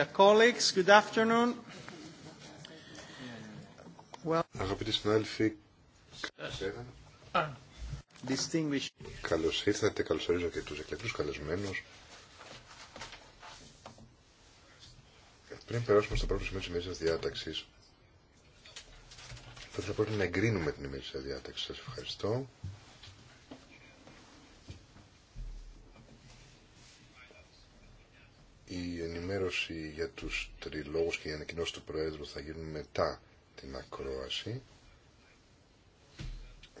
colleagues, good afternoon. Αγαπητοί συνάδελφοι, distinguished. καλώς ήρθατε, καλώς ορίζω και τους εκλεκτούς καλεσμένους. Πριν περάσουμε στο πρώτο σημείο της ημέρας διάταξης, θα πρέπει να εγκρίνουμε την ημέρα διάταξη. Σας ευχαριστώ. για τους τριλόγους και οι ανακοινώσει του Προέδρου θα γίνουν μετά την ακρόαση.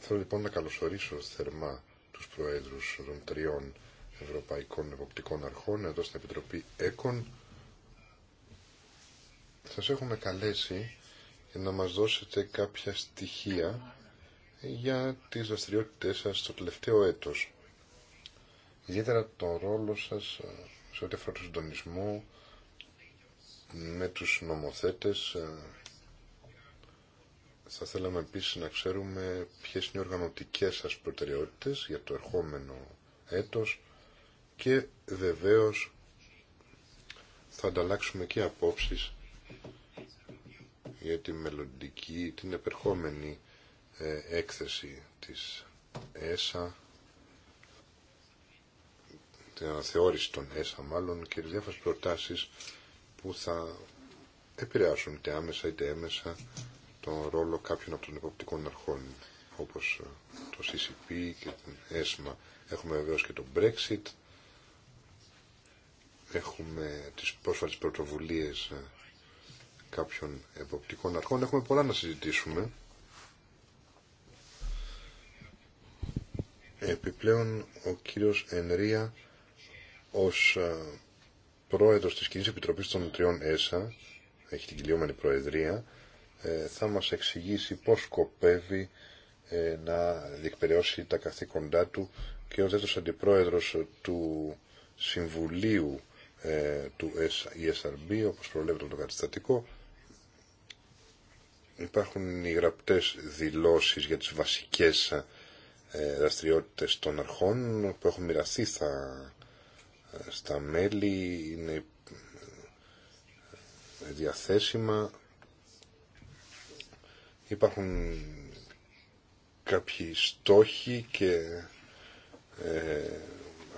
Θέλω λοιπόν να καλωσορίσω θερμά τους Προέδρους των τριών Ευρωπαϊκών Εποπτικών Αρχών εδώ στην Επιτροπή ΕΚΟΝ. Σας έχουμε καλέσει για να μας δώσετε κάποια στοιχεία για τις δραστηριότητές σας στο τελευταίο έτος. Ιδιαίτερα τον ρόλο σας σε ό,τι αφορά τον συντονισμό, με τους νομοθέτες. Ε, θα θέλαμε επίσης να ξέρουμε ποιες είναι οι οργανωτικές σας προτεραιότητες για το ερχόμενο έτος και βεβαίως θα ανταλλάξουμε και απόψεις για τη μελλοντική, την επερχόμενη ε, έκθεση της ΕΣΑ την αναθεώρηση των ΕΣΑ μάλλον και διάφορες προτάσεις που θα επηρεάσουν είτε άμεσα είτε έμεσα τον ρόλο κάποιων από των υποπτικών αρχών όπως ε, το CCP και την ΕΣΜΑ. Έχουμε βεβαίω και το Brexit, έχουμε τις πρόσφατες πρωτοβουλίες ε, κάποιων εποπτικών αρχών. Έχουμε πολλά να συζητήσουμε. Επιπλέον ο κύριος Ενρία ως ε, πρόεδρος της Κοινή Επιτροπή των Τριών ΕΣΑ, έχει την κυλιόμενη προεδρία, ε, θα μας εξηγήσει πώ σκοπεύει ε, να διεκπαιρεώσει τα καθήκοντά του και ο δεύτερο αντιπρόεδρος του Συμβουλίου ε, του ESRB, όπω προβλέπεται το καταστατικό, υπάρχουν οι γραπτές δηλώσει για τις βασικές δραστηριότητε των αρχών που έχουν μοιραστεί, θα στα μέλη είναι διαθέσιμα υπάρχουν κάποιοι στόχοι και ε,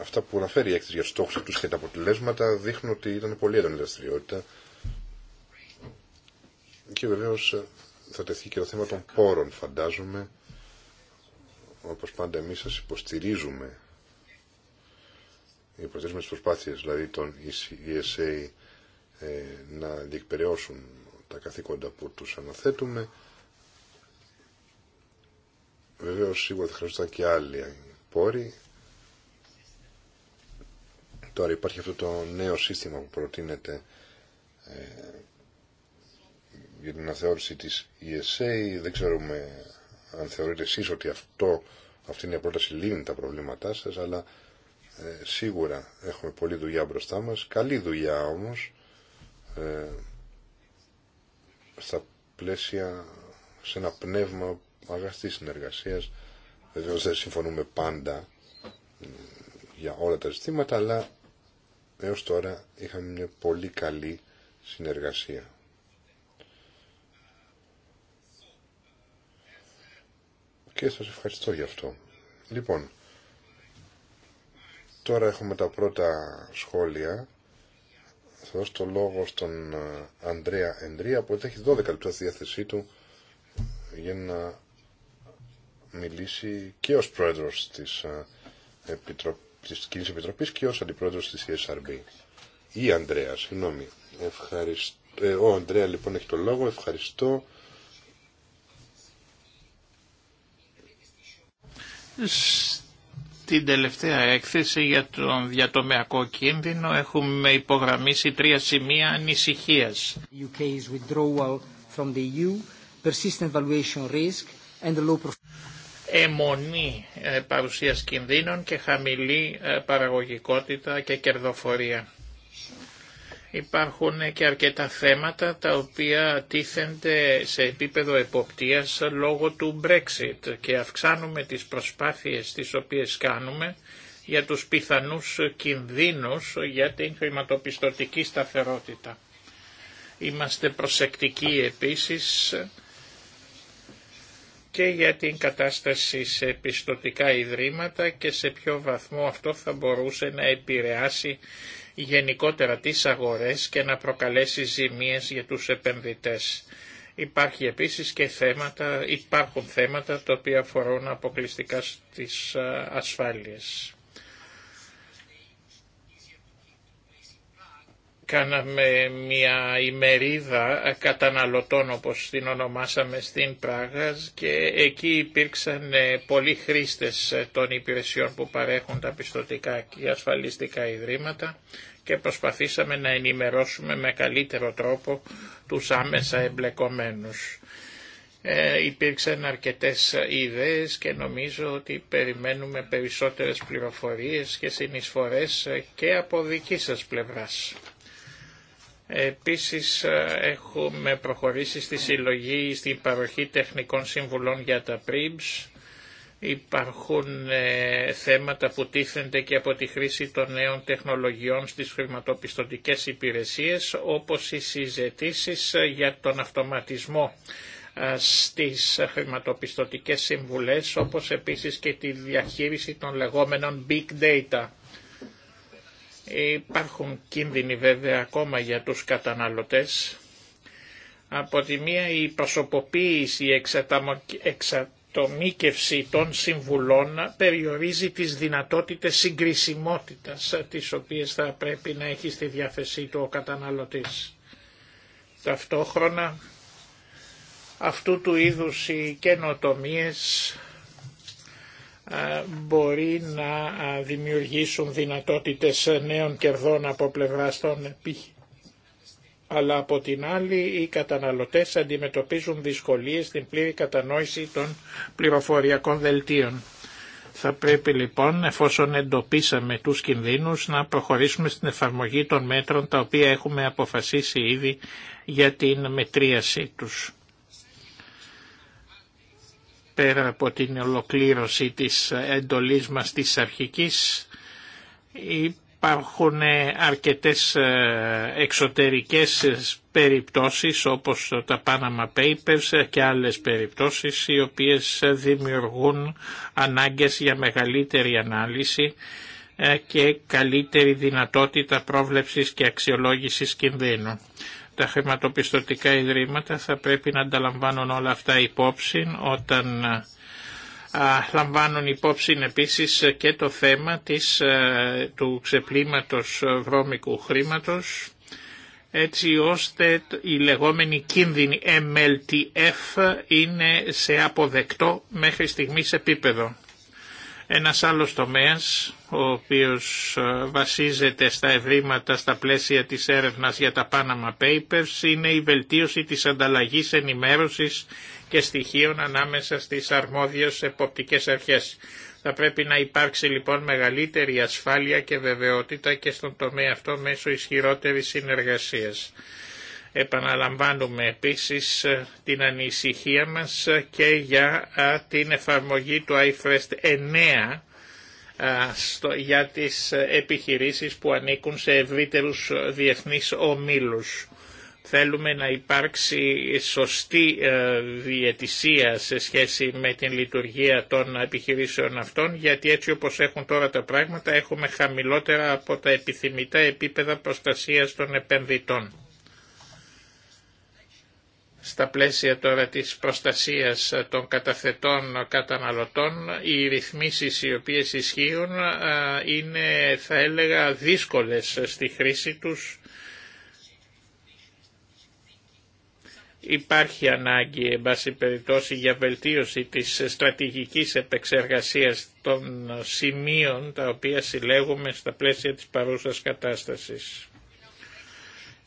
αυτά που αναφέρει η έκθεση για τους στόχους αυτούς και τα αποτελέσματα δείχνουν ότι ήταν πολύ έντονη δραστηριότητα και βεβαίως ε, θα τεθεί και το θέμα των πόρων φαντάζομαι όπως πάντα εμείς σας υποστηρίζουμε οι προσδέσμες προσπάθειες δηλαδή των ESA e ε, να διεκπαιρεώσουν τα καθήκοντα που τους αναθέτουμε. βεβαίω σίγουρα θα χρειαζόταν και άλλοι πόροι. Τώρα υπάρχει αυτό το νέο σύστημα που προτείνεται ε, για την αναθεώρηση της ESA. Δεν ξέρουμε αν θεωρείτε εσείς ότι αυτό, αυτή είναι η πρόταση λύνει τα προβλήματά σας, αλλά ε, σίγουρα έχουμε πολλή δουλειά μπροστά μας, καλή δουλειά όμως, ε, στα πλαίσια, σε ένα πνεύμα αγαστής συνεργασίας. Βεβαίως δεν συμφωνούμε πάντα για όλα τα ζητήματα, αλλά έως τώρα είχαμε μια πολύ καλή συνεργασία. Και σας ευχαριστώ γι' αυτό. Λοιπόν, Τώρα έχουμε τα πρώτα σχόλια. Θα δώσω το λόγο στον ε, Ανδρέα Ενδρία που έχει 12 λεπτά στη διάθεσή του για να μιλήσει και ως πρόεδρος της, ε, Επιτροπ... της Κοινής Επιτροπής και ως αντιπρόεδρος της ESRB. Ή Ανδρέα, συγγνώμη. Ευχαριστώ. Ε, ο Ανδρέα λοιπόν έχει το λόγο. Ευχαριστώ την τελευταία έκθεση για τον διατομιακό κίνδυνο έχουμε υπογραμμίσει τρία σημεία ανησυχίας. UK's withdrawal e ε, παρουσίας κινδύνων και χαμηλή ε, παραγωγικότητα και κερδοφορία. Υπάρχουν και αρκετά θέματα τα οποία τίθενται σε επίπεδο εποπτείας λόγω του Brexit και αυξάνουμε τις προσπάθειες τις οποίες κάνουμε για τους πιθανούς κινδύνους για την χρηματοπιστωτική σταθερότητα. Είμαστε προσεκτικοί επίσης και για την κατάσταση σε πιστοτικά ιδρύματα και σε ποιο βαθμό αυτό θα μπορούσε να επηρεάσει γενικότερα τις αγορές και να προκαλέσει ζημίες για τους επενδυτές. Υπάρχει επίσης και θέματα, υπάρχουν θέματα τα οποία αφορούν αποκλειστικά στις ε, ασφάλειες. κάναμε μια ημερίδα καταναλωτών όπως την ονομάσαμε στην Πράγας και εκεί υπήρξαν ε, πολλοί χρήστες ε, των υπηρεσιών που παρέχουν τα πιστοτικά και ασφαλιστικά ιδρύματα και προσπαθήσαμε να ενημερώσουμε με καλύτερο τρόπο τους άμεσα εμπλεκομένους. Ε, υπήρξαν αρκετές ιδέες και νομίζω ότι περιμένουμε περισσότερες πληροφορίες και συνεισφορές και από δική σας πλευράς. Επίσης ε, έχουμε προχωρήσει στη συλλογή, στην παροχή τεχνικών συμβουλών για τα PRIBS. Υπάρχουν ε, θέματα που τίθενται και από τη χρήση των νέων τεχνολογιών στις χρηματοπιστωτικές υπηρεσίες, όπως οι συζητήσεις ε, για τον αυτοματισμό στις χρηματοπιστωτικές συμβουλές, όπως επίσης και τη διαχείριση των λεγόμενων big data. Υπάρχουν κίνδυνοι βέβαια ακόμα για τους καταναλωτές. Από τη μία η προσωποποίηση, η εξατομίκευση των συμβουλών περιορίζει τις δυνατότητες συγκρισιμότητας ε, τις οποίες θα πρέπει να έχει στη διάθεσή του ο καταναλωτής. Ταυτόχρονα αυτού του είδους οι καινοτομίες ε, μπορεί να ε, δημιουργήσουν δυνατότητες νέων κερδών από πλευρά των αλλά από την άλλη οι καταναλωτές αντιμετωπίζουν δυσκολίες στην πλήρη κατανόηση των πληροφοριακών δελτίων. Θα πρέπει λοιπόν, εφόσον εντοπίσαμε τους κινδύνους, να προχωρήσουμε στην εφαρμογή των μέτρων τα οποία έχουμε αποφασίσει ήδη για την μετρίασή τους πέρα από την ολοκλήρωση της εντολής μας της αρχικής υπάρχουν αρκετές ε, εξωτερικές περιπτώσεις όπως τα Panama Papers και άλλες περιπτώσεις οι οποίες δημιουργούν ανάγκες για μεγαλύτερη ανάλυση ε, και καλύτερη δυνατότητα πρόβλεψης και αξιολόγησης κινδύνων. Τα χρηματοπιστωτικά ιδρύματα θα πρέπει να ανταλαμβάνουν όλα αυτά υπόψη όταν ε, λαμβάνουν υπόψη επίσης και το θέμα της, ε, του ξεπλήματος βρώμικου χρήματος έτσι ώστε η λεγόμενη κίνδυνη MLTF είναι σε αποδεκτό μέχρι στιγμής επίπεδο. Ένας άλλος τομέας, ο οποίος ε, βασίζεται στα ευρήματα στα πλαίσια της έρευνας για τα Panama Papers, είναι η βελτίωση της ανταλλαγής ενημέρωσης και στοιχείων ανάμεσα στις αρμόδιες εποπτικές αρχές. Θα πρέπει να υπάρξει λοιπόν μεγαλύτερη ασφάλεια και βεβαιότητα και στον τομέα αυτό μέσω ισχυρότερης συνεργασίας. Επαναλαμβάνουμε επίσης ε, την ανησυχία μας ε, και για ε, την εφαρμογή του iFrest 9 για τις επιχειρήσεις που ανήκουν σε ευρύτερους διεθνείς ομίλους. Θέλουμε να υπάρξει σωστή διαιτησία σε σχέση με την λειτουργία των επιχειρήσεων αυτών, γιατί έτσι όπως έχουν τώρα τα πράγματα έχουμε χαμηλότερα από τα επιθυμητά επίπεδα προστασίας των επενδυτών. Στα πλαίσια τώρα της προστασίας των καταθετών καταναλωτών, οι ρυθμίσεις οι οποίες ισχύουν είναι, θα έλεγα, δύσκολες στη χρήση τους. Υπάρχει ανάγκη, εν πάση περιπτώσει, για βελτίωση της στρατηγικής επεξεργασίας των σημείων τα οποία συλλέγουμε στα πλαίσια της παρούσας κατάστασης.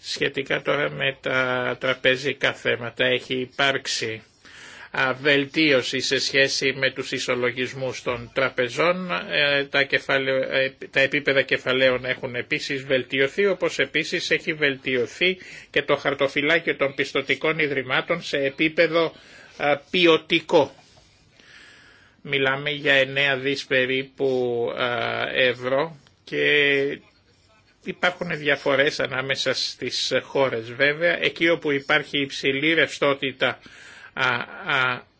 Σχετικά τώρα με τα τραπεζικά θέματα έχει υπάρξει βελτίωση σε σχέση με τους ισολογισμούς των τραπεζών. Ε, τα, ε, τα επίπεδα κεφαλαίων έχουν επίσης βελτιωθεί, όπως επίσης έχει βελτιωθεί και το χαρτοφυλάκιο των πιστοτικών ιδρυμάτων σε επίπεδο ε, ποιοτικό. Μιλάμε για 9 δις περίπου ευρώ και Υπάρχουν διαφορές ανάμεσα στις χώρες βέβαια. Εκεί όπου υπάρχει υψηλή ρευστότητα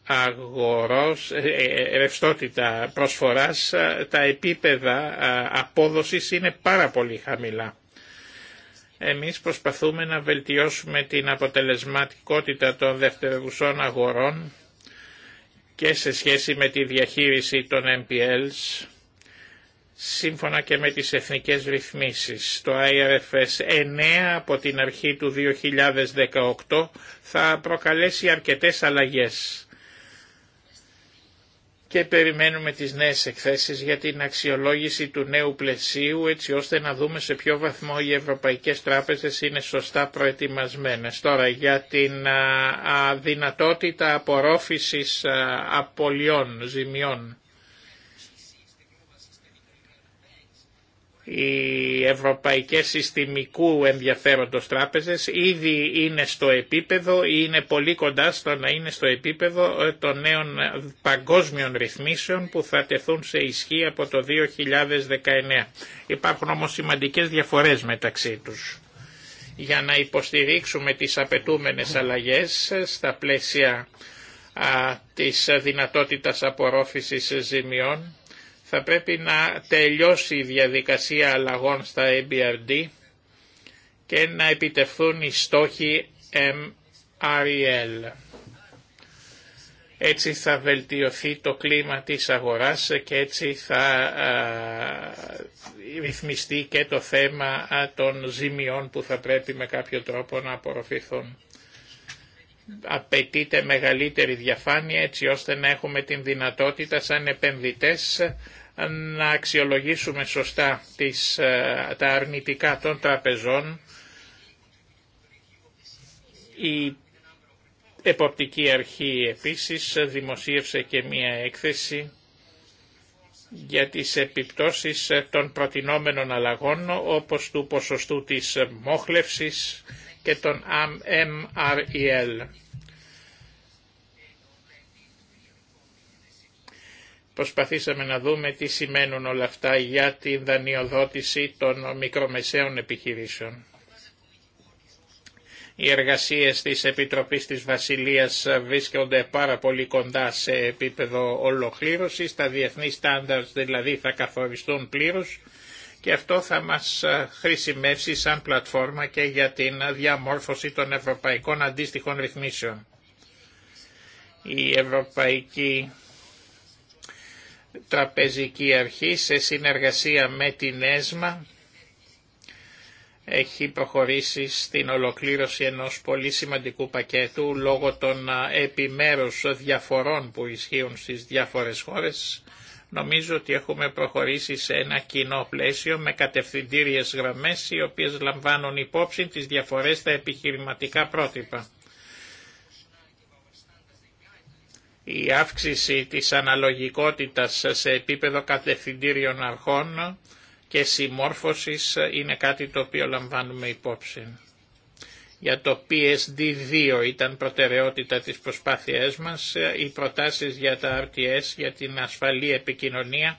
αγορός, ε, ε, ε, ρευστότητα προσφοράς, τα επίπεδα απόδοσης είναι πάρα πολύ χαμηλά. Εμείς προσπαθούμε να βελτιώσουμε την αποτελεσματικότητα των δευτερευουσών αγορών και σε σχέση με τη διαχείριση των MPLs σύμφωνα και με τις εθνικές ρυθμίσεις. Το IRFS 9 από την αρχή του 2018 θα προκαλέσει αρκετές αλλαγές και περιμένουμε τις νέες εκθέσεις για την αξιολόγηση του νέου πλαισίου έτσι ώστε να δούμε σε ποιο βαθμό οι ευρωπαϊκές τράπεζες είναι σωστά προετοιμασμένες. Τώρα για την δυνατότητα απορρόφησης απολειών, ζημιών. οι ευρωπαϊκές συστημικού ενδιαφέροντος τράπεζες ήδη είναι στο επίπεδο ή είναι πολύ κοντά στο να είναι στο επίπεδο ε, των νέων ε, παγκόσμιων ρυθμίσεων που θα τεθούν σε ισχύ από το 2019. Υπάρχουν όμως σημαντικές διαφορές μεταξύ τους. Για να υποστηρίξουμε τις απαιτούμενες αλλαγές ε, στα πλαίσια της δυνατότητας απορρόφησης ζημιών, θα πρέπει να τελειώσει η διαδικασία αλλαγών στα EBRD και να επιτευχθούν οι στόχοι MREL. Έτσι θα βελτιωθεί το κλίμα της αγοράς και έτσι θα ρυθμιστεί και το θέμα των ζημιών που θα πρέπει με κάποιο τρόπο να απορροφηθούν απαιτείται μεγαλύτερη διαφάνεια έτσι ώστε να έχουμε την δυνατότητα σαν επενδυτές να αξιολογήσουμε σωστά τις, ε, τα αρνητικά των τραπεζών. Η Εποπτική Αρχή επίσης δημοσίευσε και μία έκθεση για τις επιπτώσεις των προτινόμενων αλλαγών όπως του ποσοστού της μόχλευσης και τον MREL. Προσπαθήσαμε να δούμε τι σημαίνουν όλα αυτά για την δανειοδότηση των μικρομεσαίων επιχειρήσεων. Οι εργασίες της Επιτροπής της Βασιλείας βρίσκονται πάρα πολύ κοντά σε επίπεδο ολοκλήρωσης. Τα διεθνή στάνταρ, δηλαδή θα καθοριστούν πλήρως και αυτό θα μας ε, χρησιμεύσει σαν πλατφόρμα και για την διαμόρφωση των ευρωπαϊκών αντίστοιχων ρυθμίσεων. Η Ευρωπαϊκή Τραπεζική Αρχή σε συνεργασία με την ΕΣΜΑ έχει προχωρήσει στην ολοκλήρωση ενός πολύ σημαντικού πακέτου λόγω των ε, επιμέρους διαφορών που ισχύουν στις διάφορες χώρες Νομίζω ότι έχουμε προχωρήσει σε ένα κοινό πλαίσιο με κατευθυντήριες γραμμές οι οποίες λαμβάνουν υπόψη τις διαφορές στα επιχειρηματικά πρότυπα. Η αύξηση της αναλογικότητας σε επίπεδο κατευθυντήριων αρχών και συμμόρφωσης είναι κάτι το οποίο λαμβάνουμε υπόψη για το PSD2 ήταν προτεραιότητα της προσπάθειάς μας, οι προτάσεις για τα RTS, για την ασφαλή επικοινωνία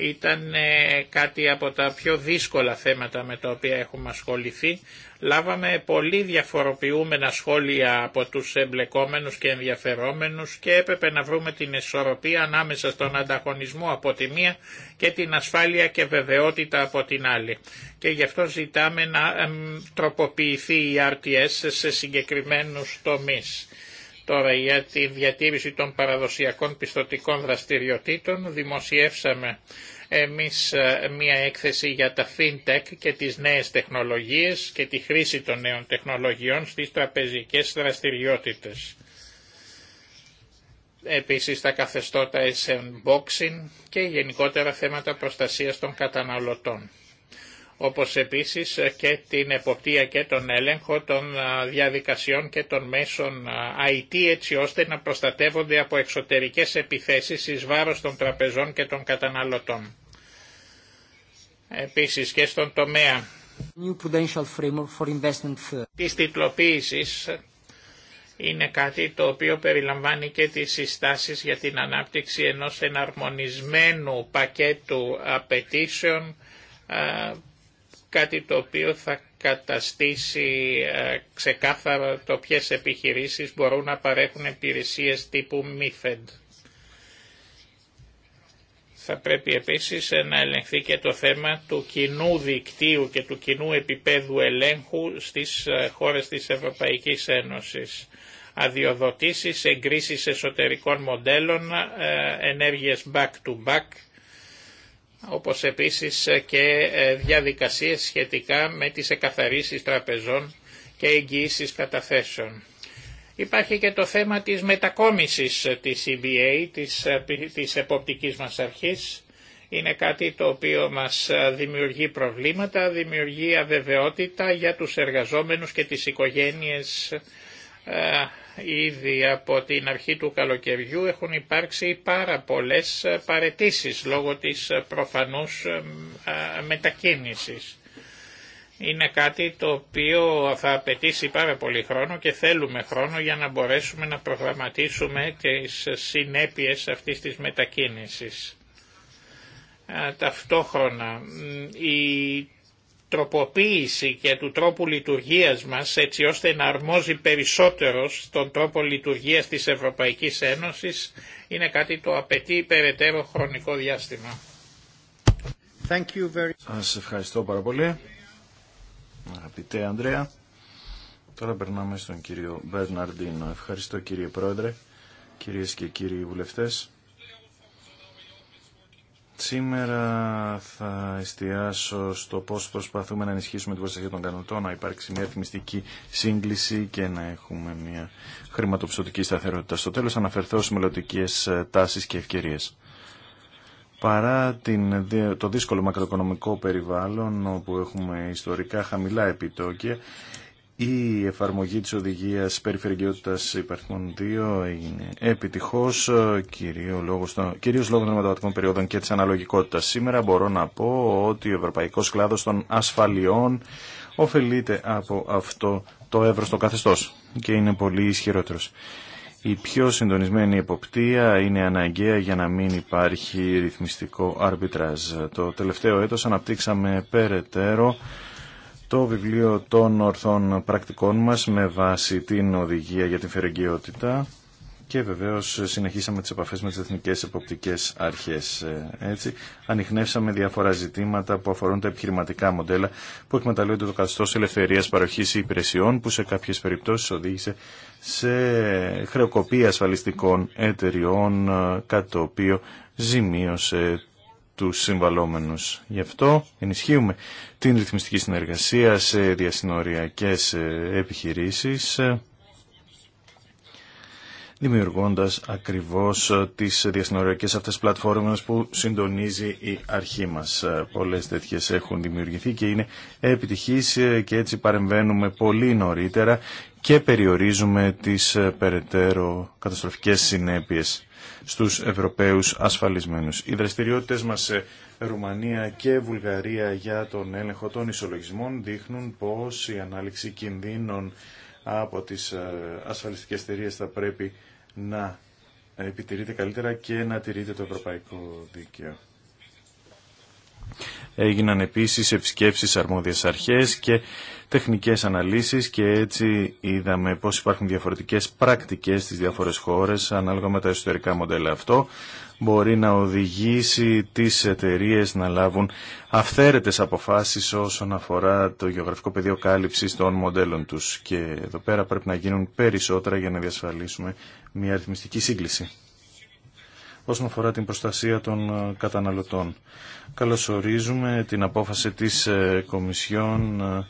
ήταν ε, κάτι από τα πιο δύσκολα θέματα με τα οποία έχουμε ασχοληθεί. Λάβαμε πολύ διαφοροποιούμενα σχόλια από τους εμπλεκόμενους και ενδιαφερόμενους και έπρεπε να βρούμε την ισορροπία ανάμεσα στον ανταγωνισμό από τη μία και την ασφάλεια και βεβαιότητα από την άλλη. Και γι' αυτό ζητάμε να τροποποιηθεί η RTS σε συγκεκριμένους τομείς. Τώρα για τη διατήρηση των παραδοσιακών πιστοτικών δραστηριοτήτων δημοσιεύσαμε εμείς ε, μία έκθεση για τα FinTech και τις νέες τεχνολογίες και τη χρήση των νέων τεχνολογιών στις τραπεζικές δραστηριότητες. Επίσης τα καθεστωτα SM S-Boxing και γενικότερα θέματα προστασίας των καταναλωτών όπως επίσης και την εποπτεία και τον έλεγχο των διαδικασιών και των μέσων IT έτσι ώστε να προστατεύονται από εξωτερικές επιθέσεις εις βάρος των τραπεζών και των καταναλωτών. Επίσης και στον τομέα της τυπλοποίησης είναι κάτι το οποίο περιλαμβάνει και τις συστάσεις για την ανάπτυξη ενός εναρμονισμένου πακέτου απαιτήσεων κάτι το οποίο θα καταστήσει ε, ξεκάθαρα το ποιες επιχειρήσεις μπορούν να παρέχουν υπηρεσίες τύπου MIFED. Θα πρέπει επίσης ε, να ελεγχθεί και το θέμα του κοινού δικτύου και του κοινού επίπεδου ελέγχου στις ε, χώρες της Ευρωπαϊκής Ένωσης. Αδειοδοτήσεις, εγκρίσεις εσωτερικών μοντέλων, ενέργειες back-to-back, back to back όπως επίσης και ε, διαδικασίες σχετικά με τις εκαθαρίσεις τραπεζών και εγγυήσεις καταθέσεων. Υπάρχει και το θέμα της μετακόμισης της EBA, της, ε, της εποπτικής μας αρχής. Είναι κάτι το οποίο μας ε, δημιουργεί προβλήματα, δημιουργεί αβεβαιότητα για τους εργαζόμενους και τις οικογένειες Ήδη από την αρχή του καλοκαιριού έχουν υπάρξει πάρα πολλές παρετήσεις λόγω της προφανούς μετακίνησης. Είναι κάτι το οποίο θα απαιτήσει πάρα πολύ χρόνο και θέλουμε χρόνο για να μπορέσουμε να προγραμματίσουμε τις συνέπειες αυτής της μετακίνησης. Ταυτόχρονα η τροποποίηση και του τρόπου λειτουργίας μας έτσι ώστε να αρμόζει περισσότερο στον τρόπο λειτουργίας της Ευρωπαϊκής Ένωσης είναι κάτι το απαιτεί περαιτέρω χρονικό διάστημα. Thank you very... Σας ευχαριστώ πάρα πολύ. Αγαπητέ Ανδρέα. Τώρα περνάμε στον κύριο Μπερναρντίνο. Ευχαριστώ κύριε Πρόεδρε, κυρίες και κύριοι βουλευτές. Σήμερα θα εστιάσω στο πώς προσπαθούμε να ενισχύσουμε την προστασία των κανοντών, να υπάρξει μια θυμιστική σύγκληση και να έχουμε μια χρηματοπιστωτική σταθερότητα. Στο τέλος αναφερθώ στις μελλοντικές ε, τάσεις και ευκαιρίες. Παρά την, το δύσκολο μακροοικονομικό περιβάλλον όπου έχουμε ιστορικά χαμηλά επιτόκια, η εφαρμογή της οδηγίας περιφερειακότητας υπαρχών 2 έγινε επιτυχώς ε, κυρίως λόγω, στο, κυρίως λόγω των μεταβατικών περιόδων και της αναλογικότητας. Σήμερα μπορώ να πω ότι ο ευρωπαϊκός κλάδος των ασφαλιών ωφελείται από αυτό το εύρωστο καθεστώς και είναι πολύ ισχυρότερος. Η πιο συντονισμένη εποπτεία είναι αναγκαία για να μην υπάρχει ρυθμιστικό αρμπιτράζ. Το τελευταίο έτος αναπτύξαμε περαιτέρω το βιβλίο των ορθών πρακτικών μας με βάση την οδηγία για την φερεγγιότητα και βεβαίως συνεχίσαμε τις επαφές με τις εθνικές εποπτικές αρχές. Ε, έτσι, ανοιχνεύσαμε διάφορα ζητήματα που αφορούν τα επιχειρηματικά μοντέλα που εκμεταλλεύονται το καθεστώ ελευθερίας παροχής υπηρεσιών που σε κάποιες περιπτώσεις οδήγησε σε χρεοκοπία ασφαλιστικών εταιριών ε, κατά το οποίο ζημίωσε τους συμβαλόμενους. Γι' αυτό ενισχύουμε την ρυθμιστική συνεργασία σε διασυνοριακές ε, επιχειρήσεις, ε, δημιουργώντας ακριβώς ε, τις διασυνοριακές αυτές πλατφόρμες που συντονίζει η αρχή μας. Πολλές τέτοιες έχουν δημιουργηθεί και είναι επιτυχής και έτσι παρεμβαίνουμε πολύ νωρίτερα και περιορίζουμε τις περαιτέρω καταστροφικές συνέπειες στους Ευρωπαίους ασφαλισμένους. Οι δραστηριότητες μας σε Ρουμανία και Βουλγαρία για τον έλεγχο των ισολογισμών δείχνουν πως η ανάληξη κινδύνων από τις ε, ασφαλιστικές εταιρείε θα πρέπει να επιτηρείται καλύτερα και να τηρείται το ευρωπαϊκό δίκαιο. Έγιναν επίσης επισκέψεις αρμόδιες αρχές και τεχνικές αναλύσεις και έτσι είδαμε πώς υπάρχουν διαφορετικές πρακτικές στις διάφορες χώρες ανάλογα με τα εσωτερικά μοντέλα. Αυτό μπορεί να οδηγήσει τις εταιρείε να λάβουν αυθαίρετες αποφάσεις όσον αφορά το γεωγραφικό πεδίο κάλυψης των μοντέλων τους. Και εδώ πέρα πρέπει να γίνουν περισσότερα για να διασφαλίσουμε μια αριθμιστική σύγκληση όσον αφορά την προστασία των ε, καταναλωτών. Καλωσορίζουμε την απόφαση της ε, Κομισιόν ε,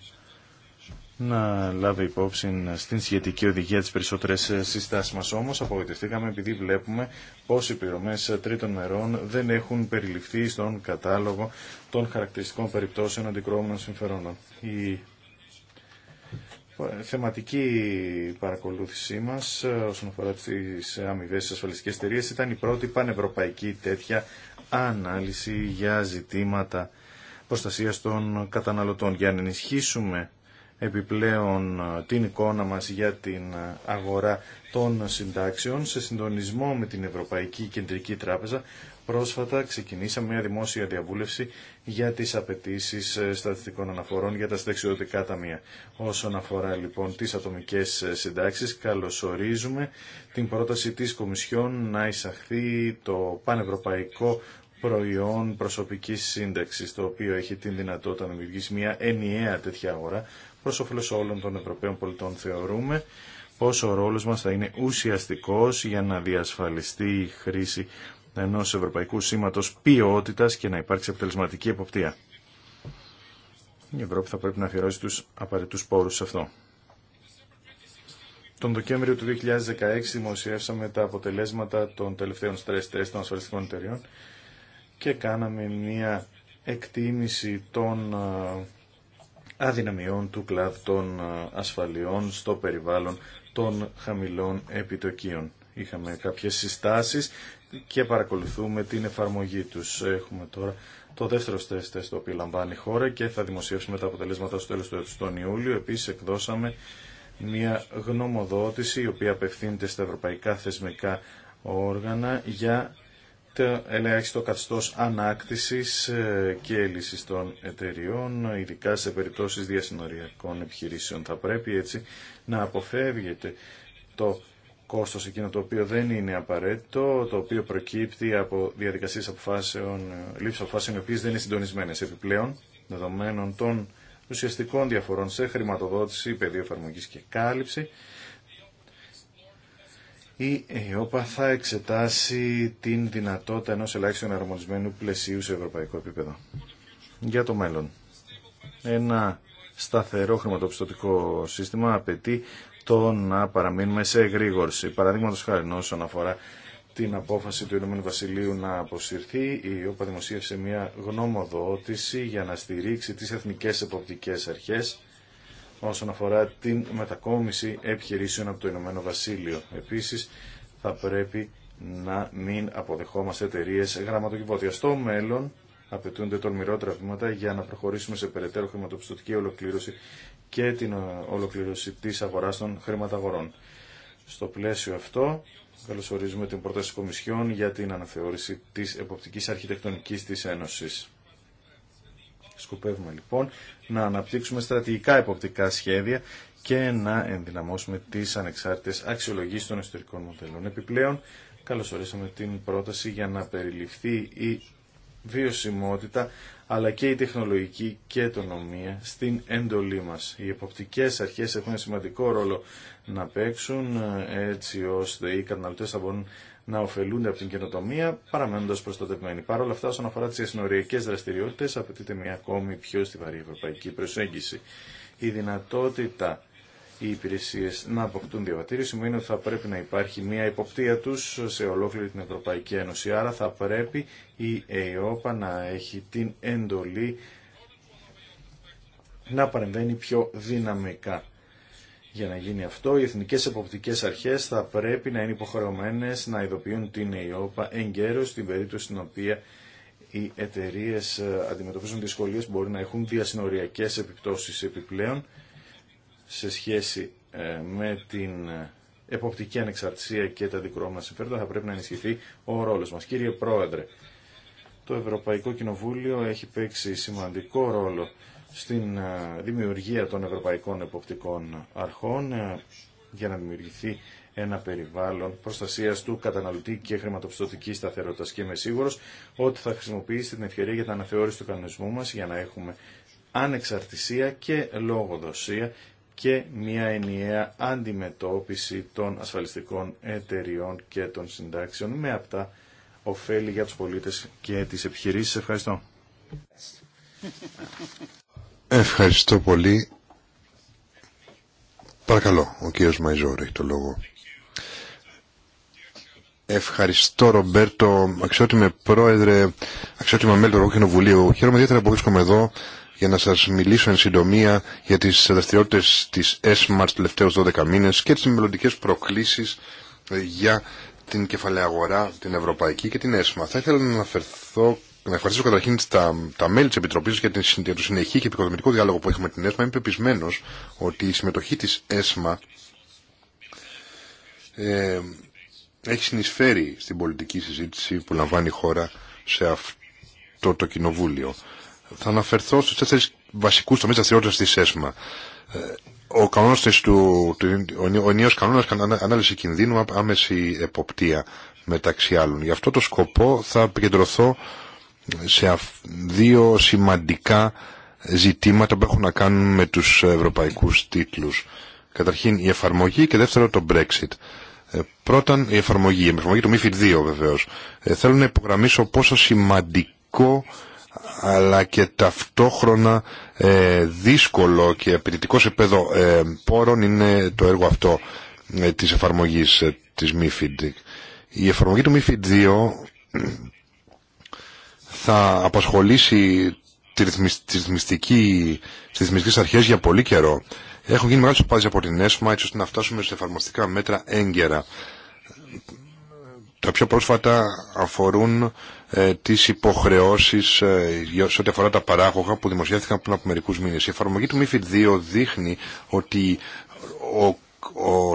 να λάβει υπόψη στην σχετική οδηγία τις περισσότερες ε, συστάσεις μας. Όμως απογοητευτήκαμε επειδή βλέπουμε πως οι πληρωμές ε, τρίτων μερών δεν έχουν περιληφθεί στον κατάλογο των χαρακτηριστικών περιπτώσεων αντικρώμενων συμφερόντων. Η ε, θεματική παρακολούθησή μας όσον αφορά τις αμοιβές στις ασφαλιστικές εταιρείε ήταν η πρώτη πανευρωπαϊκή τέτοια ανάλυση για ζητήματα προστασίας των καταναλωτών. Για να ενισχύσουμε επιπλέον ε, την εικόνα μας για την ε, αγορά των συντάξεων σε συντονισμό με την Ευρωπαϊκή Κεντρική Τράπεζα πρόσφατα ξεκινήσαμε μια δημόσια διαβούλευση για τις απαιτήσει ε, στατιστικών αναφορών για τα συνταξιωτικά ταμεία. Όσον αφορά λοιπόν τις ατομικές συντάξεις, καλωσορίζουμε την πρόταση της Κομισιόν να εισαχθεί το πανευρωπαϊκό προϊόν προσωπικής σύνταξης, το οποίο έχει την δυνατότητα να δημιουργήσει μια ενιαία τέτοια αγορά προς όφελο όλων των Ευρωπαίων πολιτών. Θεωρούμε πως ο ρόλος μας θα είναι ουσιαστικός για να διασφαλιστεί η χρήση ενός ευρωπαϊκού σήματος ποιότητας και να υπάρξει αποτελεσματική εποπτεία. Η Ευρώπη θα πρέπει να αφιερώσει τους απαραίτητους πόρους σε αυτό. Τον Δεκέμβριο του 2016 δημοσιεύσαμε τα αποτελέσματα των τελευταίων stress test των ασφαλιστικών εταιριών και κάναμε μια εκτίμηση των αδυναμιών του κλάδου των ε, ασφαλιών στο περιβάλλον των χαμηλών επιτοκίων. Είχαμε κάποιες συστάσεις και παρακολουθούμε την εφαρμογή τους. Έχουμε τώρα το δεύτερο στρες τεστ το οποίο λαμβάνει η χώρα και θα δημοσιεύσουμε τα αποτελέσματα στο τέλος του έτους τον Ιούλιο. Επίσης εκδώσαμε μια γνωμοδότηση η οποία απευθύνεται στα ευρωπαϊκά θεσμικά όργανα για το ελάχιστο ανάκτηση ανάκτησης ε, και λύσης των εταιριών, ειδικά σε περιπτώσεις διασυνοριακών επιχειρήσεων. Θα πρέπει έτσι να αποφεύγεται το κόστος εκείνο το οποίο δεν είναι απαραίτητο, το οποίο προκύπτει από διαδικασίες αποφάσεων, ε, λήψης αποφάσεων οι οποίες δεν είναι συντονισμένες. Επιπλέον, δεδομένων των ουσιαστικών διαφορών σε χρηματοδότηση, πεδίο εφαρμογής και κάλυψη, η ΕΟΠΑ θα εξετάσει την δυνατότητα ενός ελάχιστον αρμονισμένου πλαισίου σε ευρωπαϊκό επίπεδο. Για το μέλλον. Ένα σταθερό χρηματοπιστωτικό σύστημα απαιτεί το να παραμείνουμε σε εγρήγορση. Παραδείγματο χάρη όσον αφορά την απόφαση του Ηνωμένου Βασιλείου να αποσυρθεί, η ΕΟΠΑ δημοσίευσε μια γνωμοδότηση για να στηρίξει τις εθνικές εποπτικές αρχές όσον αφορά την μετακόμιση επιχειρήσεων από το Ηνωμένο Βασίλειο. Επίσης, θα πρέπει να μην αποδεχόμαστε εταιρείε γραμματοκιβώτια. Στο μέλλον απαιτούνται τολμηρότερα βήματα για να προχωρήσουμε σε περαιτέρω χρηματοπιστωτική ολοκλήρωση και την ολοκλήρωση της αγοράς των χρηματαγορών. Στο πλαίσιο αυτό, καλωσορίζουμε την πρόταση Κομισιόν για την αναθεώρηση της εποπτικής αρχιτεκτονικής της Ένωσης. Σκοπεύουμε λοιπόν να αναπτύξουμε στρατηγικά εποπτικά σχέδια και να ενδυναμώσουμε τις ανεξάρτητες αξιολογήσει των ιστορικών μοντέλων. Επιπλέον, καλωσορίσαμε την πρόταση για να περιληφθεί η βιωσιμότητα αλλά και η τεχνολογική και στην εντολή μας. Οι εποπτικές αρχές έχουν σημαντικό ρόλο να παίξουν ε, έτσι ώστε οι καταναλωτές θα μπορούν να ωφελούνται από την καινοτομία, παραμένοντα προστατευμένοι. Παρ' όλα αυτά, όσον αφορά τι εσυνοριακέ δραστηριότητε, απαιτείται μια ακόμη πιο στιβαρή ευρωπαϊκή προσέγγιση. Η δυνατότητα οι υπηρεσίε να αποκτούν διαβατήριο σημαίνει ότι θα πρέπει να υπάρχει μια υποπτία του σε ολόκληρη την Ευρωπαϊκή Ένωση. Άρα θα πρέπει η ΕΟΠΑ να έχει την εντολή να παρεμβαίνει πιο δυναμικά για να γίνει αυτό, οι εθνικές εποπτικές αρχές θα πρέπει να είναι υποχρεωμένες να ειδοποιούν την ΕΙΟΠΑ εγκαίρως στην περίπτωση στην οποία οι εταιρείε ε, αντιμετωπίζουν δυσκολίες που μπορεί να έχουν διασυνοριακές επιπτώσεις επιπλέον σε σχέση ε, με την ε, εποπτική ανεξαρτησία και τα δικό συμφέροντα θα πρέπει να ενισχυθεί ο ρόλος μας. Κύριε Πρόεδρε, το Ευρωπαϊκό Κοινοβούλιο έχει παίξει σημαντικό ρόλο στην ε, δημιουργία των Ευρωπαϊκών Εποπτικών Αρχών ε, για να δημιουργηθεί ένα περιβάλλον προστασία του καταναλωτή και χρηματοπιστωτική σταθερότητα. Και είμαι σίγουρο ότι θα χρησιμοποιήσει την ευκαιρία για την αναθεώρηση του κανονισμού μα για να έχουμε ανεξαρτησία και λόγοδοσία και μια ενιαία αντιμετώπιση των ασφαλιστικών εταιριών και των συντάξεων με αυτά ωφέλη για τους πολίτες και τις επιχειρήσεις. Ευχαριστώ. Ευχαριστώ πολύ. Παρακαλώ, ο κύριος Μαϊζόρ έχει το λόγο. Ευχαριστώ Ρομπέρτο, αξιότιμε πρόεδρε, αξιότιμα μέλη του Ευρωπαϊκού Κοινοβουλίου. Χαίρομαι ιδιαίτερα που βρίσκομαι εδώ για να σας μιλήσω εν συντομία για τις δραστηριότητε της ΕΣΜΑ του τελευταίους 12 μήνες και τις μελλοντικέ προκλήσεις για την κεφαλαία αγορά, την ευρωπαϊκή και την ΕΣΜΑ. Θα ήθελα να αναφερθώ να ευχαριστήσω καταρχήν τα, τα μέλη τη Επιτροπή για, για το συνεχή και επικοδομητικό διάλογο που έχουμε την ΕΣΜΑ. Είμαι πεπισμένο ότι η συμμετοχή τη ΕΣΜΑ ε, έχει συνεισφέρει στην πολιτική συζήτηση που λαμβάνει η χώρα σε αυτό το κοινοβούλιο. Θα αναφερθώ στου τέσσερι βασικού τομεί δραστηριότητα τη ΕΣΜΑ. Ε, ο νέο του, ο κανόνας ανάλυση κινδύνου άμεση εποπτεία μεταξύ άλλων. Γι' αυτό το σκοπό θα επικεντρωθώ σε δύο σημαντικά ζητήματα που έχουν να κάνουν με τους ευρωπαϊκούς τίτλους. Καταρχήν η εφαρμογή και δεύτερο το Brexit. Ε, Πρώτα η εφαρμογή, η εφαρμογή του MIFID 2 βεβαίως. Ε, θέλω να υπογραμμίσω πόσο σημαντικό αλλά και ταυτόχρονα ε, δύσκολο και απαιτητικό σε πέδο πόρων είναι το έργο αυτό της εφαρμογής της MIFID. Η εφαρμογή του MIFID 2 θα απασχολήσει τη ρυθμιστική, τις ρυθμιστικές αρχές για πολύ καιρό. Έχουν γίνει μεγάλες οπάδες από την ΕΣΜΑ έτσι ώστε να φτάσουμε σε εφαρμοστικά μέτρα έγκαιρα. Τα πιο πρόσφατα αφορούν ε, τις υποχρεώσεις ε, σε ό,τι αφορά τα παράγωγα που δημοσιεύθηκαν πριν από μερικούς μήνες. Η εφαρμογή του MIFID 2 δείχνει ότι ο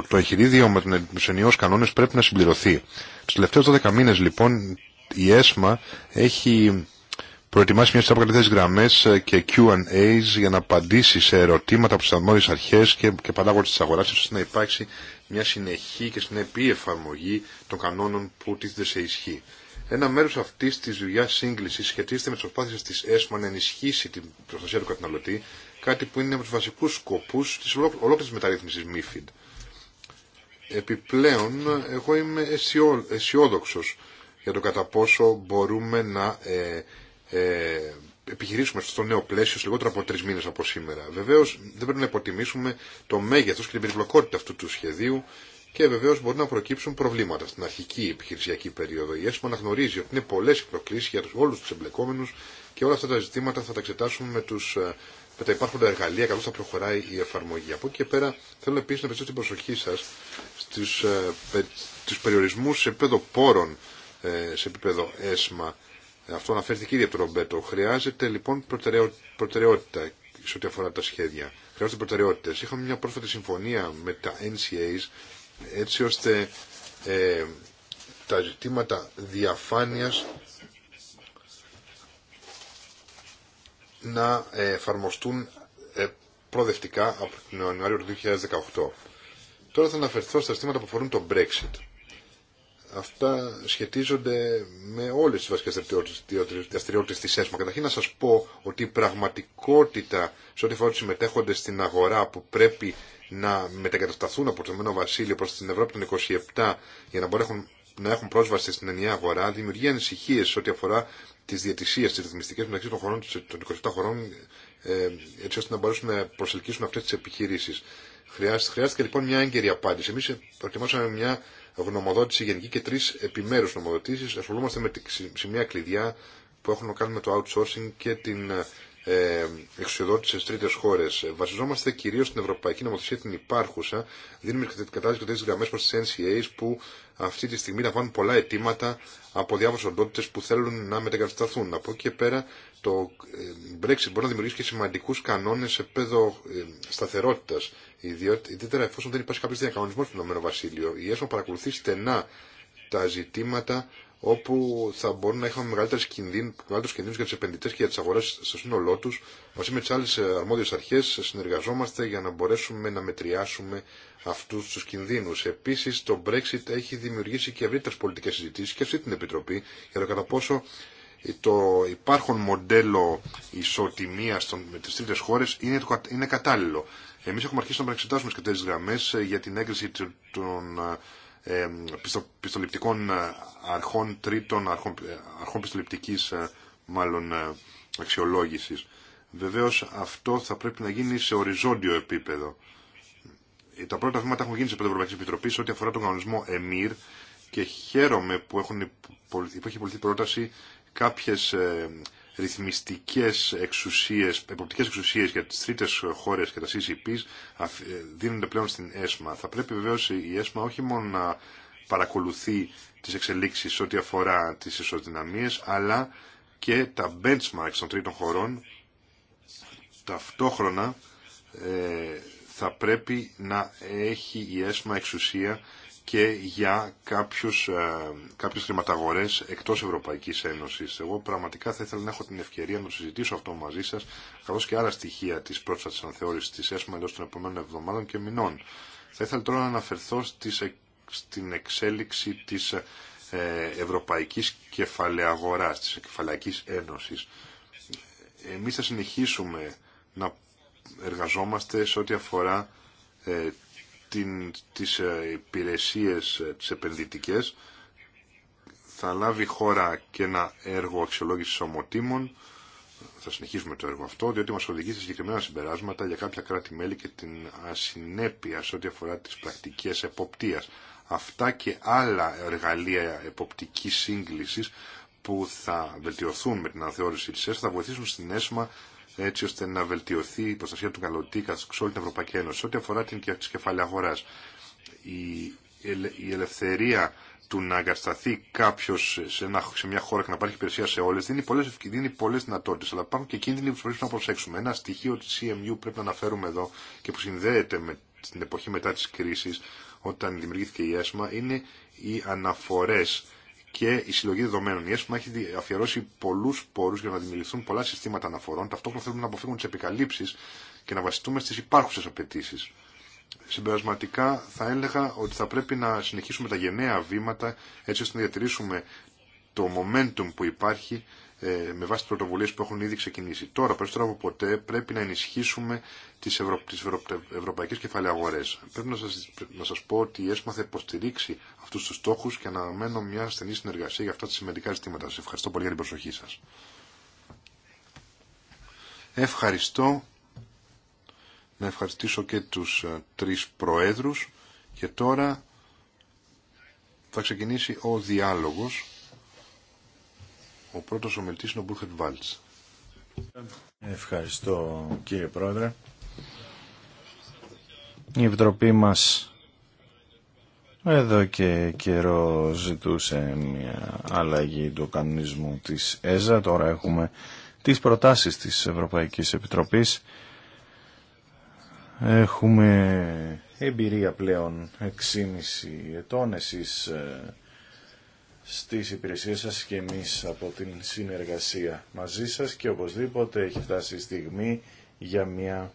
το εγχειρίδιο με τους ενιαίους κανόνες πρέπει να συμπληρωθεί. Τους τελευταίους 12 μήνες λοιπόν η ΕΣΜΑ έχει προετοιμάσει μια από γραμμές ε, και Q&As για να απαντήσει σε ερωτήματα από τις αρμόδιες αρχές και, και παράγοντες της αγοράς ώστε να υπάρξει μια συνεχή και συνεπή εφαρμογή των κανόνων που τίθεται σε ισχύ. Ένα μέρο αυτή τη δουλειά σύγκληση σχετίζεται με τι προσπάθειε τη ΕΣΜΑ να ενισχύσει την προστασία του καταναλωτή, κάτι που είναι από του βασικού σκοπού τη ολόκληρη μεταρρύθμιση MIFID. Επιπλέον, εγώ είμαι αισιόδοξο για το κατά πόσο μπορούμε να ε, ε, επιχειρήσουμε στο νέο πλαίσιο σε λιγότερο από τρει μήνε από σήμερα. Βεβαίω δεν πρέπει να υποτιμήσουμε το μέγεθο και την περιπλοκότητα αυτού του σχεδίου και βεβαίω μπορεί να προκύψουν προβλήματα στην αρχική επιχειρησιακή περίοδο. Η ΕΣΠΑ αναγνωρίζει ότι είναι πολλέ οι προκλήσει για όλου του εμπλεκόμενου και όλα αυτά τα ζητήματα θα τα εξετάσουμε με, τους, ε, με τα υπάρχοντα εργαλεία καθώ θα προχωράει η εφαρμογή. Από εκεί και πέρα θέλω επίση να την προσοχή σα ε, στου περιορισμού σε επίπεδο πόρων ε, σε επίπεδο ΕΣΜΑ. Αυτό αναφέρθηκε ήδη από τον Ρομπέτο. Χρειάζεται λοιπόν προτεραιότητα σε ό,τι αφορά τα σχέδια. Χρειάζονται προτεραιότητε. Είχαμε μια πρόσφατη συμφωνία με τα NCAs έτσι ώστε ε, τα ζητήματα διαφάνειας να ε, εφαρμοστούν προοδευτικά από τον Ιανουάριο του 2018. Τώρα θα αναφερθώ στα ζητήματα που αφορούν το Brexit. Αυτά σχετίζονται με όλες τις βασικές δραστηριότητες της ΕΣΜΑ. Καταρχήν να σας πω ότι η πραγματικότητα σε ό,τι αφορά συμμετέχονται στην αγορά που πρέπει να μετακατασταθούν από το Ηνωμένο Βασίλειο προς την Ευρώπη των 27 για να να έχουν πρόσβαση στην ενιαία αγορά δημιουργεί ανησυχίες σε ό,τι αφορά τις διατησίες, τις ρυθμιστικές μεταξύ των, χωρών, των 27 χωρών ε, έτσι ώστε να μπορέσουν να προσελκύσουν αυτές τις επιχειρήσεις. Χρειάστηκε, λοιπόν μια έγκαιρη απάντηση. Εμείς προτιμάσαμε μια γνωμοδότηση γενική και τρει επιμέρου γνωμοδοτήσει. Ασχολούμαστε με τη σημεία κλειδιά που έχουν να κάνουν με το outsourcing και την ε, εξουσιοδότηση στι τρίτε χώρε. Βασιζόμαστε κυρίω στην ευρωπαϊκή νομοθεσία, την υπάρχουσα. Δίνουμε κατάσταση και τι γραμμέ προ τι NCAs που αυτή τη στιγμή λαμβάνουν πολλά αιτήματα από διάφορε οντότητε που θέλουν να μετεγκατασταθούν. Από εκεί και πέρα το ε, Brexit μπορεί να δημιουργήσει και σημαντικού κανόνε σε πέδο ε, σταθερότητα. Ιδιαίτερα εφόσον δεν υπάρχει κάποιο διακανονισμό στο Ηνωμένο Βασίλειο. Η ΕΣΜΑ παρακολουθεί στενά τα ζητήματα όπου θα μπορούν να έχουν μεγαλύτερου κινδύνου για του επενδυτέ και για τι αγορέ στο σύνολό του. Μαζί με τι άλλε αρμόδιε αρχέ συνεργαζόμαστε για να μπορέσουμε να μετριάσουμε αυτού του κινδύνου. Επίση, το Brexit έχει δημιουργήσει και ευρύτερε πολιτικέ συζητήσει και αυτή την Επιτροπή για το κατά πόσο το υπάρχον μοντέλο ισοτιμίας με τις τρίτες χώρες είναι, είναι κατάλληλο. Εμείς έχουμε αρχίσει να εξετάσουμε τις κατέρες γραμμές ε, για την έγκριση των ε, ε, πιστο, πιστοληπτικών ε, αρχών τρίτων, αρχών, αρχών μάλλον αξιολόγησης. Βεβαίως αυτό θα πρέπει να γίνει σε οριζόντιο επίπεδο. Τα πρώτα βήματα έχουν γίνει σε επίπεδο Επιτροπή σε ό,τι αφορά τον κανονισμό ΕΜΙΡ και χαίρομαι που έχουν, που έχει υποληθεί πρόταση κάποιες ε, ρυθμιστικές εξουσίες, εποπτικές εξουσίες για τις τρίτες χώρες και τα CCPs ε, δίνονται πλέον στην ΕΣΜΑ. Θα πρέπει βεβαίως η ΕΣΜΑ όχι μόνο να παρακολουθεί τις εξελίξεις ό,τι αφορά τις ισοδυναμίες, αλλά και τα benchmarks των τρίτων χωρών ταυτόχρονα ε, θα πρέπει να έχει η ΕΣΜΑ εξουσία και για κάποιους, ε, κάποιες χρηματαγορές εκτός Ευρωπαϊκής Ένωσης. Εγώ πραγματικά θα ήθελα να έχω την ευκαιρία να το συζητήσω αυτό μαζί σας, καθώς και άλλα στοιχεία της πρόσφατης ανθεώρησης της ΕΣΜΑ εντός των επόμενων εβδομάδων και μηνών. Θα ήθελα τώρα να αναφερθώ στις, στην εξέλιξη της ε, Ευρωπαϊκής Κεφαλαιαγοράς, της Κεφαλαϊκής Ένωσης. Εμείς θα συνεχίσουμε να εργαζόμαστε σε ό,τι αφορά ε, την, τις ε, υπηρεσίες ε, τις επενδυτικές θα λάβει χώρα και ένα έργο αξιολόγησης ομοτήμων θα συνεχίσουμε το έργο αυτό, διότι μας οδηγεί σε συγκεκριμένα συμπεράσματα για κάποια κράτη-μέλη και την ασυνέπεια σε ό,τι αφορά τις πρακτικές εποπτείας. Αυτά και άλλα εργαλεία εποπτικής σύγκλησης που θα βελτιωθούν με την αναθεώρηση της ΕΣ θα βοηθήσουν στην ΕΣΜΑ έτσι ώστε να βελτιωθεί η προστασία του καλωτήκα σε όλη την Ευρωπαϊκή Ένωση. Ό,τι αφορά την κεφάλαια αγορά, η ελευθερία του να εγκατασταθεί κάποιο σε, μια χώρα και να υπάρχει υπηρεσία σε όλε δίνει πολλέ πολλές δυνατότητε. Αλλά υπάρχουν και κίνδυνοι που πρέπει να προσέξουμε. Ένα στοιχείο τη CMU πρέπει να αναφέρουμε εδώ και που συνδέεται με την εποχή μετά τη κρίση, όταν δημιουργήθηκε η ΕΣΜΑ, είναι οι αναφορέ και η συλλογή δεδομένων. Η ΕΣΠΑ έχει αφιερώσει πολλού πόρου για να δημιουργηθούν πολλά συστήματα αναφορών. Ταυτόχρονα θέλουμε να αποφύγουμε τι επικαλύψει και να βασιστούμε στι υπάρχουσε απαιτήσει. Συμπερασματικά θα έλεγα ότι θα πρέπει να συνεχίσουμε τα γενναία βήματα έτσι ώστε να διατηρήσουμε το momentum που υπάρχει ε, με βάση τι πρωτοβουλίε που έχουν ήδη ξεκινήσει. Τώρα, περισσότερο από ποτέ, πρέπει να ενισχύσουμε τι ευρω... ευρω... ευρωπαϊκέ κεφαλαίε Πρέπει να σα σας πω ότι η ΕΣΜΑ θα υποστηρίξει αυτού του στόχου και αναμένω μια στενή συνεργασία για αυτά τα σημαντικά ζητήματα. Σα ευχαριστώ πολύ για την προσοχή σα. Ευχαριστώ. Να ευχαριστήσω και του ε, τρει προέδρου και τώρα θα ξεκινήσει ο διάλογος. Ο πρώτος ομιλητής είναι ο Μπούρχετ Βάλτς. Ευχαριστώ κύριε Πρόεδρε. Η Επιτροπή μας εδώ και καιρό ζητούσε μια αλλαγή του κανονισμού της ΕΖΑ. Τώρα έχουμε τις προτάσεις της Ευρωπαϊκής Επιτροπής. Έχουμε εμπειρία πλέον 6,5 ετών. Εσείς ε, στις υπηρεσίες σας και εμείς από την συνεργασία μαζί σας και οπωσδήποτε έχει φτάσει η στιγμή για μια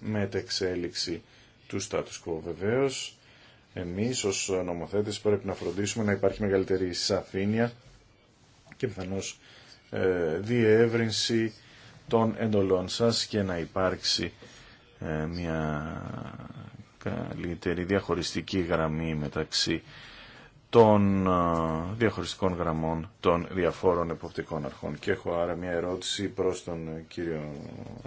μετεξέλιξη του status quo βεβαίως. Εμείς ως νομοθέτες πρέπει να φροντίσουμε να υπάρχει μεγαλύτερη σαφήνεια και πιθανώς ε, διεύρυνση των εντολών σας και να υπάρξει ε, μια καλύτερη διαχωριστική γραμμή μεταξύ των διαχωριστικών γραμμών των διαφόρων εποπτικών αρχών. Και έχω άρα μια ερώτηση προς τον κύριο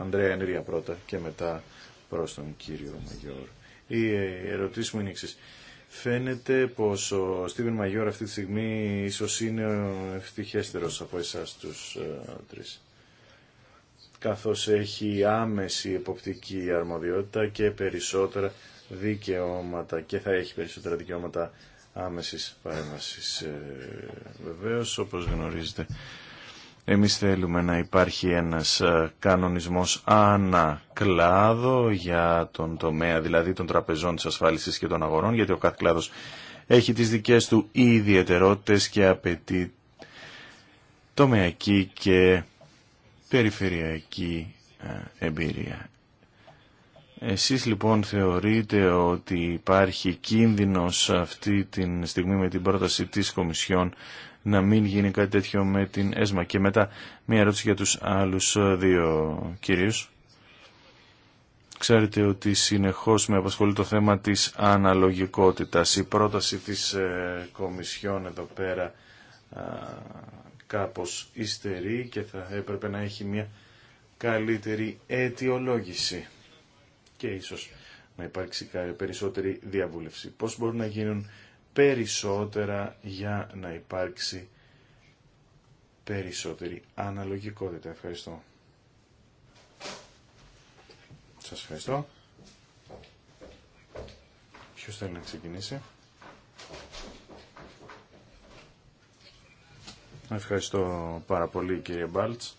Ανδρέα Ενρία πρώτα και μετά προς τον κύριο Μαγιόρ. Η ε, ερωτήση μου είναι εξής. Φαίνεται πως ο Στίβεν Μαγιόρ αυτή τη στιγμή ίσως είναι ευτυχέστερος από εσάς τους ε, τρεις καθώς έχει άμεση εποπτική αρμοδιότητα και περισσότερα δικαιώματα και θα έχει περισσότερα δικαιώματα άμεσης παρέμβασης. Ε, βεβαίως, όπως γνωρίζετε, εμείς θέλουμε να υπάρχει ένας ε, κανονισμός ανακλάδο για τον τομέα, δηλαδή των τραπεζών της ασφάλισης και των αγορών, γιατί ο κάθε κλάδος έχει τις δικές του ιδιαιτερότητες και απαιτεί τομεακή και περιφερειακή ε, εμπειρία. Εσείς λοιπόν θεωρείτε ότι υπάρχει κίνδυνος αυτή τη στιγμή με την πρόταση της Κομισιόν να μην γίνει κάτι τέτοιο με την ΕΣΜΑ. Και μετά μία ερώτηση για τους άλλους δύο κυρίους. Ξέρετε ότι συνεχώς με απασχολεί το θέμα της αναλογικότητας. Η πρόταση της ε, Κομισιόν εδώ πέρα κάπως υστερεί και θα έπρεπε να έχει μια καλύτερη αιτιολόγηση και ίσως να υπάρξει περισσότερη διαβούλευση. Πώς μπορούν να γίνουν περισσότερα για να υπάρξει περισσότερη αναλογικότητα. Ευχαριστώ. Σας ευχαριστώ. Ποιος θέλει να ξεκινήσει. Ευχαριστώ πάρα πολύ κύριε Μπάλτς.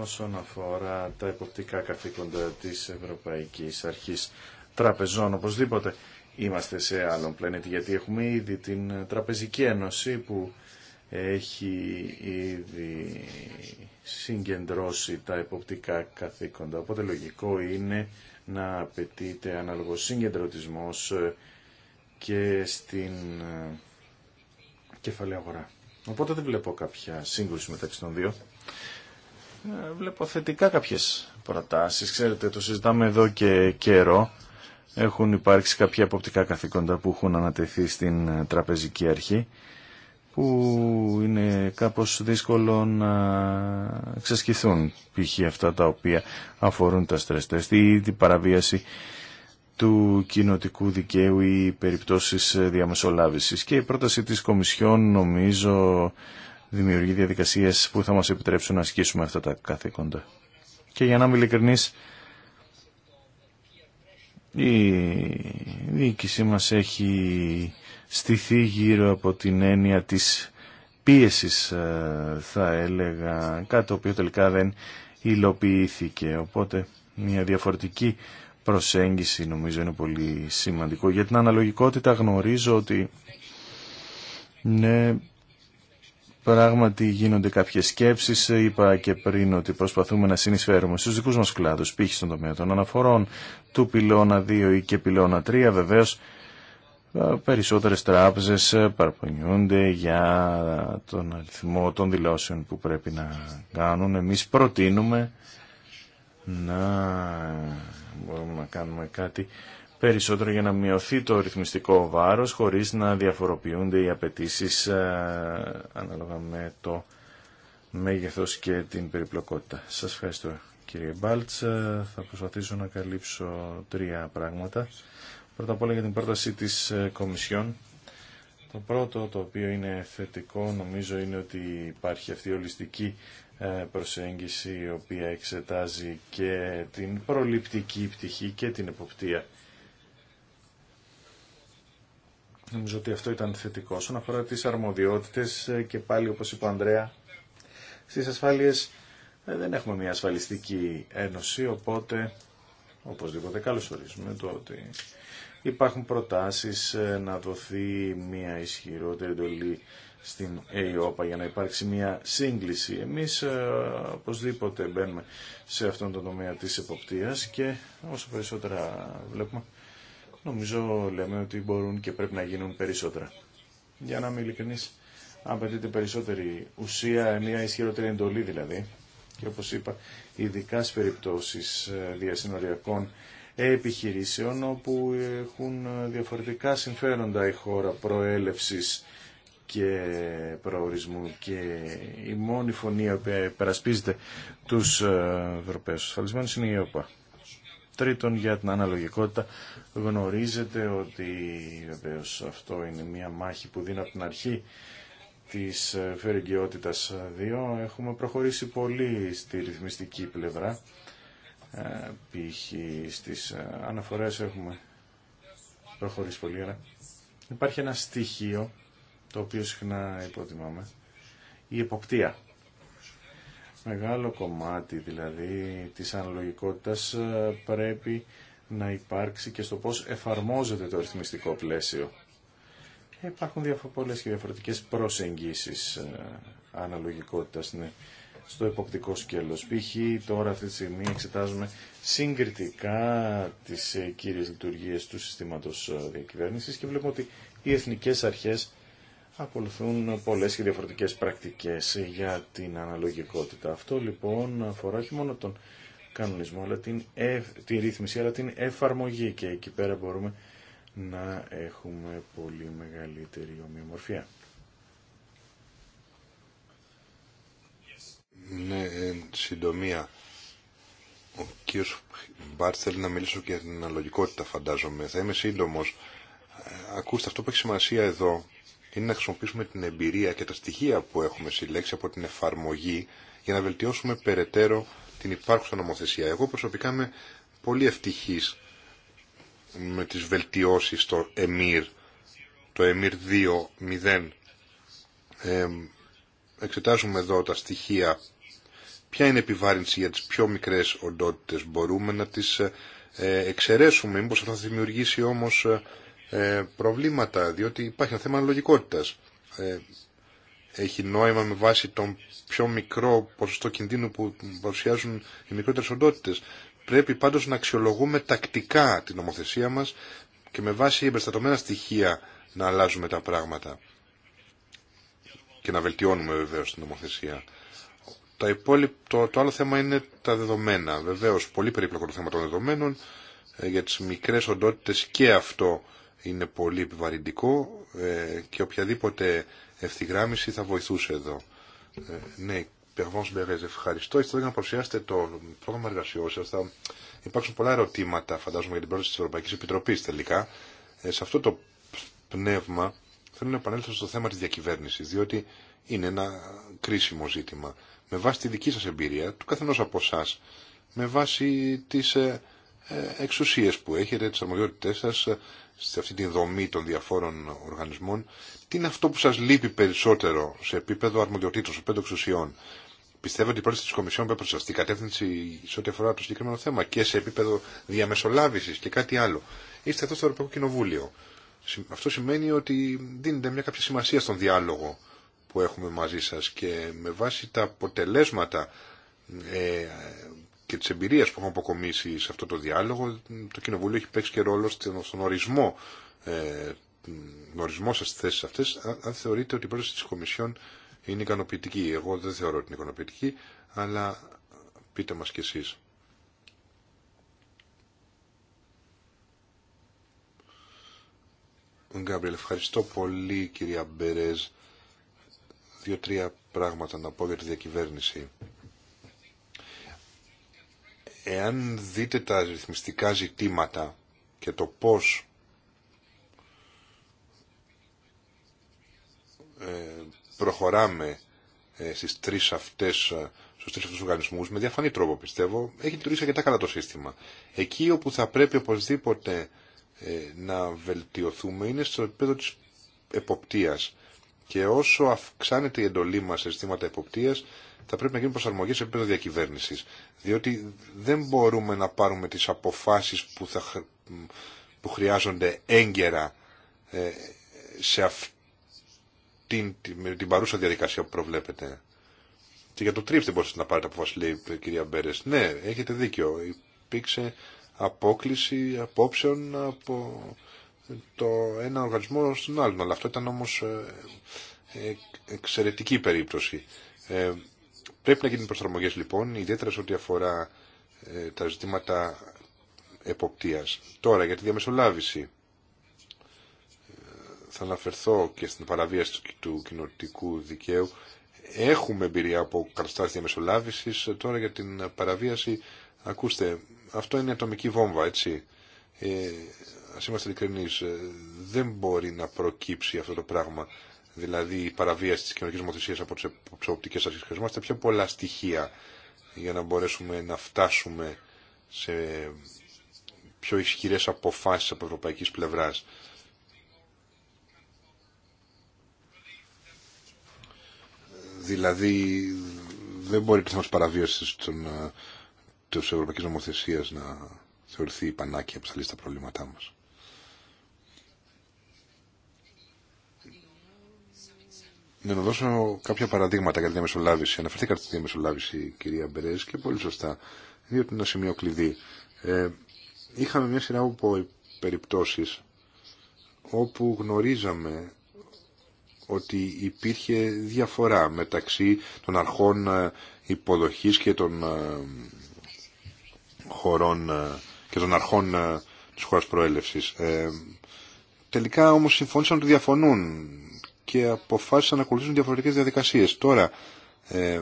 όσον αφορά τα εποπτικά καθήκοντα της Ευρωπαϊκής Αρχής Τραπεζών. Οπωσδήποτε είμαστε σε άλλον πλανήτη γιατί έχουμε ήδη την Τραπεζική Ένωση που έχει ήδη συγκεντρώσει τα εποπτικά καθήκοντα. Οπότε λογικό είναι να απαιτείται ανάλογο συγκεντρωτισμός και στην κεφαλαία αγορά. Οπότε δεν βλέπω κάποια σύγκρουση μεταξύ των δύο. Ε, βλέπω θετικά κάποιες προτάσεις. Ξέρετε, το συζητάμε εδώ και καιρό. Έχουν υπάρξει κάποια αποπτικά καθήκοντα που έχουν ανατεθεί στην τραπεζική αρχή που είναι κάπως δύσκολο να εξασκηθούν π.χ. αυτά τα οποία αφορούν τα stress ή την παραβίαση του κοινοτικού δικαίου ή περιπτώσεις διαμεσολάβησης. Και η πρόταση της Κομισιόν νομίζω δημιουργεί διαδικασίες που θα μας επιτρέψουν να ασκήσουμε αυτά τα καθήκοντα. Και για να είμαι ειλικρινής, η διοίκησή μας έχει στηθεί γύρω από την έννοια της πίεσης ε, θα έλεγα, κάτι το οποίο τελικά δεν υλοποιήθηκε. Οπότε μια διαφορετική προσέγγιση νομίζω είναι πολύ σημαντικό. Για την αναλογικότητα γνωρίζω ότι ναι, Πράγματι γίνονται κάποιες σκέψεις, ε, είπα και πριν ότι προσπαθούμε να συνεισφέρουμε στους δικούς μας κλάδους, π.χ. στον τομέα των αναφορών, του πυλώνα 2 ή και πυλώνα 3 βεβαίως. Ε, περισσότερες τράπεζες ε, παραπονιούνται για τον αριθμό των δηλώσεων που πρέπει να κάνουν. Εμείς προτείνουμε να μπορούμε να κάνουμε κάτι περισσότερο για να μειωθεί το ρυθμιστικό βάρος χωρίς να διαφοροποιούνται οι απαιτήσει ε, ανάλογα με το μέγεθος και την περιπλοκότητα. Σας ευχαριστώ κύριε Μπάλτς. Ε, θα προσπαθήσω να καλύψω τρία πράγματα. Πρώτα απ' όλα για την πρόταση της ε, Κομισιόν. Το πρώτο το οποίο είναι θετικό νομίζω είναι ότι υπάρχει αυτή η ολιστική προσέγγιση η οποία εξετάζει και την προληπτική πτυχή και την εποπτεία Νομίζω ότι αυτό ήταν θετικό. Όσον αφορά τις αρμοδιότητες ε, και πάλι όπως είπε ο Ανδρέα, στις ασφάλειες ε, δεν έχουμε μια ασφαλιστική ένωση, οπότε οπωσδήποτε καλώς ορίζουμε το ότι υπάρχουν προτάσεις ε, να δοθεί μια ισχυρότερη εντολή στην ΕΙΟΠΑ για να υπάρξει μια σύγκληση. Εμείς οπωσδήποτε μπαίνουμε σε αυτόν τον τομέα της εποπτείας και όσο περισσότερα βλέπουμε νομίζω λέμε ότι μπορούν και πρέπει να γίνουν περισσότερα. Για να είμαι ειλικρινής, απαιτείται περισσότερη ουσία, μια ισχυρότερη εντολή δηλαδή. Και όπως είπα, ειδικά σε περιπτώσεις ε, διασυνοριακών επιχειρήσεων όπου έχουν διαφορετικά συμφέροντα η χώρα προέλευση και προορισμού και η μόνη φωνή που περασπίζεται τους ε, Ευρωπαίους ασφαλισμένους είναι η ΕΟΠΑ. Τρίτον για την αναλογικότητα Γνωρίζετε ότι βεβαίω αυτό είναι μια μάχη που δίνει από την αρχή της ε, φερεγγιότητας 2. Έχουμε προχωρήσει πολύ στη ρυθμιστική πλευρά. Ε, π.χ. στις ε, αναφορές έχουμε προχωρήσει πολύ. υπάρχει ένα στοιχείο το οποίο συχνά υποτιμάμε. Η εποπτεία. Μεγάλο κομμάτι δηλαδή της αναλογικότητας πρέπει να υπάρξει και στο πώς εφαρμόζεται το ρυθμιστικό πλαίσιο. Υπάρχουν πολλές και διαφορετικές προσεγγίσεις ε, αναλογικότητας ναι, στο εποπτικό σκέλος. Π.χ. τώρα αυτή τη στιγμή εξετάζουμε συγκριτικά τις ε, κύριες λειτουργίες του συστήματος ε, διακυβέρνησης και βλέπουμε ότι οι εθνικές αρχές ακολουθούν πολλές και διαφορετικές πρακτικές για την αναλογικότητα. Αυτό λοιπόν αφορά όχι μόνο τον κανονισμό, αλλά την ε, τη ρύθμιση, αλλά την εφαρμογή και εκεί πέρα μπορούμε να έχουμε πολύ μεγαλύτερη ομοιομορφία. Ναι, συντομία, ο κύριος Μπάρτ θέλει να μιλήσω και για την αναλογικότητα φαντάζομαι. Θα είμαι σύντομος. Ε, ακούστε, αυτό που έχει σημασία εδώ είναι να χρησιμοποιήσουμε την εμπειρία και τα στοιχεία που έχουμε συλλέξει από την εφαρμογή για να βελτιώσουμε περαιτέρω την υπάρχουσα νομοθεσία. Εγώ προσωπικά είμαι πολύ ευτυχή με τις βελτιώσεις στο ΕΜΙΡ, το ΕΜΙΡ 2.0. Ε, εξετάζουμε εδώ τα στοιχεία. Ποια είναι η επιβάρυνση για τις πιο μικρές οντότητες. Μπορούμε να τις ε, εξαιρέσουμε. Μήπως αυτό θα δημιουργήσει όμως ε, ε, προβλήματα, διότι υπάρχει ένα θέμα λογικότητας. Ε, έχει νόημα με βάση τον πιο μικρό ποσοστό κινδύνου που παρουσιάζουν οι μικρότερε οντότητε. Πρέπει πάντω να αξιολογούμε τακτικά την νομοθεσία μα και με βάση εμπεριστατωμένα στοιχεία να αλλάζουμε τα πράγματα και να βελτιώνουμε βεβαίω την νομοθεσία. το, το άλλο θέμα είναι τα δεδομένα. Βεβαίω, πολύ περίπλοκο το θέμα των δεδομένων. Ε, για τι μικρέ οντότητε και αυτό είναι πολύ επιβαρυντικό ε, και οποιαδήποτε ευθυγράμμιση θα βοηθούσε εδώ. Ε, ναι, Περβόν Μπερέζ, ευχαριστώ. Είστε εδώ για να παρουσιάσετε το πρόγραμμα εργασιών σα. Θα υπάρξουν πολλά ερωτήματα, φαντάζομαι, για την πρόταση τη Ευρωπαϊκή Επιτροπή τελικά. Ε, σε αυτό το πνεύμα θέλω να επανέλθω στο θέμα τη διακυβέρνηση, διότι είναι ένα κρίσιμο ζήτημα. Με βάση τη δική σα εμπειρία, του καθενό από εσά, με βάση τι ε, ε, εξουσίες που έχετε, τις αρμοδιότητές σας, σε αυτή τη δομή των διαφόρων οργανισμών, τι είναι αυτό που σας λείπει περισσότερο σε επίπεδο αρμοδιοτήτων, σε επίπεδο εξουσιών. Πιστεύω ότι η πρόταση τη Κομισιόν πρέπει να σε κατεύθυνση σε ό,τι αφορά το συγκεκριμένο θέμα και σε επίπεδο διαμεσολάβηση και κάτι άλλο. Είστε εδώ στο Ευρωπαϊκό Κοινοβούλιο. Αυτό σημαίνει ότι δίνετε μια κάποια σημασία στον διάλογο που έχουμε μαζί σας και με βάση τα αποτελέσματα ε, και τη εμπειρία που έχουμε αποκομίσει σε αυτό το διάλογο, το Κοινοβούλιο έχει παίξει και ρόλο στον ορισμό, ε, ορισμό στι θέσει αυτέ. Αν θεωρείτε ότι η πρόταση τη Κομισιόν είναι ικανοποιητική, εγώ δεν θεωρώ ότι είναι ικανοποιητική, αλλά πείτε μα κι εσεί. Γκάμπριελ, ευχαριστώ πολύ κυρία Μπερέζ. Δύο-τρία πράγματα να πω για τη διακυβέρνηση. Εάν δείτε τα ρυθμιστικά ζητήματα και το πώς ε, προχωράμε ε, στις τρεις αυτές ε, στους τρεις αυτούς οργανισμούς, με διαφανή τρόπο πιστεύω, έχει λειτουργήσει αρκετά καλά το σύστημα. Εκεί όπου θα πρέπει οπωσδήποτε να βελτιωθούμε είναι στο επίπεδο της εποπτείας. Και όσο αυξάνεται η εντολή μα σε αισθήματα εποπτεία, θα πρέπει να γίνουν προσαρμογέ σε επίπεδο διακυβέρνηση. Διότι δεν μπορούμε να πάρουμε τι αποφάσει που, που χρειάζονται έγκαιρα ε, σε αυτήν την παρούσα διαδικασία που προβλέπετε. Και για το τρίπ δεν μπορούσατε να πάρετε αποφάσει, λέει η κυρία Μπέρε. Ναι, έχετε δίκιο. Υπήρξε απόκληση απόψεων από το ένα οργανισμό στον άλλον. Αλλά αυτό ήταν όμως ε, ε, εξαιρετική περίπτωση. Ε, πρέπει να γίνουν προσαρμογές λοιπόν, ιδιαίτερα σε ό,τι αφορά ε, τα ζητήματα εποπτείας. Τώρα για τη διαμεσολάβηση. Ε, θα αναφερθώ και στην παραβίαση του κοινωτικού δικαίου. Έχουμε εμπειρία από καταστάσεις διαμεσολάβησης. Τώρα για την παραβίαση, ακούστε, αυτό είναι ατομική βόμβα, έτσι ας είμαστε ειλικρινείς, ε, δεν μπορεί να προκύψει αυτό το πράγμα, δηλαδή η παραβίαση της κοινωνικής νομοθεσίας από τις οπτικές αρχές. Χρειαζόμαστε πιο πολλά στοιχεία για να μπορέσουμε να φτάσουμε σε πιο ισχυρές αποφάσεις από ευρωπαϊκής πλευράς. Δηλαδή δεν μπορεί το θέμα της των, ε, της ευρωπαϊκής νομοθεσίας να θεωρηθεί η πανάκια λύσει τα προβλήματά μας. Να δώσω κάποια παραδείγματα για τη διαμεσολάβηση. Αναφερθήκατε στη διαμεσολάβηση, κυρία Μπερέ, και πολύ σωστά, διότι είναι ένα σημείο κλειδί. Ε, είχαμε μια σειρά από περιπτώσει όπου γνωρίζαμε ότι υπήρχε διαφορά μεταξύ των αρχών ε, υποδοχής και των ε, χωρών ε, και των αρχών της χώρας προέλευσης. τελικά όμως συμφώνησαν ότι διαφωνούν και αποφάσισαν να ακολουθήσουν διαφορετικές διαδικασίες. Τώρα, ε,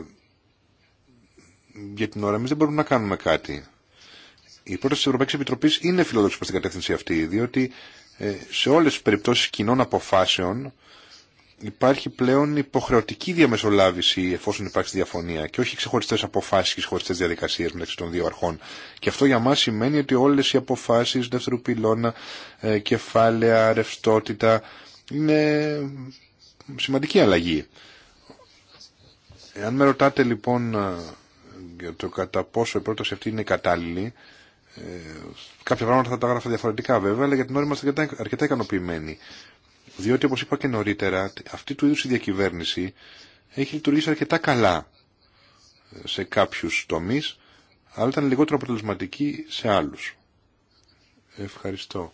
για την ώρα εμείς δεν μπορούμε να κάνουμε κάτι. Η πρόταση της Ευρωπαϊκής Επιτροπής είναι φιλόδοξη προς την κατεύθυνση αυτή, διότι ε, σε όλες τις περιπτώσεις κοινών αποφάσεων υπάρχει πλέον υποχρεωτική διαμεσολάβηση εφόσον υπάρχει διαφωνία και όχι ξεχωριστέ αποφάσει και ξεχωριστέ διαδικασίε μεταξύ των δύο αρχών. Και αυτό για μας σημαίνει ότι όλες οι αποφάσει δεύτερου πυλώνα, ε, κεφάλαια, ρευστότητα είναι σημαντική αλλαγή. Εάν με ρωτάτε λοιπόν ε, για το κατά πόσο η πρόταση αυτή είναι κατάλληλη, ε, κάποια πράγματα θα τα γράφω διαφορετικά βέβαια, αλλά για την ώρα είμαστε αρκετά ικανοποιημένοι. Διότι όπως είπα και νωρίτερα, αυτή του είδους η διακυβέρνηση έχει λειτουργήσει αρκετά καλά ε, σε κάποιους τομείς, αλλά ήταν λιγότερο αποτελεσματική σε άλλους. Ευχαριστώ.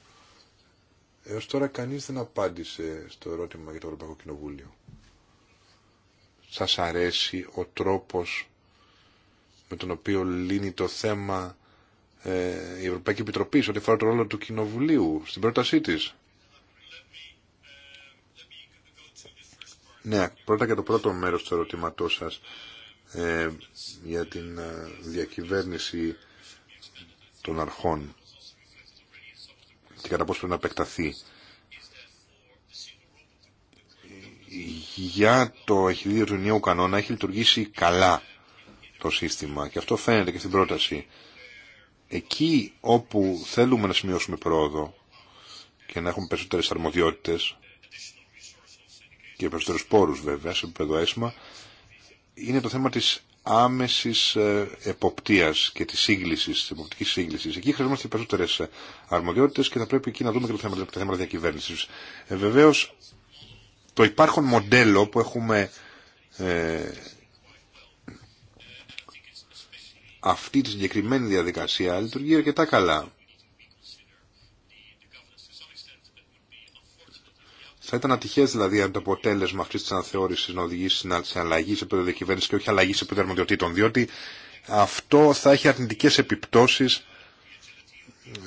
Έως τώρα κανείς δεν απάντησε στο ερώτημα για το Ευρωπαϊκό Κοινοβούλιο. Σας αρέσει ο τρόπος με τον οποίο λύνει το θέμα ε, η Ευρωπαϊκή Επιτροπή σε ό,τι αφορά το ρόλο του Κοινοβουλίου στην πρότασή τη. Ναι, πρώτα και το πρώτο μέρος του ερωτήματός σας ε, για την ε, διακυβέρνηση των αρχών και κατά πώς πρέπει να επεκταθεί. Για το εχειδίδιο του νέου κανόνα έχει λειτουργήσει καλά το σύστημα και αυτό φαίνεται και στην πρόταση. Εκεί όπου θέλουμε να σημειώσουμε πρόοδο και να έχουμε περισσότερες αρμοδιότητες και περισσότερους πόρους βέβαια σε επίπεδο αίσθημα είναι το θέμα της άμεσης ε, εποπτείας και της σύγκληση, της εποπτικής σύγκληση. Εκεί χρειαζόμαστε περισσότερες ε, αρμοδιότητες και θα πρέπει εκεί να δούμε και το θέμα, τα θέματα διακυβέρνησης. Ε, το υπάρχον μοντέλο που έχουμε ε, αυτή τη συγκεκριμένη διαδικασία λειτουργεί αρκετά καλά. Θα ήταν ατυχές δηλαδή αν το αποτέλεσμα αυτής της αναθεώρησης να οδηγήσει σε αλλαγή σε επίπεδο και όχι αλλαγή σε επίπεδο αρμοδιοτήτων, διότι αυτό θα έχει αρνητικές επιπτώσεις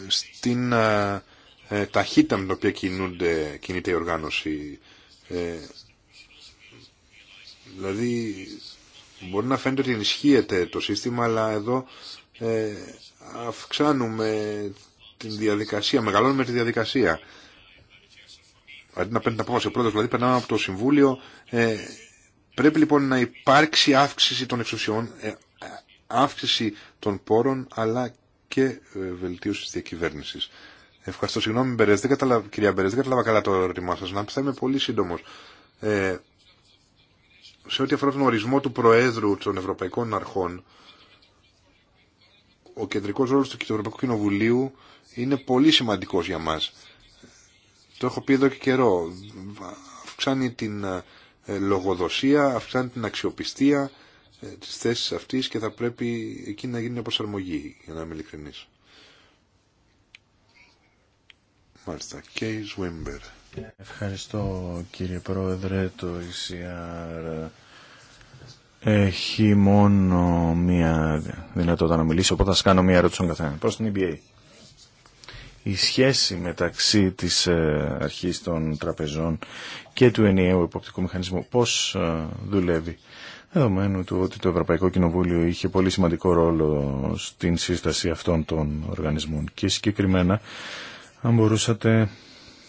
στην ε, ε, ταχύτητα με την οποία κινούνται, κινείται η οργάνωση. Ε, δηλαδή μπορεί να φαίνεται ότι ενισχύεται το σύστημα, αλλά εδώ ε, αυξάνουμε την διαδικασία, μεγαλώνουμε τη διαδικασία αντί να παίρνει την απόφαση ο πρόεδρος, δηλαδή περνάμε από το Συμβούλιο, ε, πρέπει λοιπόν να υπάρξει αύξηση των εξουσιών, ε, αύξηση των πόρων, αλλά και ε, βελτίωση της διακυβέρνησης. Ευχαριστώ, συγγνώμη, Μπερές, δεν κυρία Μπερές, δεν κατάλαβα καλά το ερώτημά σας, να θα είμαι πολύ σύντομο. Ε, σε ό,τι αφορά τον ορισμό του Προέδρου των Ευρωπαϊκών Αρχών, ο κεντρικός ρόλος του Ευρωπαϊκού Κοινοβουλίου είναι πολύ σημαντικός για μας το έχω πει εδώ και καιρό, αυξάνει την ε, λογοδοσία, αυξάνει την αξιοπιστία ε, της θέσης αυτής και θα πρέπει εκεί να γίνει μια προσαρμογή, για να είμαι ειλικρινής. Μάλιστα. Ευχαριστώ κύριε Πρόεδρε. Το ECR έχει μόνο μία δυνατότητα να μιλήσει, οπότε θα σας κάνω μία ερώτηση στον καθένα. Προς την EBA η σχέση μεταξύ της ε, αρχής των τραπεζών και του ενιαίου εποπτικού μηχανισμού πώς ε, δουλεύει. Δεδομένου του ότι το Ευρωπαϊκό Κοινοβούλιο είχε πολύ σημαντικό ρόλο στην σύσταση αυτών των οργανισμών και συγκεκριμένα αν μπορούσατε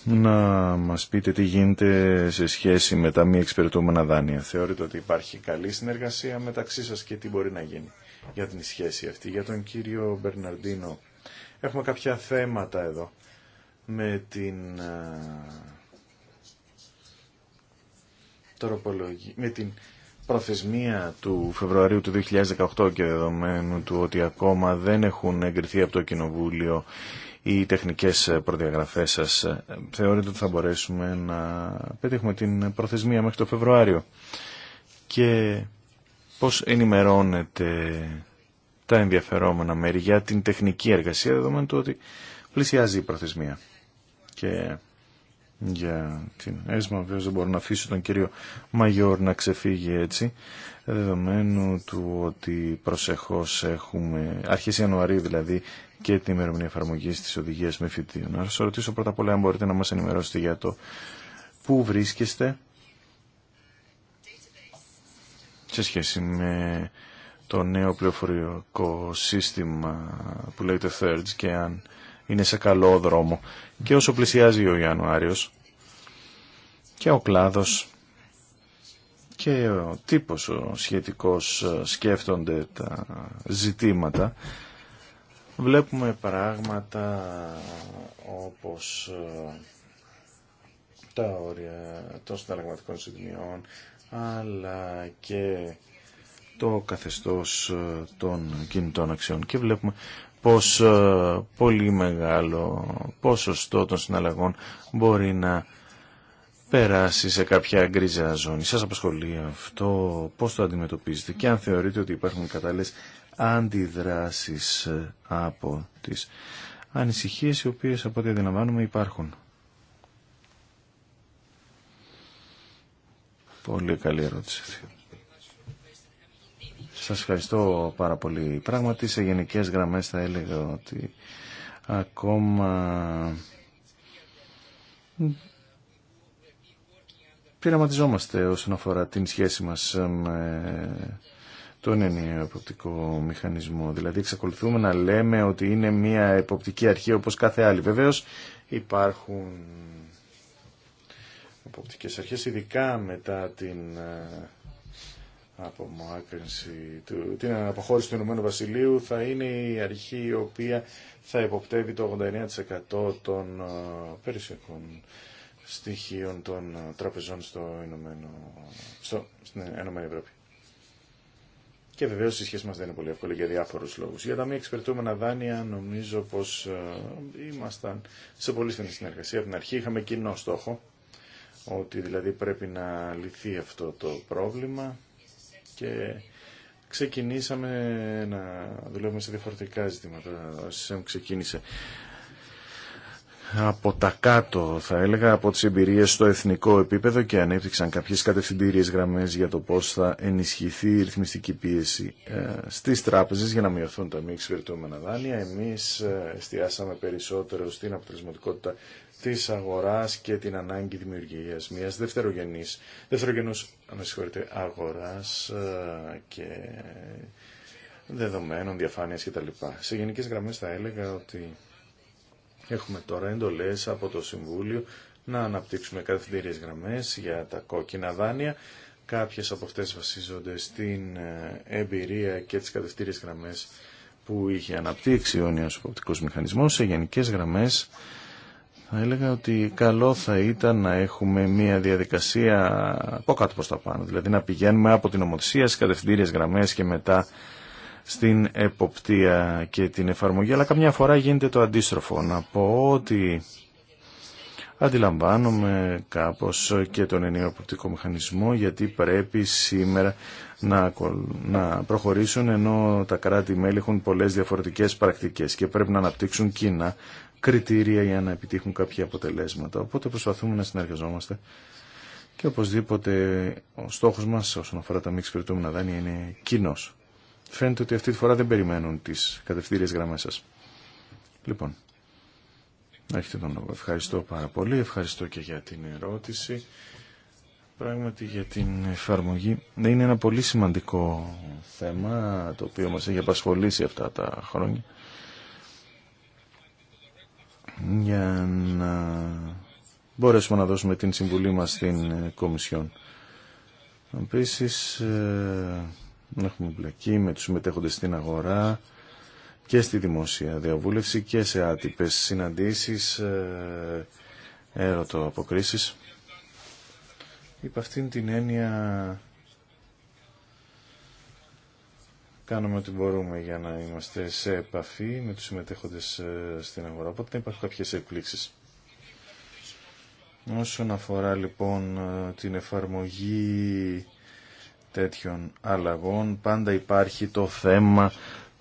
να μας πείτε τι γίνεται σε σχέση με τα μη εξυπηρετούμενα δάνεια. Θεωρείτε ότι υπάρχει καλή συνεργασία μεταξύ σας και τι μπορεί να γίνει για την σχέση αυτή. Για τον κύριο Μπερναρντίνο Έχουμε κάποια θέματα εδώ με την, ε, με την προθεσμία του Φεβρουαρίου του 2018 και δεδομένου του ότι ακόμα δεν έχουν εγκριθεί από το Κοινοβούλιο οι τεχνικές προδιαγραφές σας, ε, θεωρείτε ότι θα μπορέσουμε να πετύχουμε την προθεσμία μέχρι το Φεβρουάριο. Και πώς ενημερώνετε τα ενδιαφερόμενα μέρη για την τεχνική εργασία, δεδομένου του ότι πλησιάζει η προθεσμία. Και για την ΕΣΜΑ βέβαια δεν μπορώ να αφήσω τον κύριο Μαγιόρ να ξεφύγει έτσι, δεδομένου του ότι προσεχώς έχουμε, αρχές Ιανουαρίου δηλαδή, και την ημερομηνία εφαρμογή τη οδηγία με φοιτητή. Να σα ρωτήσω πρώτα απ' όλα αν μπορείτε να μα ενημερώσετε για το πού βρίσκεστε σε σχέση με το νέο πληροφοριακό σύστημα που λέγεται Thirds και αν είναι σε καλό δρόμο. Και όσο πλησιάζει ο Ιανουάριος και ο κλάδος και ο τύπος ο σχετικός ε, σκέφτονται τα ζητήματα βλέπουμε πράγματα όπως ε, τα όρια των συνταγματικών συντημιών αλλά και το καθεστώς ε, των κινητών αξιών και βλέπουμε πως ε, πολύ μεγάλο ποσοστό των συναλλαγών μπορεί να περάσει σε κάποια γκρίζα ζώνη. Σας απασχολεί αυτό, πώς το αντιμετωπίζετε και αν θεωρείτε ότι υπάρχουν κατάλληλες αντιδράσεις ε, από τις ανησυχίες οι οποίες από ό,τι αντιλαμβάνουμε υπάρχουν. Πολύ καλή ερώτηση. Σας ευχαριστώ πάρα πολύ. Πράγματι σε γενικές γραμμές θα έλεγα ότι ακόμα πειραματιζόμαστε όσον αφορά την σχέση μας με τον ενιαίο εποπτικό μηχανισμό. Δηλαδή εξακολουθούμε να λέμε ότι είναι μια εποπτική αρχή όπως κάθε άλλη. Βεβαίως υπάρχουν εποπτικές αρχές ειδικά μετά την ε, απομάκρυνση, του, την αποχώρηση του Ηνωμένου Βασιλείου θα είναι η αρχή η οποία θα υποπτεύει το 89% των ε, περισσιακών στοιχείων των ε, τραπεζών στο Ηνωμένο, στο, στην Ενωμένη Ευρώπη. Και βεβαίω η σχέση μα δεν είναι πολύ εύκολη για διάφορου λόγου. Για τα μη εξυπηρετούμενα δάνεια νομίζω πω ε, ήμασταν σε πολύ στενή συνεργασία. Από την αρχή είχαμε κοινό στόχο, ότι δηλαδή πρέπει να λυθεί αυτό το πρόβλημα και ξεκινήσαμε να δουλεύουμε σε διαφορετικά ζητήματα. Ο ξεκίνησε από τα κάτω, θα έλεγα, από τις εμπειρίες στο εθνικό επίπεδο και ανέπτυξαν κάποιες κατευθυντήριες γραμμές για το πώς θα ενισχυθεί η ρυθμιστική πίεση ε, στις τράπεζες για να μειωθούν τα μη εξυπηρετούμενα δάνεια. Εμείς ε, εστιάσαμε περισσότερο στην αποτελεσματικότητα της αγοράς και την ανάγκη δημιουργίας μιας δευτερογενής, δευτερογενούς με συγχωρείτε, αγοράς ε, και δεδομένων, διαφάνειας κτλ. Σε γενικές γραμμές θα έλεγα ότι έχουμε τώρα εντολές από το Συμβούλιο να αναπτύξουμε καθημερινές γραμμές για τα κόκκινα δάνεια. Κάποιες από αυτές βασίζονται στην ε, εμπειρία και τις κατευθύνες γραμμές που είχε αναπτύξει ο νέος οπτικός μηχανισμός. Σε γενικές γραμμές θα έλεγα ότι καλό θα ήταν να έχουμε μια διαδικασία από κάτω προς τα πάνω, δηλαδή να πηγαίνουμε από την ομοθεσία στις κατευθυντήριες γραμμές και μετά στην εποπτεία και την εφαρμογή, αλλά καμιά φορά γίνεται το αντίστροφο. Να πω ότι αντιλαμβάνομαι κάπως και τον ενίο μηχανισμό, γιατί πρέπει σήμερα να προχωρήσουν, ενώ τα κράτη-μέλη έχουν πολλές διαφορετικές πρακτικές και πρέπει να αναπτύξουν κοινά κριτήρια για να επιτύχουν κάποια αποτελέσματα. Οπότε προσπαθούμε να συνεργαζόμαστε και οπωσδήποτε ο στόχος μας όσον αφορά τα μη εξυπηρετούμενα δάνεια είναι κοινό. Φαίνεται ότι αυτή τη φορά δεν περιμένουν τις κατευθύνες γραμμές σας. Λοιπόν, έχετε τον λόγο. Ευχαριστώ πάρα πολύ. Ευχαριστώ και για την ερώτηση. Πράγματι για την εφαρμογή. Είναι ένα πολύ σημαντικό θέμα το οποίο μας έχει απασχολήσει αυτά τα χρόνια για να μπορέσουμε να δώσουμε την συμβουλή μας στην ε, Κομισιόν. Επίση, ε, έχουμε μπλακεί με τους συμμετέχοντες στην αγορά και στη δημόσια διαβούλευση και σε άτυπες συναντήσεις, ε, έρωτο αποκρίσεις. Υπ' αυτήν την έννοια κάνουμε ό,τι μπορούμε για να είμαστε σε επαφή με τους συμμετέχοντες ε, στην αγορά, οπότε δεν υπάρχουν κάποιες εκπλήξεις. Όσον αφορά λοιπόν ε, την εφαρμογή τέτοιων αλλαγών, πάντα υπάρχει το θέμα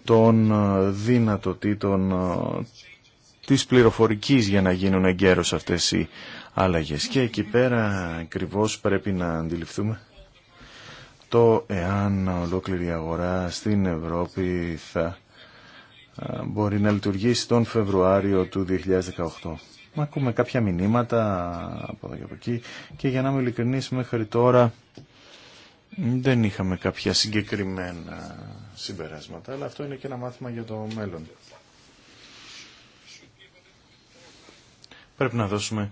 των ε, δυνατοτήτων της πληροφορικής για να γίνουν εγκαίρως αυτές οι αλλαγές. Και εκεί πέρα ακριβώ πρέπει να αντιληφθούμε το εάν ολόκληρη η αγορά στην Ευρώπη θα μπορεί να λειτουργήσει τον Φεβρουάριο του 2018. Μα ακούμε κάποια μηνύματα από εδώ και από εκεί και για να είμαι ειλικρινής μέχρι τώρα δεν είχαμε κάποια συγκεκριμένα συμπεράσματα, αλλά αυτό είναι και ένα μάθημα για το μέλλον. Πρέπει να δώσουμε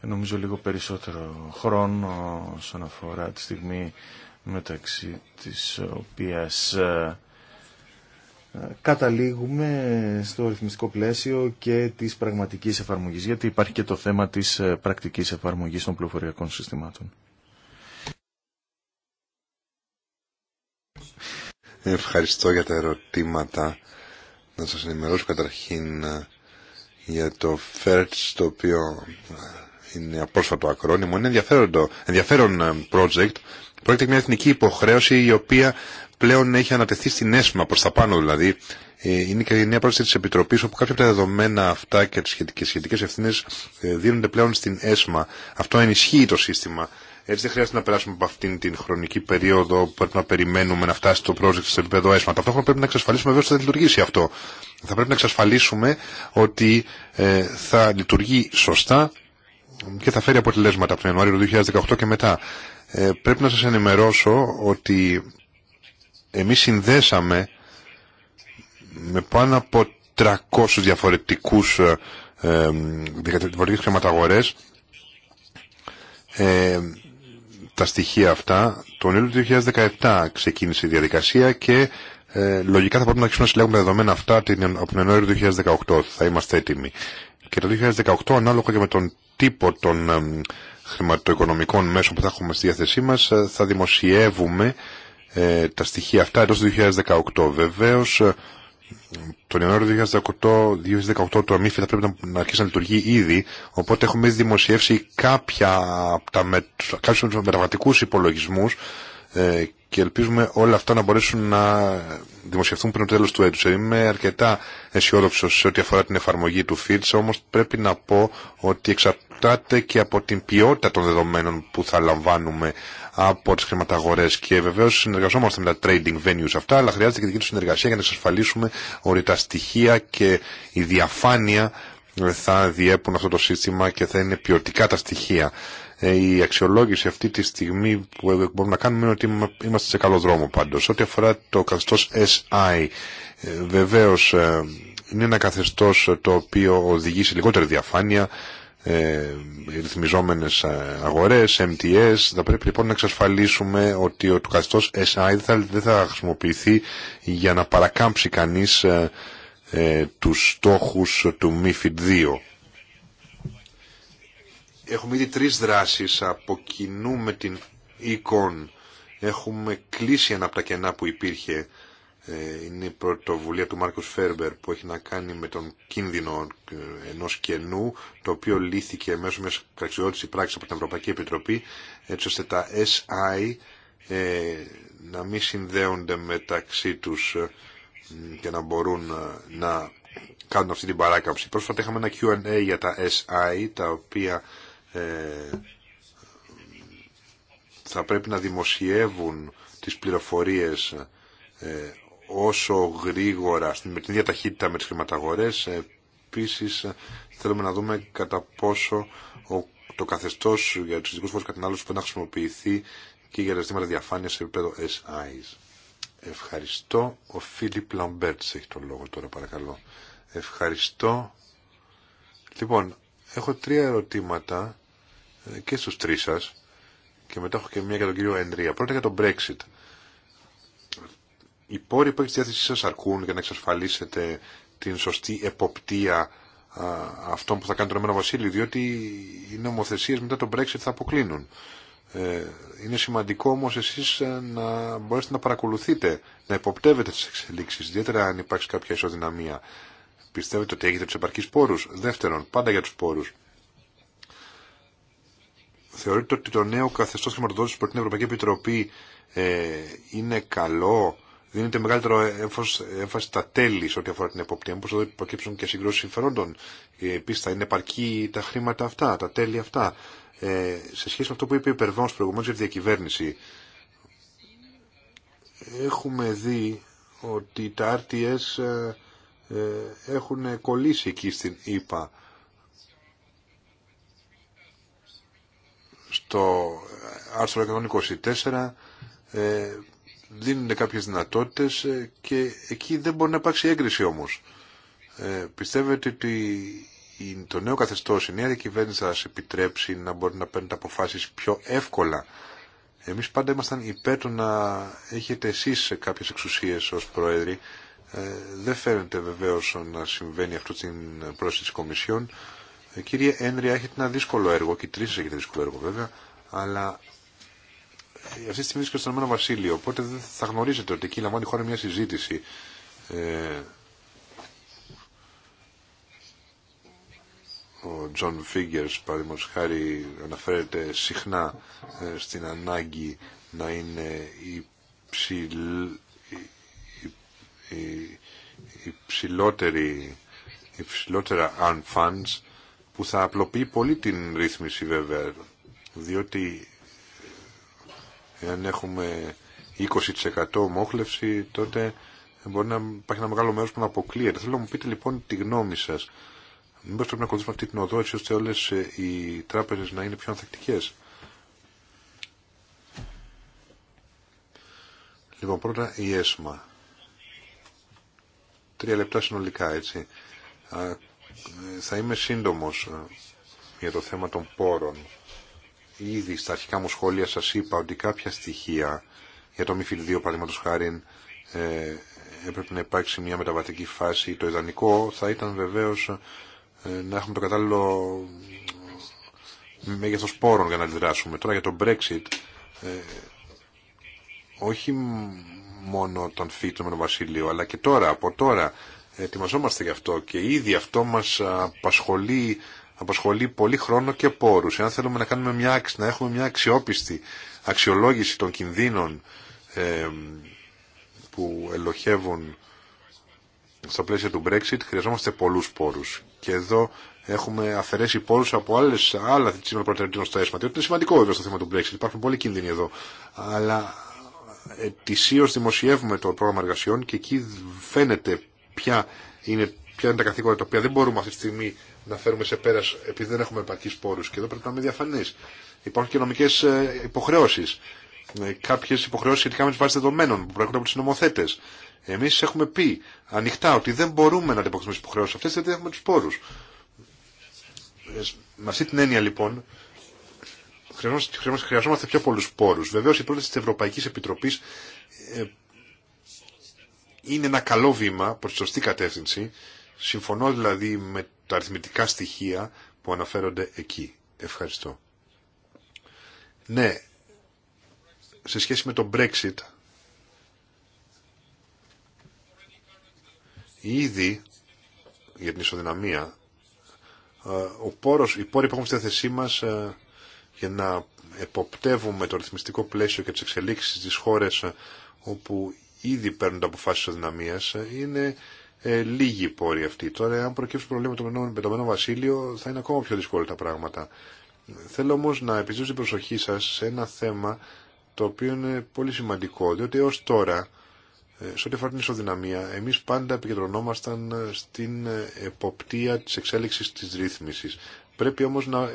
νομίζω λίγο περισσότερο χρόνο όσον αφορά τη στιγμή μεταξύ της οποίας ε, καταλήγουμε στο ρυθμιστικό πλαίσιο και της πραγματικής εφαρμογής, γιατί υπάρχει και το θέμα της ε, πρακτικής εφαρμογής των πληροφοριακών συστημάτων. Ευχαριστώ για τα ερωτήματα. Να σας ενημερώσω καταρχήν ε, για το FERTS, το οποίο είναι πρόσφατο ακρόνιμο, είναι ενδιαφέρον ε, project. Πρόκειται για μια εθνική υποχρέωση η οποία πλέον έχει ανατεθεί στην ΕΣΜΑ προς τα πάνω δηλαδή. Ε, είναι και μια πρόταση της Επιτροπής όπου κάποια από τα δεδομένα αυτά και τις σχετικές, σχετικές ευθύνε ε, δίνονται πλέον στην ΕΣΜΑ. Αυτό ενισχύει το σύστημα. Έτσι δεν χρειάζεται να περάσουμε από αυτήν την χρονική περίοδο που πρέπει να περιμένουμε να φτάσει το project στο επίπεδο ΕΣΜΑ. Ταυτόχρονα πρέπει να εξασφαλίσουμε βέβαια ότι θα λειτουργήσει αυτό. Θα πρέπει να εξασφαλίσουμε ότι θα λειτουργεί σωστά και θα φέρει αποτελέσματα από τον Ιανουάριο του 2018 και μετά. Ε, πρέπει να σας ενημερώσω ότι εμείς συνδέσαμε με πάνω από 300 διαφορετικούς ε, ε, διαφορετικές χρηματαγορές ε, τα στοιχεία αυτά. Τον Ιούλιο του 2017 ξεκίνησε η διαδικασία και ε, λογικά θα πρέπει να αρχίσουμε να συλλέγουμε τα δεδομένα αυτά την, από τον Ιανουάριο του 2018. Θα είμαστε έτοιμοι. Και το 2018, ανάλογα και με τον τύπο των ε, χρηματοοικονομικών μέσων που θα έχουμε στη διάθεσή μας ε, θα δημοσιεύουμε ε, τα στοιχεία αυτά εντός 2018. Βεβαίως τον Ιανουάριο 2018, 2018 το αμύφι θα πρέπει να, αρχίσει να λειτουργεί ήδη, οπότε έχουμε ήδη δημοσιεύσει κάποια από τα με, κάποιους μεταβατικούς υπολογισμούς και ελπίζουμε όλα αυτά να μπορέσουν να δημοσιευθούν πριν το τέλος του έτους. Είμαι αρκετά αισιόδοξο σε ό,τι αφορά την εφαρμογή του FITS, όμως πρέπει να πω ότι εξαρτάται και από την ποιότητα των δεδομένων που θα λαμβάνουμε από τις χρηματαγορές και βεβαίως συνεργαζόμαστε με τα trading venues αυτά, αλλά χρειάζεται και δική του συνεργασία για να εξασφαλίσουμε ότι τα στοιχεία και η διαφάνεια θα διέπουν αυτό το σύστημα και θα είναι ποιοτικά τα στοιχεία. Ε, η αξιολόγηση αυτή τη στιγμή που μπορούμε να κάνουμε είναι ότι είμαστε σε καλό δρόμο πάντως. Ό,τι αφορά το καθεστώς SI, ε, βεβαίως ε, είναι ένα καθεστώς το οποίο οδηγεί σε λιγότερη διαφάνεια, ε, ρυθμιζόμενες αγορές, MTS. Θα πρέπει λοιπόν να εξασφαλίσουμε ότι το καθεστώς SI δεν θα χρησιμοποιηθεί για να παρακάμψει κανείς ε, τους στόχους του MIFID 2. Έχουμε ήδη τρεις δράσεις από κοινού με την εικόν. Έχουμε κλείσει ένα από τα κενά που υπήρχε. Ε, είναι η πρωτοβουλία του Μάρκους Φέρμπερ που έχει να κάνει με τον κίνδυνο ε, ενός κενού το οποίο λύθηκε μέσω μιας κραξιότητας πράξης από την Ευρωπαϊκή Επιτροπή έτσι ώστε τα SI ε, να μην συνδέονται μεταξύ τους και να μπορούν να κάνουν αυτή την παράκαμψη. Πρόσφατα είχαμε ένα Q&A για τα SI, τα οποία ε, θα πρέπει να δημοσιεύουν τις πληροφορίες ε, όσο γρήγορα, με την ίδια ταχύτητα με τις χρηματαγορές. Ε, επίσης, θέλουμε να δούμε κατά πόσο το καθεστώς για τους ειδικούς φόρους κατανάλωσης που να χρησιμοποιηθεί και για τα ζητήματα διαφάνειας σε επίπεδο SIs. Ευχαριστώ. Ο Φίλιπ Λαμπέρτς έχει τον λόγο τώρα, παρακαλώ. Ευχαριστώ. Λοιπόν, Έχω τρία ερωτήματα ε, και στους τρεις σας και μετά έχω και μία για τον κύριο Ενδρία. Πρώτα για τον Brexit. Οι πόροι που έχει στη διάθεσή σας αρκούν για να εξασφαλίσετε την σωστή εποπτεία αυτών που θα κάνει το Ρωμένο Βασίλειο, διότι οι νομοθεσίες μετά τον Brexit θα αποκλίνουν. Ε, είναι σημαντικό όμως εσείς ε, να μπορέσετε να παρακολουθείτε, να υποπτεύετε τις εξελίξεις, ιδιαίτερα αν υπάρξει κάποια ισοδυναμία. Πιστεύετε ότι έχετε του επαρκεί πόρου. Δεύτερον, πάντα για του πόρου. Θεωρείτε ότι το νέο καθεστώ χρηματοδότηση προ την Ευρωπαϊκή Επιτροπή ε, είναι καλό. Δίνεται μεγαλύτερο έμφαση στα τέλη σε ό,τι αφορά την εποπτεία. Μήπω εδώ υποκύψουν και συγκρούσει συμφερόντων. Ε, Επίση, θα είναι επαρκή τα χρήματα αυτά, τα τέλη αυτά. Ε, σε σχέση με αυτό που είπε η Περβάνο προηγουμένω για τη διακυβέρνηση, έχουμε δει ότι τα RTS ε, ε, έχουν κολλήσει εκεί στην ΕΠΑ. Στο άρθρο 124 ε, δίνονται κάποιες δυνατότητες ε, και εκεί δεν μπορεί να υπάρξει έγκριση όμως. Πιστεύετε ότι το νέο καθεστώς, η νέα κυβέρνηση θα σας επιτρέψει να μπορεί να παίρνετε αποφάσεις πιο εύκολα. Εμείς πάντα ήμασταν υπέρ να έχετε εσείς κάποιες εξουσίες ως πρόεδροι ε, δεν φαίνεται βεβαίω να συμβαίνει αυτό την πρόσθεση της Κομισιόν. Ε, κύριε Ένρια, έχετε ένα δύσκολο έργο, και τρει έχετε δύσκολο έργο βέβαια, αλλά ε, αυτή τη στιγμή είστε στον Ηνωμένο Βασίλειο, οπότε δεν θα γνωρίζετε ότι εκεί λαμβάνει η χώρα μια συζήτηση. ο Τζον Φίγκερ, παραδείγματο χάρη, αναφέρεται συχνά στην ανάγκη να είναι οι ψηλότερα arm funds που θα απλοποιεί πολύ την ρύθμιση βέβαια διότι εάν έχουμε 20% μόχλευση τότε μπορεί να υπάρχει ένα μεγάλο μέρος που να αποκλείεται. Θέλω να μου πείτε λοιπόν τη γνώμη σας. Μήπως πρέπει να ακολουθήσουμε αυτή την οδό έτσι ώστε όλες ε, οι τράπεζες να είναι πιο ανθεκτικές. Λοιπόν πρώτα η ΕΣΜΑ. Τρία λεπτά συνολικά, έτσι. Θα είμαι σύντομος ε, για το θέμα των πόρων. Ήδη στα αρχικά μου σχόλια σας είπα ότι κάποια στοιχεία για το ΜΥΦΙΛ 2 παραδείγματος χάρη ε, έπρεπε να υπάρξει μια μεταβατική φάση. Το ιδανικό θα ήταν βεβαίως ε, να έχουμε το κατάλληλο μέγεθος πόρων για να αντιδράσουμε. Τώρα για το Brexit, όχι μόνο των τον Βασιλείο, αλλά και τώρα, από τώρα, ετοιμαζόμαστε γι' αυτό και ήδη αυτό μας απασχολεί, απασχολεί πολύ χρόνο και πόρους. Εάν θέλουμε να, κάνουμε μια, να έχουμε μια αξιόπιστη αξιολόγηση των κινδύνων ε, που ελοχεύουν στα πλαίσια του Brexit, χρειαζόμαστε πολλούς πόρους. Και εδώ έχουμε αφαιρέσει πόρους από άλλες, άλλα θύματα προτεραιότητων στα ότι Είναι σημαντικό βέβαια στο θέμα του Brexit, υπάρχουν πολλοί κίνδυνοι εδώ. Αλλά ετησίως δημοσιεύουμε το πρόγραμμα εργασιών και εκεί φαίνεται ποια είναι, ποια είναι τα καθήκοντα τα οποία δεν μπορούμε αυτή τη στιγμή να φέρουμε σε πέρα επειδή δεν έχουμε επαρκεί πόρου. Και εδώ πρέπει να είμαι διαφανή. Υπάρχουν και νομικέ υποχρεώσει. Κάποιε υποχρεώσει ε, σχετικά με τι βάσει δεδομένων που προέρχονται από του νομοθέτε. Εμεί έχουμε πει ανοιχτά ότι δεν μπορούμε να αντιποκριθούμε στι υποχρεώσει αυτέ γιατί δεν έχουμε του πόρου. Ε, με αυτή την έννοια λοιπόν χρειαζόμαστε πιο πολλούς πόρους. Βεβαίως η πρόταση της Ευρωπαϊκής Επιτροπής ε, είναι ένα καλό βήμα προς τη σωστή κατεύθυνση. Συμφωνώ δηλαδή με τα αριθμητικά στοιχεία που αναφέρονται εκεί. Ευχαριστώ. Ναι, σε σχέση με το Brexit, ήδη για την ισοδυναμία, ε, ο πόρος, οι πόροι που έχουμε στη θέση μας ε, για να εποπτεύουμε το ρυθμιστικό πλαίσιο και τις εξελίξεις στις χώρες όπου ήδη παίρνουν τα αποφάσεις αδυναμίας είναι ε, οι πόροι αυτοί. Τώρα, αν προκύψουν προβλήμα με το Μένο Βασίλειο, θα είναι ακόμα πιο δύσκολα τα πράγματα. Θέλω όμω να επιζήσω την προσοχή σα σε ένα θέμα το οποίο είναι πολύ σημαντικό, διότι έω τώρα, ε, σε ό,τι αφορά την ισοδυναμία, εμεί πάντα επικεντρωνόμασταν ε, στην ε, εποπτεία τη εξέλιξη τη ρύθμιση. Πρέπει όμω να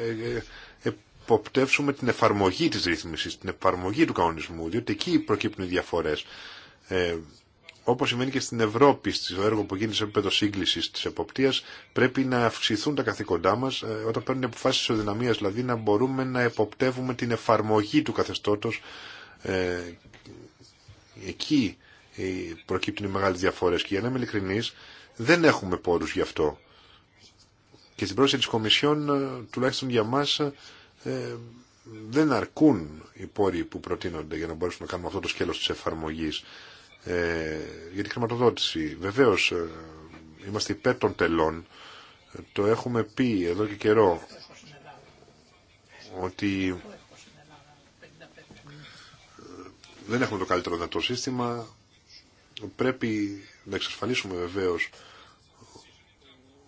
εποπτεύσουμε την εφαρμογή της ρύθμισης, την εφαρμογή του κανονισμού, διότι εκεί προκύπτουν οι διαφορές. Ε, όπως σημαίνει και στην Ευρώπη, στο έργο που γίνει σε επίπεδο σύγκληση τη εποπτεία, πρέπει να αυξηθούν τα καθήκοντά μα ε, όταν παίρνουν αποφάσει ισοδυναμία, δηλαδή να μπορούμε να εποπτεύουμε την εφαρμογή του καθεστώτος. Ε, εκεί ε, προκύπτουν οι μεγάλε διαφορέ. Και για να είμαι ειλικρινή, δεν έχουμε πόρου γι' αυτό. Και στην πρόσθεση τη Κομισιόν, ε, τουλάχιστον για μας, ε, δεν αρκούν οι πόροι που προτείνονται για να μπορέσουμε να κάνουμε αυτό το σκέλος της εφαρμογής ε, για τη χρηματοδότηση. Βεβαίως ε, είμαστε υπέρ των τελών. Το έχουμε πει εδώ και καιρό ότι δεν έχουμε το καλύτερο δυνατό σύστημα. Πρέπει να εξασφαλίσουμε βεβαίως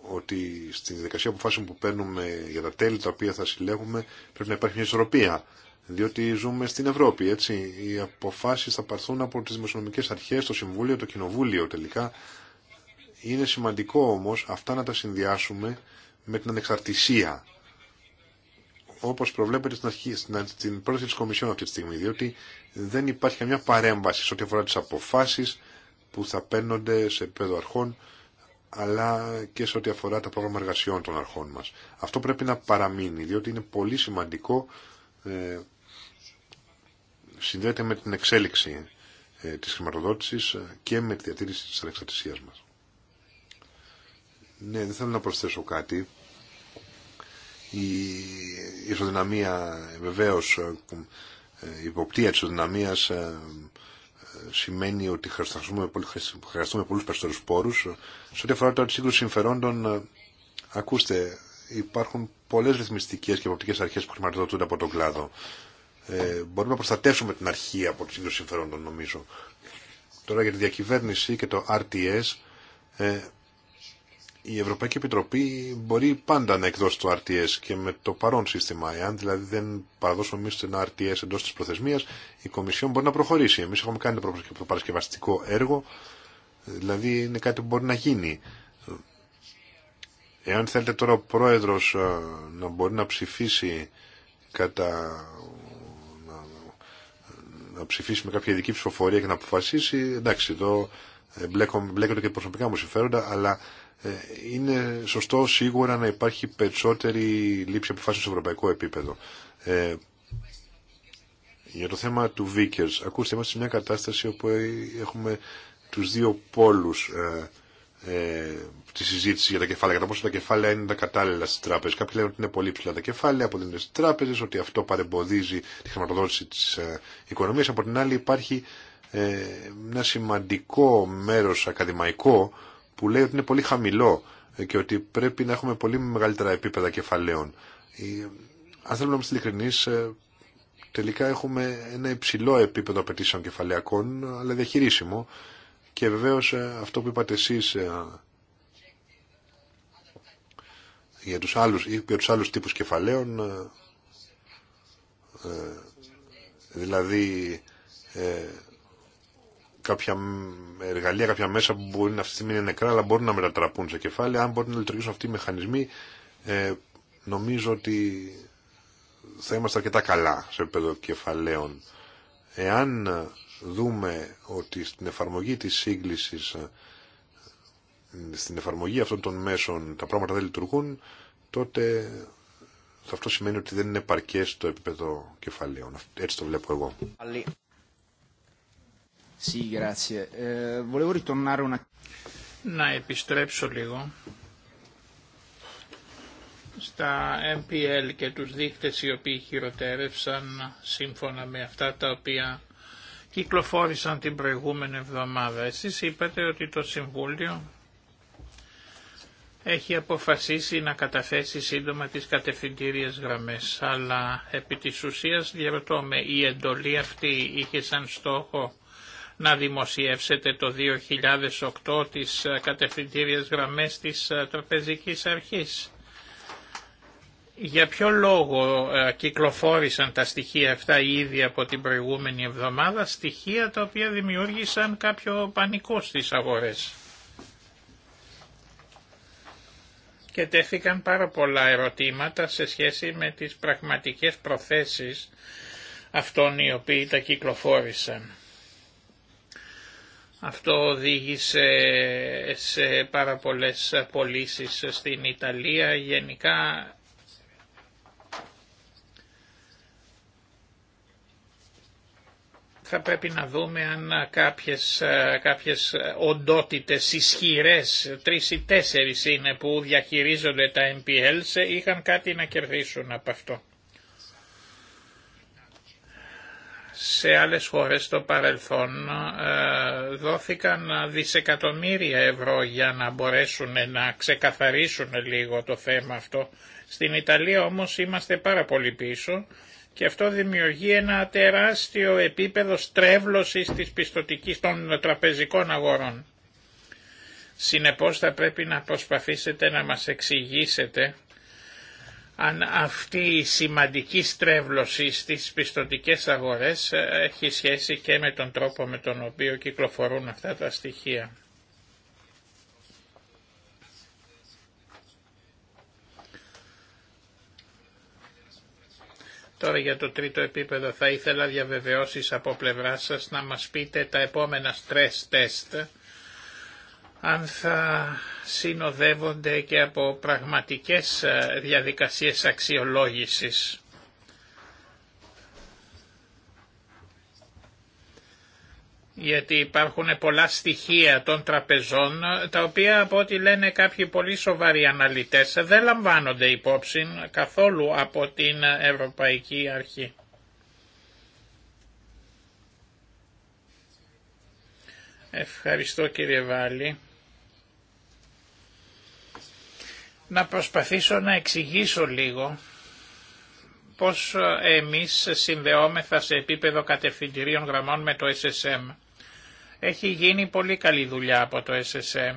ότι στη δικασία αποφάσεων που παίρνουμε για τα τέλη τα οποία θα συλλέγουμε πρέπει να υπάρχει μια ισορροπία. Διότι ζούμε στην Ευρώπη, έτσι. Οι αποφάσει θα παρθούν από τι δημοσιονομικέ αρχέ, το Συμβούλιο, το Κοινοβούλιο τελικά. Είναι σημαντικό όμω αυτά να τα συνδυάσουμε με την ανεξαρτησία. Όπω προβλέπεται στην, αρχή, στην πρόταση τη Κομισιόν αυτή τη στιγμή. Διότι δεν υπάρχει καμιά παρέμβαση σε ό,τι αφορά τι αποφάσει που θα παίρνονται σε επίπεδο αρχών αλλά και σε ό,τι αφορά τα πρόγραμμα εργασιών των αρχών μας. Αυτό πρέπει να παραμείνει, διότι είναι πολύ σημαντικό, ε, συνδέεται με την εξέλιξη ε, της χρηματοδότησης ε, και με τη διατήρηση της ανεξαρτησίας μας. Ναι, δεν θέλω να προσθέσω κάτι. Η ισοδυναμία, βεβαίως, ε, ε, η υποπτία της ισοδυναμίας σημαίνει ότι χρειαστούμε, χρειαστούμε πολλούς περισσότερους πόρους. Σε ό,τι αφορά τώρα τη σύγκρουση συμφερόντων, ε, ακούστε, υπάρχουν πολλές ρυθμιστικές και εποπτικές αρχές που χρηματοδοτούνται από τον κλάδο. Ε, μπορούμε να προστατεύσουμε την αρχή από τη σύγκρουση συμφερόντων, νομίζω. Τώρα για τη διακυβέρνηση και το RTS, ε, η Ευρωπαϊκή Επιτροπή μπορεί πάντα να εκδώσει το RTS και με το παρόν σύστημα. Εάν δηλαδή δεν παραδώσουμε εμεί το RTS εντό τη προθεσμία, η Κομισιόν μπορεί να προχωρήσει. Εμεί έχουμε κάνει το παρασκευαστικό έργο, δηλαδή είναι κάτι που μπορεί να γίνει. Εάν θέλετε τώρα ο πρόεδρο ε, να μπορεί να ψηφίσει κατά να, ψηφίσει με κάποια ειδική ψηφοφορία και να αποφασίσει, εντάξει, εδώ μπλέκονται και προσωπικά μου συμφέροντα, αλλά ε, είναι σωστό σίγουρα να υπάρχει περισσότερη λήψη αποφάσεων σε ευρωπαϊκό επίπεδο. Ε, για το θέμα του Βίκερς, ακούστε, είμαστε σε μια κατάσταση όπου έχουμε τους δύο πόλους ε, ε, τη συζήτηση για τα κεφάλαια, κατά πόσο τα κεφάλαια είναι τα κατάλληλα στις τράπεζες. Κάποιοι λένε ότι είναι πολύ ψηλά τα κεφάλαια, από τις τράπεζες, ότι αυτό παρεμποδίζει τη χρηματοδότηση της ε, οικονομίας. Από την άλλη υπάρχει ε, ένα σημαντικό μέρος ακαδημαϊκό, που λέει ότι είναι πολύ χαμηλό και ότι πρέπει να έχουμε πολύ μεγαλύτερα επίπεδα κεφαλαίων. Ε, αν θέλουμε να είμαστε ειλικρινεί, ε, τελικά έχουμε ένα υψηλό επίπεδο απαιτήσεων κεφαλαίων, αλλά διαχειρίσιμο. Και βεβαίω ε, αυτό που είπατε εσεί. για τους άλλους, για τους άλλους τύπους κεφαλαίων, δηλαδή κάποια εργαλεία, κάποια μέσα που μπορεί να αυτή τη στιγμή είναι νεκρά, αλλά μπορούν να μετατραπούν σε κεφάλαια. Αν μπορούν να λειτουργήσουν αυτοί οι μηχανισμοί, ε, νομίζω ότι θα είμαστε αρκετά καλά σε επίπεδο κεφαλαίων. Εάν δούμε ότι στην εφαρμογή της σύγκλησης, ε, στην εφαρμογή αυτών των μέσων τα πράγματα δεν λειτουργούν, τότε αυτό σημαίνει ότι δεν είναι παρκές το επίπεδο κεφαλαίων. Έτσι το βλέπω εγώ. Eh, να επιστρέψω λίγο στα MPL και τους δείκτες οι οποίοι χειροτέρευσαν σύμφωνα με αυτά τα οποία κυκλοφόρησαν την προηγούμενη εβδομάδα. Εσείς είπατε ότι το Συμβούλιο έχει αποφασίσει να καταθέσει σύντομα τις κατευθυντήριες γραμμές, αλλά επί της ουσίας διαρωτώ με η εντολή αυτή είχε σαν στόχο να δημοσιεύσετε το 2008 τις ε, κατευθυντήριες γραμμές της ε, τραπεζικής αρχής. Για ποιο λόγο ε, κυκλοφόρησαν τα στοιχεία αυτά ήδη από την προηγούμενη εβδομάδα, στοιχεία τα οποία δημιούργησαν κάποιο πανικό στις αγορές. Και τέθηκαν πάρα πολλά ερωτήματα σε σχέση με τις πραγματικές προθέσεις αυτών οι οποίοι τα κυκλοφόρησαν. Αυτό οδήγησε σε πάρα πολλές πωλήσει στην Ιταλία. Γενικά θα πρέπει να δούμε αν κάποιες, κάποιες οντότητες ισχυρές, τρεις ή τέσσερις είναι που διαχειρίζονται τα MPLs, είχαν κάτι να κερδίσουν από αυτό. Σε άλλες χώρες στο παρελθόν ε, δόθηκαν δισεκατομμύρια ευρώ για να μπορέσουν να ξεκαθαρίσουν λίγο το θέμα αυτό. Στην Ιταλία όμως είμαστε πάρα πολύ πίσω και αυτό δημιουργεί ένα τεράστιο επίπεδο στρέβλωσης της πιστοτικής των τραπεζικών αγορών. Συνεπώς θα πρέπει να προσπαθήσετε να μας εξηγήσετε αν αυτή η σημαντική στρέβλωση στις πιστοτικές αγορές ε, έχει σχέση και με τον τρόπο με τον οποίο κυκλοφορούν αυτά τα στοιχεία. Τώρα για το τρίτο επίπεδο θα ήθελα διαβεβαιώσεις από πλευρά σας να μας πείτε τα επόμενα stress test αν θα συνοδεύονται και από πραγματικές ε, διαδικασίες αξιολόγησης. γιατί υπάρχουν πολλά στοιχεία των τραπεζών, ε, τα οποία από ό,τι λένε κάποιοι πολύ σοβαροί αναλυτές, δεν λαμβάνονται υπόψη καθόλου από την Ευρωπαϊκή Αρχή. Ευχαριστώ κύριε Βάλλη. να προσπαθήσω να εξηγήσω λίγο πώς ε, εμείς συνδεόμεθα σε επίπεδο κατευθυντηρίων γραμμών με το SSM. Έχει γίνει πολύ καλή δουλειά από το SSM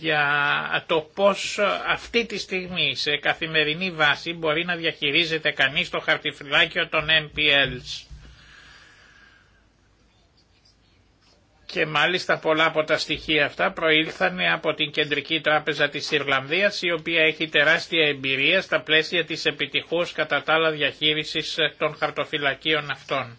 για το πώς αυτή τη στιγμή σε καθημερινή βάση μπορεί να διαχειρίζεται κανείς το χαρτιφυλάκιο των MPLs. και μάλιστα πολλά από τα στοιχεία αυτά προήλθαν από την Κεντρική Τράπεζα της Ιρλανδίας η οποία έχει τεράστια εμπειρία στα πλαίσια της επιτυχούς κατά τα άλλα διαχείρισης των χαρτοφυλακίων αυτών.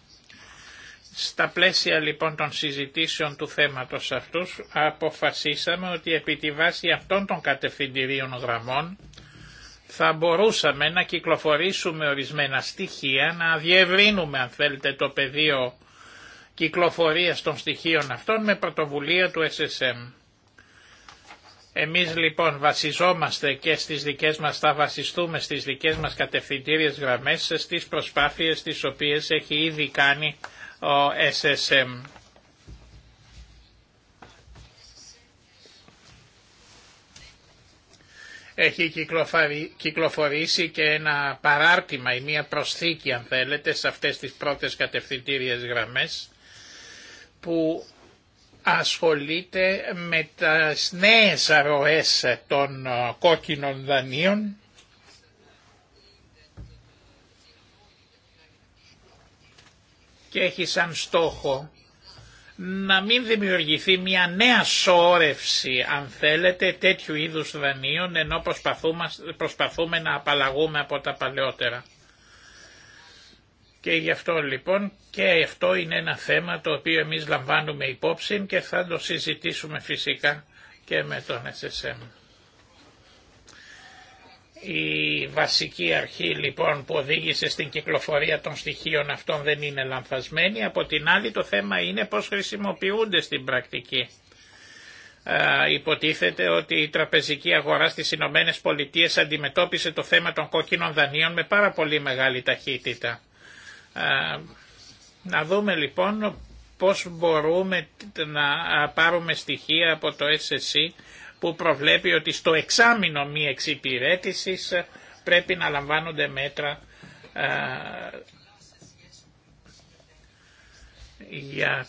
Στα πλαίσια λοιπόν των συζητήσεων του θέματος αυτού, αποφασίσαμε ότι επί τη βάση αυτών των κατευθυντηρίων γραμμών θα μπορούσαμε να κυκλοφορήσουμε ορισμένα στοιχεία, να διευρύνουμε αν θέλετε το πεδίο κυκλοφορίας των στοιχείων αυτών με πρωτοβουλία του SSM. Εμείς λοιπόν βασιζόμαστε και στις δικές μας, θα βασιστούμε στις δικές μας κατευθυντήριες γραμμές, στις προσπάθειες τις οποίες έχει ήδη κάνει ο SSM. Έχει κυκλοφορήσει και ένα παράρτημα ή μία προσθήκη αν θέλετε σε αυτές τις πρώτες κατευθυντήριες γραμμές που ασχολείται με τα νέες αρροές των ε, κόκκινων δανείων και έχει σαν στόχο να μην δημιουργηθεί μια νέα σόρευση αν θέλετε, τέτοιου είδους δανείων, ενώ προσπαθούμε, προσπαθούμε να απαλλαγούμε από τα παλαιότερα. Και γι' αυτό λοιπόν και αυτό είναι ένα θέμα το οποίο εμείς λαμβάνουμε υπόψη και θα το συζητήσουμε φυσικά και με τον SSM. Η βασική αρχή λοιπόν που οδήγησε στην κυκλοφορία των στοιχείων αυτών δεν είναι λανθασμένη. Από την άλλη το θέμα είναι πώς χρησιμοποιούνται στην πρακτική. Ε, υποτίθεται ότι η τραπεζική αγορά στις Ηνωμένε Πολιτείες αντιμετώπισε το θέμα των κόκκινων δανείων με πάρα πολύ μεγάλη ταχύτητα. Να δούμε λοιπόν πώς μπορούμε να πάρουμε στοιχεία από το SSC που προβλέπει ότι στο εξάμεινο μη εξυπηρέτησης πρέπει να λαμβάνονται μέτρα για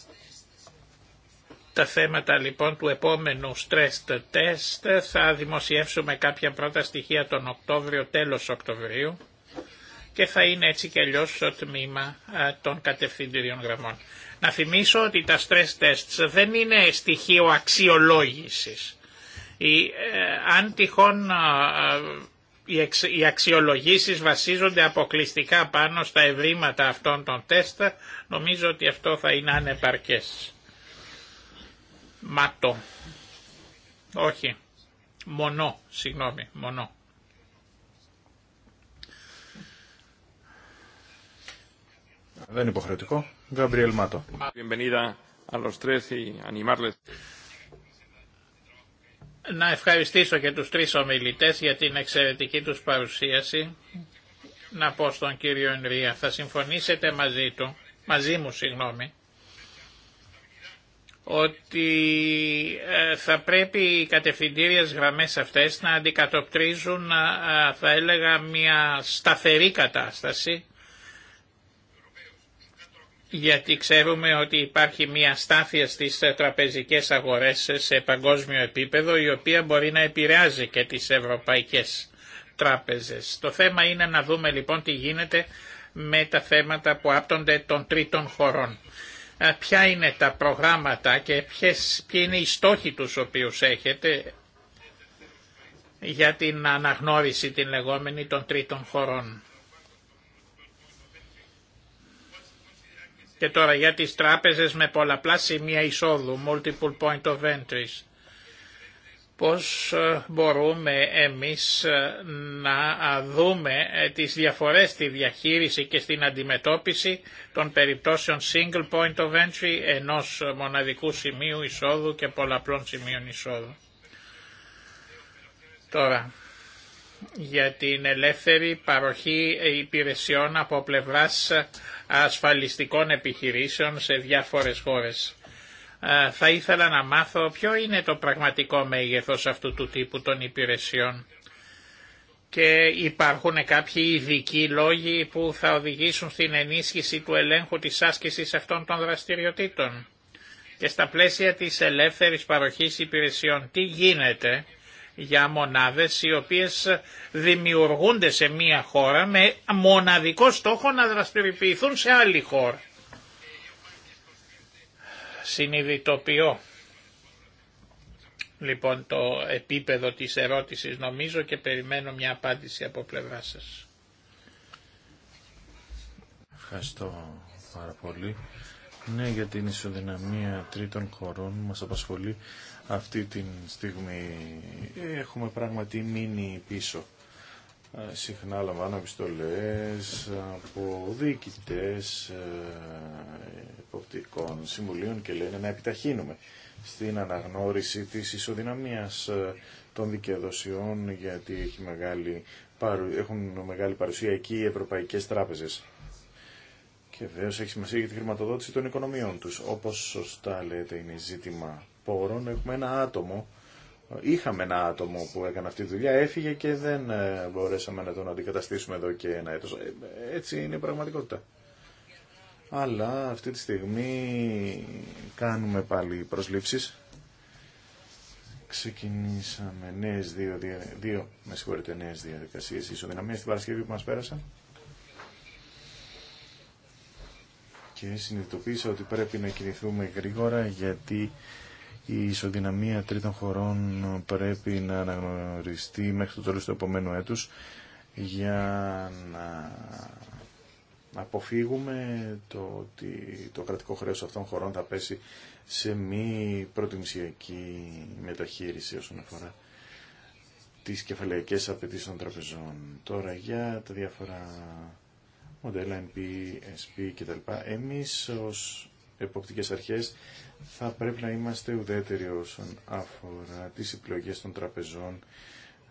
τα θέματα λοιπόν του επόμενου stress test θα δημοσιεύσουμε κάποια πρώτα στοιχεία τον Οκτώβριο, τέλος Οκτωβρίου και θα είναι έτσι και αλλιώ στο ε, τμήμα ε, των κατευθυντήριων γραμμών. Να θυμίσω ότι τα stress tests δεν είναι στοιχείο αξιολόγησης. Ε, αν τυχόν οι, εξ, αξιολογήσεις βασίζονται αποκλειστικά πάνω στα ευρήματα αυτών των τεστ, νομίζω ότι αυτό θα είναι ανεπαρκές. Ματό. Όχι. Μονό. Συγγνώμη. Μονό. Δεν είναι υποχρεωτικό. Γκαμπριέλ Μάτο. Να ευχαριστήσω και τους τρεις ομιλητές για την εξαιρετική τους παρουσίαση. Να πω στον κύριο Ενρία, θα συμφωνήσετε μαζί του, μαζί μου συγγνώμη, ότι ε, θα πρέπει οι κατευθυντήριες γραμμές αυτές να αντικατοπτρίζουν, ε, ε, θα έλεγα, μια σταθερή κατάσταση γιατί ξέρουμε ότι υπάρχει μια στάθεια στις ε, τραπεζικές αγορές σε παγκόσμιο επίπεδο η οποία μπορεί να επηρεάζει και τις ευρωπαϊκές τράπεζες. Το θέμα είναι να δούμε λοιπόν τι γίνεται με τα θέματα που άπτονται των τρίτων χωρών. Ε, ποια είναι τα προγράμματα και ποιες, ποιοι είναι οι στόχοι τους οποίους έχετε για την αναγνώριση την λεγόμενη των τρίτων χωρών. Και τώρα για τις τράπεζες με πολλαπλά σημεία εισόδου, multiple point of entries. Πώς ε, μπορούμε εμείς ε, να δούμε ε, τις διαφορές στη διαχείριση και στην αντιμετώπιση των περιπτώσεων single point of entry ενός μοναδικού σημείου εισόδου και πολλαπλών σημείων εισόδου. Τώρα, για την ελεύθερη παροχή υπηρεσιών από πλευράς ασφαλιστικών επιχειρήσεων σε διάφορες χώρες. Ε, θα ήθελα να μάθω ποιο είναι το πραγματικό μέγεθος αυτού του τύπου των υπηρεσιών και υπάρχουν κάποιοι ειδικοί λόγοι που θα οδηγήσουν στην ενίσχυση του ελέγχου της άσκησης αυτών των δραστηριοτήτων. Και στα πλαίσια της ελεύθερης παροχής υπηρεσιών τι γίνεται για μονάδες οι οποίες δημιουργούνται σε μία χώρα με μοναδικό στόχο να δραστηριοποιηθούν σε άλλη χώρα. Συνειδητοποιώ λοιπόν το επίπεδο της ερώτησης νομίζω και περιμένω μια απάντηση από πλευρά σας. Ευχαριστώ πάρα πολύ. Ναι, για την ισοδυναμία τρίτων χωρών μας απασχολεί αυτή τη στιγμή έχουμε πράγματι μείνει πίσω. Ε, συχνά λαμβάνω επιστολές από διοικητές ε, υποπτικών συμβουλίων και λένε να επιταχύνουμε στην αναγνώριση της ισοδυναμίας ε, των δικαιοδοσιών γιατί έχει μεγάλη, έχουν μεγάλη παρουσία εκεί οι ευρωπαϊκές τράπεζες. Και βέβαια έχει σημασία για τη χρηματοδότηση των οικονομιών τους. Όπως σωστά λέτε είναι ζήτημα πόρων έχουμε ένα άτομο. Είχαμε ένα άτομο που έκανε αυτή τη δουλειά, έφυγε και δεν ε, μπορέσαμε να τον αντικαταστήσουμε εδώ και ένα έτος. Ε, έτσι είναι η πραγματικότητα. Αλλά αυτή τη στιγμή κάνουμε πάλι προσλήψεις. Ξεκινήσαμε νέες δύο, δύο με συγχωρείτε, νέες διαδικασίες ισοδυναμίας στην Παρασκευή που μας πέρασαν. και συνειδητοποίησα ότι πρέπει να κινηθούμε γρήγορα γιατί η ισοδυναμία τρίτων χωρών πρέπει να αναγνωριστεί μέχρι το τέλος του επόμενου έτους για να αποφύγουμε το ότι το κρατικό χρέος αυτών χωρών θα πέσει σε μη προτιμησιακή μεταχείριση όσον αφορά τις κεφαλαϊκές απαιτήσεις των τραπεζών. Τώρα για τα διάφορα μοντέλα MP, SP κτλ. Εμείς ως εποπτικές αρχές θα πρέπει να είμαστε ουδέτεροι όσον αφορά τις επιλογές των τραπεζών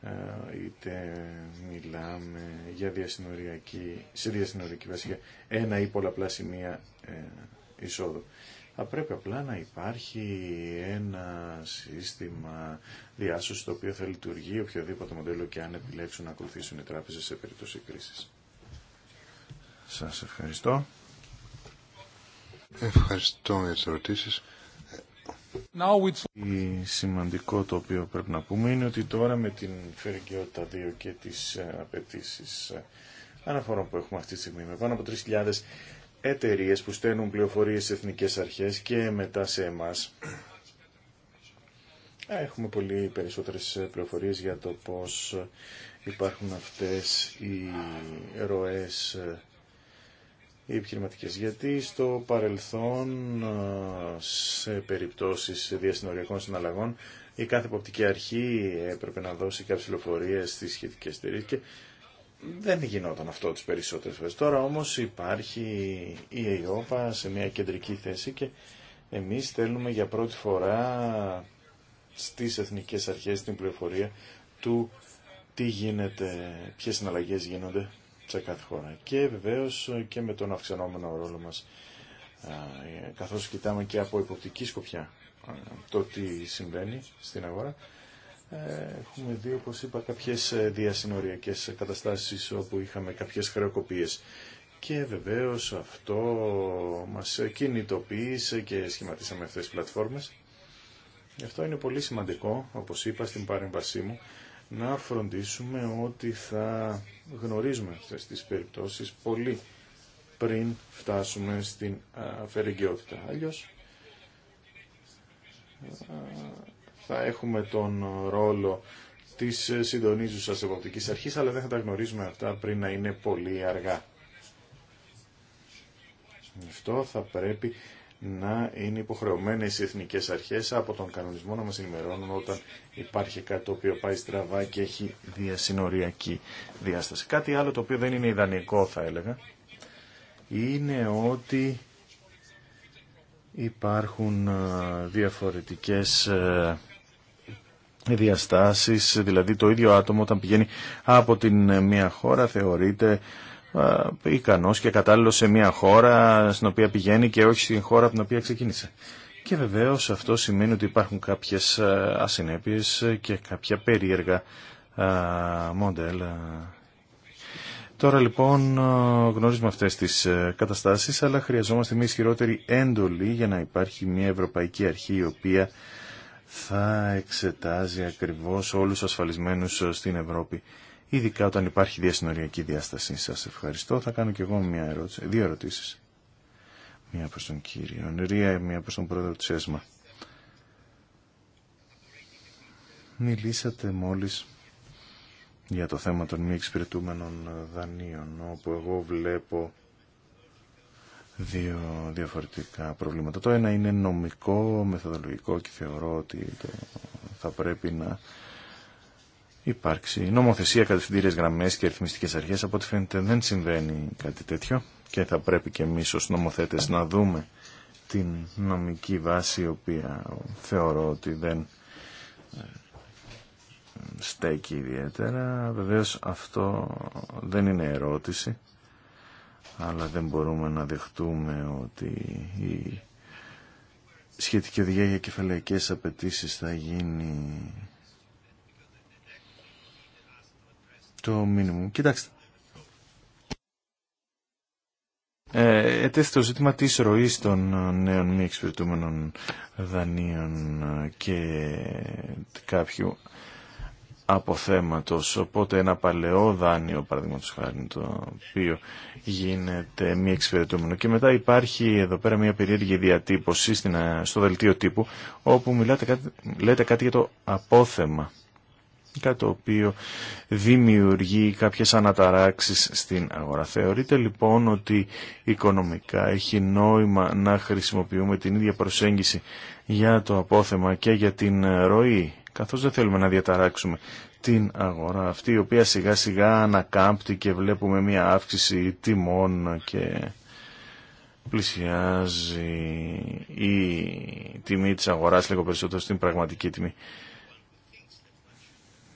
ε, είτε μιλάμε για διασυνοριακή, σε διασυνοριακή βασικά ένα ή πολλαπλά σημεία ε, εισόδου. Θα πρέπει απλά να υπάρχει ένα σύστημα διάσωσης το οποίο θα λειτουργεί οποιοδήποτε μοντέλο και αν επιλέξουν να ακολουθήσουν οι τράπεζες σε περίπτωση κρίσης. Σας ευχαριστώ. Ευχαριστώ για τις ερωτήσεις. Η σημαντικό το οποίο πρέπει να πούμε είναι ότι τώρα με την φερικαιότητα 2 και τις ε, απαιτήσει ε, αναφορών που έχουμε αυτή τη στιγμή με πάνω από 3.000 εταιρείε που στέλνουν πληροφορίες σε εθνικές αρχές και μετά σε εμάς έχουμε πολύ περισσότερες ε, πληροφορίες για το πώς υπάρχουν αυτές οι ροές οι Γιατί στο παρελθόν, σε περιπτώσεις διασυνοριακών συναλλαγών, η κάθε υποπτική αρχή έπρεπε να δώσει κάποιε πληροφορίε στις σχετικέ εταιρείε και δεν γινόταν αυτό τι περισσότερε. φορές. Τώρα όμως υπάρχει η ΕΙΟΠΑ σε μια κεντρική θέση και εμείς θέλουμε για πρώτη φορά στις εθνικέ αρχέ, την πληροφορία του τι γίνεται, ποιε συναλλαγέ γίνονται σε κάθε Και βεβαίως και με τον αυξανόμενο ρόλο μας, καθώ κοιτάμε και από υποπτική σκοπιά το τι συμβαίνει στην αγορά, ε, έχουμε δει, όπως είπα, κάποιες διασυνοριακές καταστάσεις όπου είχαμε κάποιες χρεοκοπίες. Και βεβαίως αυτό μας κινητοποίησε και σχηματίσαμε αυτέ τις πλατφόρμες. Γι' αυτό είναι πολύ σημαντικό, όπως είπα στην παρέμβασή μου, να φροντίσουμε ότι θα γνωρίζουμε αυτές τις περιπτώσεις πολύ πριν φτάσουμε στην αφαιρεγγιότητα. Αλλιώς ε, θα έχουμε τον ρόλο της συντονίζουσας εποπτικής αρχής, αλλά δεν θα τα γνωρίζουμε αυτά πριν να είναι πολύ αργά. αυτό θα πρέπει να είναι υποχρεωμένε οι εθνικές αρχές από τον κανονισμό να μας ενημερώνουν όταν υπάρχει κάτι το οποίο πάει στραβά και έχει διασυνοριακή διάσταση. Κάτι άλλο το οποίο δεν είναι ιδανικό θα έλεγα είναι ότι υπάρχουν διαφορετικές διαστάσεις, δηλαδή το ίδιο άτομο όταν πηγαίνει από την ε, μία χώρα θεωρείται ικανός και κατάλληλος σε μια χώρα στην οποία πηγαίνει και όχι στην χώρα από την οποία ξεκίνησε. Και βεβαίως αυτό σημαίνει ότι υπάρχουν κάποιες ασυνέπειες και κάποια περίεργα μοντέλα. Τώρα λοιπόν γνωρίζουμε αυτές τις ε, καταστάσεις, αλλά χρειαζόμαστε μια ισχυρότερη έντολη για να υπάρχει μια ευρωπαϊκή αρχή η οποία θα εξετάζει ακριβώς όλους τους ασφαλισμένους στην Ευρώπη ειδικά όταν υπάρχει διασυνοριακή διάσταση. Σας ευχαριστώ. Θα κάνω και εγώ μια ερώτηση, δύο ερωτήσεις. Μία προ τον κύριο Νερία, μία προ τον πρόεδρο τη ΕΣΜΑ. Μιλήσατε μόλις για το θέμα των μη εξυπηρετούμενων δανείων, όπου εγώ βλέπω δύο διαφορετικά προβλήματα. Το ένα είναι νομικό, μεθοδολογικό και θεωρώ ότι θα πρέπει να υπάρξει νομοθεσία, κατευθυντήριε γραμμές και ρυθμιστικές αρχές. Από ό,τι φαίνεται δεν συμβαίνει κάτι τέτοιο και θα πρέπει και εμείς ως νομοθέτες να δούμε την νομική βάση, η οποία θεωρώ ότι δεν ε, στέκει ιδιαίτερα. Βεβαίω αυτό δεν είναι ερώτηση, αλλά δεν μπορούμε να δεχτούμε ότι η σχετική οδηγία για κεφαλαϊκές απαιτήσει θα γίνει το μήνυμα. Κοιτάξτε. Ε, Ετέθη το ζήτημα της ροής των ε, νέων μη εξυπηρετούμενων δανείων ε, και κάποιου αποθέματος. Οπότε ένα παλαιό δάνειο, παραδείγματος χάρη, το οποίο γίνεται μη εξυπηρετούμενο. Και μετά υπάρχει εδώ πέρα μια περίεργη διατύπωση ε, στο δελτίο τύπου, όπου μιλάτε λέτε κάτι για το απόθεμα κάτι το οποίο δημιουργεί κάποιες αναταράξεις στην αγορά. Θεωρείτε λοιπόν ότι οικονομικά έχει νόημα να χρησιμοποιούμε την ίδια προσέγγιση για το απόθεμα και για την ροή, καθώς δεν θέλουμε να διαταράξουμε την αγορά αυτή, η οποία σιγά σιγά ανακάμπτει και βλέπουμε μια αύξηση τιμών και πλησιάζει η τιμή της αγοράς λίγο περισσότερο στην πραγματική τιμή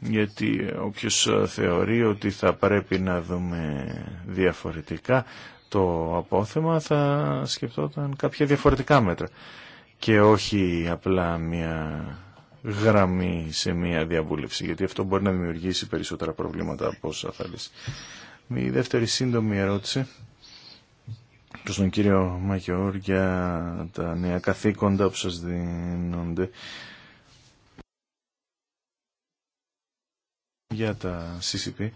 γιατί όποιος ε, θεωρεί ότι θα πρέπει να δούμε διαφορετικά το απόθεμα θα σκεφτόταν κάποια διαφορετικά μέτρα και όχι απλά μια γραμμή σε μια διαβούλευση γιατί αυτό μπορεί να δημιουργήσει περισσότερα προβλήματα από όσα θα λύσει. Η δεύτερη σύντομη ερώτηση προς τον κύριο Μαγιόρ για τα νέα καθήκοντα που σας δίνονται για τα CCP.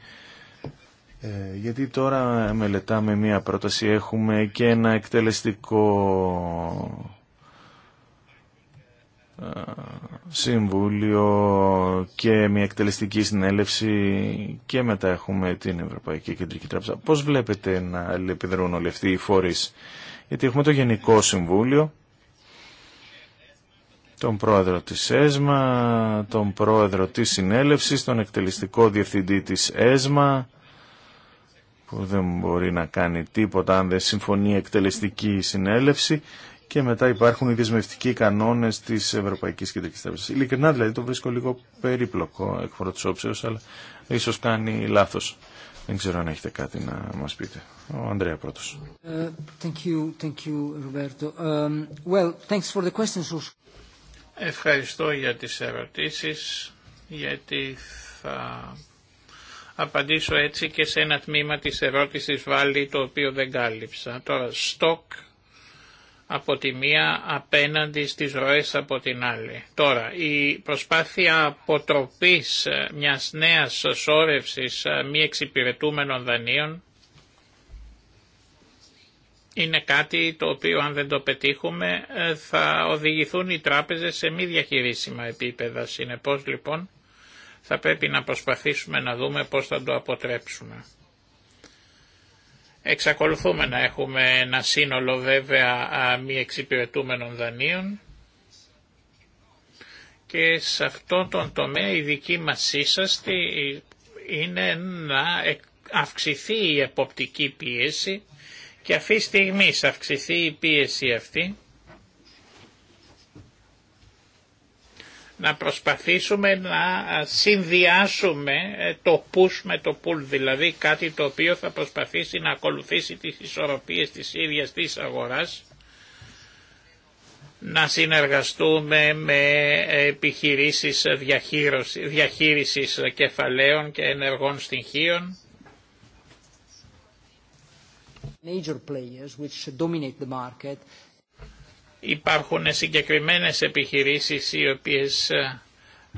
Ε, γιατί τώρα μελετάμε μία πρόταση, έχουμε και ένα εκτελεστικό ε, συμβούλιο και μια εκτελεστική συνέλευση και μετά έχουμε την Ευρωπαϊκή Κεντρική Τράπεζα. Πώς βλέπετε να επιδρούν όλοι αυτοί οι φορείς. Γιατί έχουμε το Γενικό Συμβούλιο τον πρόεδρο της ΕΣΜΑ, τον πρόεδρο της συνέλευσης, τον εκτελεστικό διευθυντή της ΕΣΜΑ, που δεν μπορεί να κάνει τίποτα αν δεν συμφωνεί εκτελεστική συνέλευση και μετά υπάρχουν οι δεσμευτικοί κανόνες της Ευρωπαϊκής Κεντρικής Τράπεζας. Ειλικρινά δηλαδή το βρίσκω λίγο περίπλοκο εκ πρώτης όψεως, αλλά ίσως κάνει λάθος. Δεν ξέρω αν έχετε κάτι να μας πείτε. Ο Ανδρέα πρώτος. Ε, thank you, thank you, ε, Roberto. Ευχαριστώ για τις ερωτήσεις, γιατί θα απαντήσω έτσι και σε ένα τμήμα της ερώτησης βάλει το οποίο δεν κάλυψα. Τώρα, στόκ από τη μία απέναντι στις ροές από την άλλη. Τώρα, η προσπάθεια αποτροπής μιας νέας σώρευσης μη εξυπηρετούμενων δανείων είναι κάτι το οποίο αν δεν το πετύχουμε ε, θα οδηγηθούν οι τράπεζες σε μη διαχειρίσιμα επίπεδα. Συνεπώς λοιπόν θα πρέπει να προσπαθήσουμε να δούμε πώς θα το αποτρέψουμε. Εξακολουθούμε να έχουμε ένα σύνολο βέβαια μη εξυπηρετούμενων δανείων και σε αυτό τον τομέα η δική μας σύσταση ε, είναι να ε, αυξηθεί η εποπτική πίεση και αυτή τη στιγμή αυξηθεί η πίεση αυτή να προσπαθήσουμε να συνδυάσουμε ε, το push με το pull, δηλαδή κάτι το οποίο θα προσπαθήσει να ακολουθήσει τις ισορροπίες της ίδιας της αγοράς, να συνεργαστούμε με ε, επιχειρήσεις διαχείρισης κεφαλαίων και ενεργών στοιχείων, Υπάρχουν συγκεκριμένες επιχειρήσεις οι οποίες ε,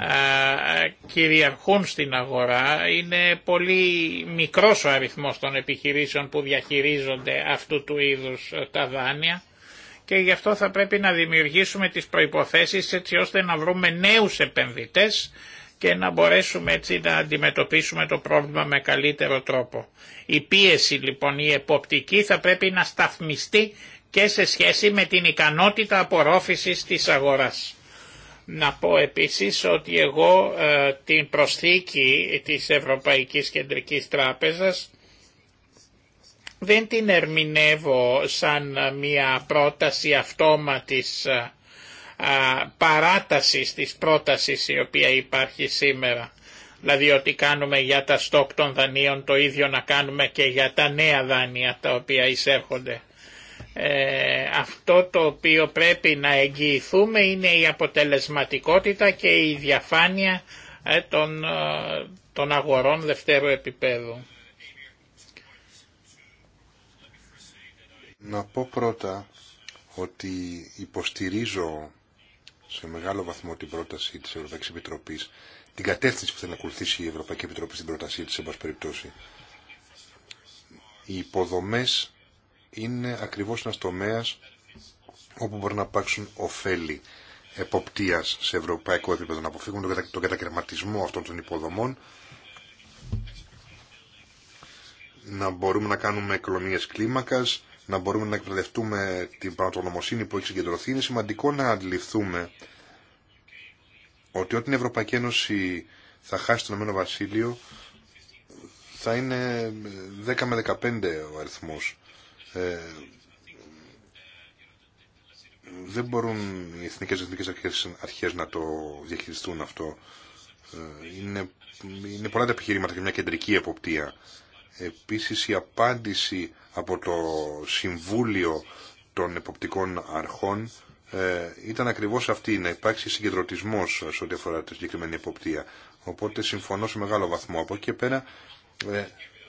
ε, κυριαρχούν στην αγορά. Είναι πολύ μικρός ο αριθμός των επιχειρήσεων που διαχειρίζονται αυτού του είδους ε, τα δάνεια και γι' αυτό θα πρέπει να δημιουργήσουμε τις προϋποθέσεις έτσι ώστε να βρούμε νέους επενδυτές και να μπορέσουμε έτσι να αντιμετωπίσουμε το πρόβλημα με καλύτερο τρόπο. Η πίεση λοιπόν η εποπτική θα πρέπει να σταθμιστεί και σε σχέση με την ικανότητα απορρόφησης της αγοράς. Να πω επίσης ότι εγώ ε, την προσθήκη της Ευρωπαϊκής Κεντρικής Τράπεζας δεν την ερμηνεύω σαν μια πρόταση αυτόματης ε, παράτασης της πρότασης η οποία υπάρχει σήμερα. Δηλαδή ότι κάνουμε για τα στόκ των δανείων το ίδιο να κάνουμε και για τα νέα δάνεια τα οποία εισέρχονται. Ε, αυτό το οποίο πρέπει να εγγυηθούμε είναι η αποτελεσματικότητα και η διαφάνεια ε, των, ε, των αγορών δευτέρου επίπεδου. Να πω πρώτα ότι υποστηρίζω σε μεγάλο βαθμό την πρόταση της Ευρωπαϊκής Επιτροπή, την κατεύθυνση που θέλει να ακολουθήσει η Ευρωπαϊκή Επιτροπή στην πρότασή της, σε περιπτώσει. Οι υποδομέ είναι ακριβώς ένα τομέα όπου μπορεί να υπάρξουν ωφέλη εποπτείας σε ευρωπαϊκό επίπεδο, να αποφύγουμε τον κατακαιρματισμό αυτών των υποδομών, να μπορούμε να κάνουμε κλίμακα να μπορούμε να εκπαιδευτούμε την πραγματογνωμοσύνη που έχει συγκεντρωθεί, είναι σημαντικό να αντιληφθούμε ότι όταν η Ευρωπαϊκή Ένωση θα χάσει το Ηνωμένο Βασίλειο θα είναι 10 με 15 ο αριθμός. Ε, δεν μπορούν οι εθνικές και εθνικές αρχές, να το διαχειριστούν αυτό. Ε, είναι, είναι πολλά τα επιχειρήματα και μια κεντρική εποπτεία. Επίσης η απάντηση από το Συμβούλιο των Εποπτικών Αρχών ε, ήταν ακριβώς αυτή, να υπάρξει συγκεντρωτισμός σε ό,τι αφορά τη συγκεκριμένη εποπτεία. Οπότε συμφωνώ σε μεγάλο βαθμό. Από εκεί και πέρα, ε,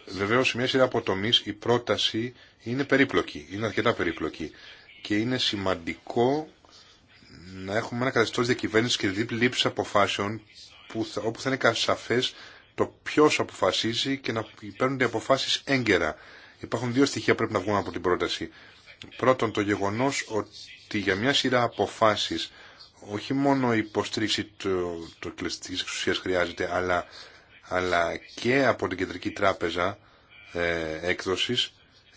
βεβαίως σε μια σειρά από η πρόταση είναι περίπλοκη, είναι αρκετά περίπλοκη. Και είναι σημαντικό να έχουμε ένα καθεστώς διακυβέρνηση και δίπλη λήψη αποφάσεων που όπου θα είναι σαφές το ποιο αποφασίζει και να παίρνουν οι αποφάσει έγκαιρα. Υπάρχουν δύο στοιχεία που πρέπει να βγουν από την πρόταση. Πρώτον, το γεγονό ότι για μια σειρά αποφάσει όχι μόνο η υποστήριξη τη κλειστική εξουσία χρειάζεται, αλλά, αλλά και από την Κεντρική Τράπεζα ε, έκδοση.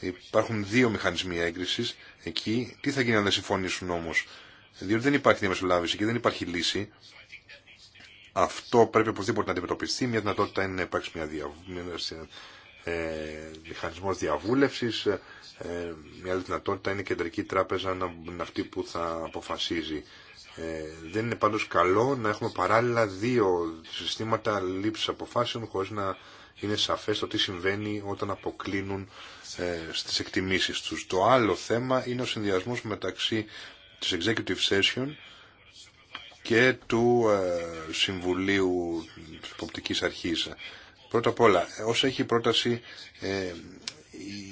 Υπάρχουν δύο μηχανισμοί έγκριση. Εκεί τι θα γίνει αν δεν συμφωνήσουν όμω. Διότι δεν υπάρχει διαμεσολάβηση και δεν υπάρχει λύση. Αυτό πρέπει οπωσδήποτε να αντιμετωπιστεί. Μια δυνατότητα είναι να υπάρξει μια δια... Ε, διαβούλευσης. Ε, μια άλλη δυνατότητα είναι η κεντρική τράπεζα να είναι αυτή που θα αποφασίζει. Ε, δεν είναι πάντως καλό να έχουμε παράλληλα δύο συστήματα λήψη αποφάσεων χωρίς να είναι σαφές το τι συμβαίνει όταν αποκλίνουν ε, στις εκτιμήσεις τους. Το άλλο θέμα είναι ο συνδυασμός μεταξύ της executive session και του ε, Συμβουλίου της Υποπτικής Αρχής. Πρώτα απ' όλα, όσο έχει πρόταση, ε,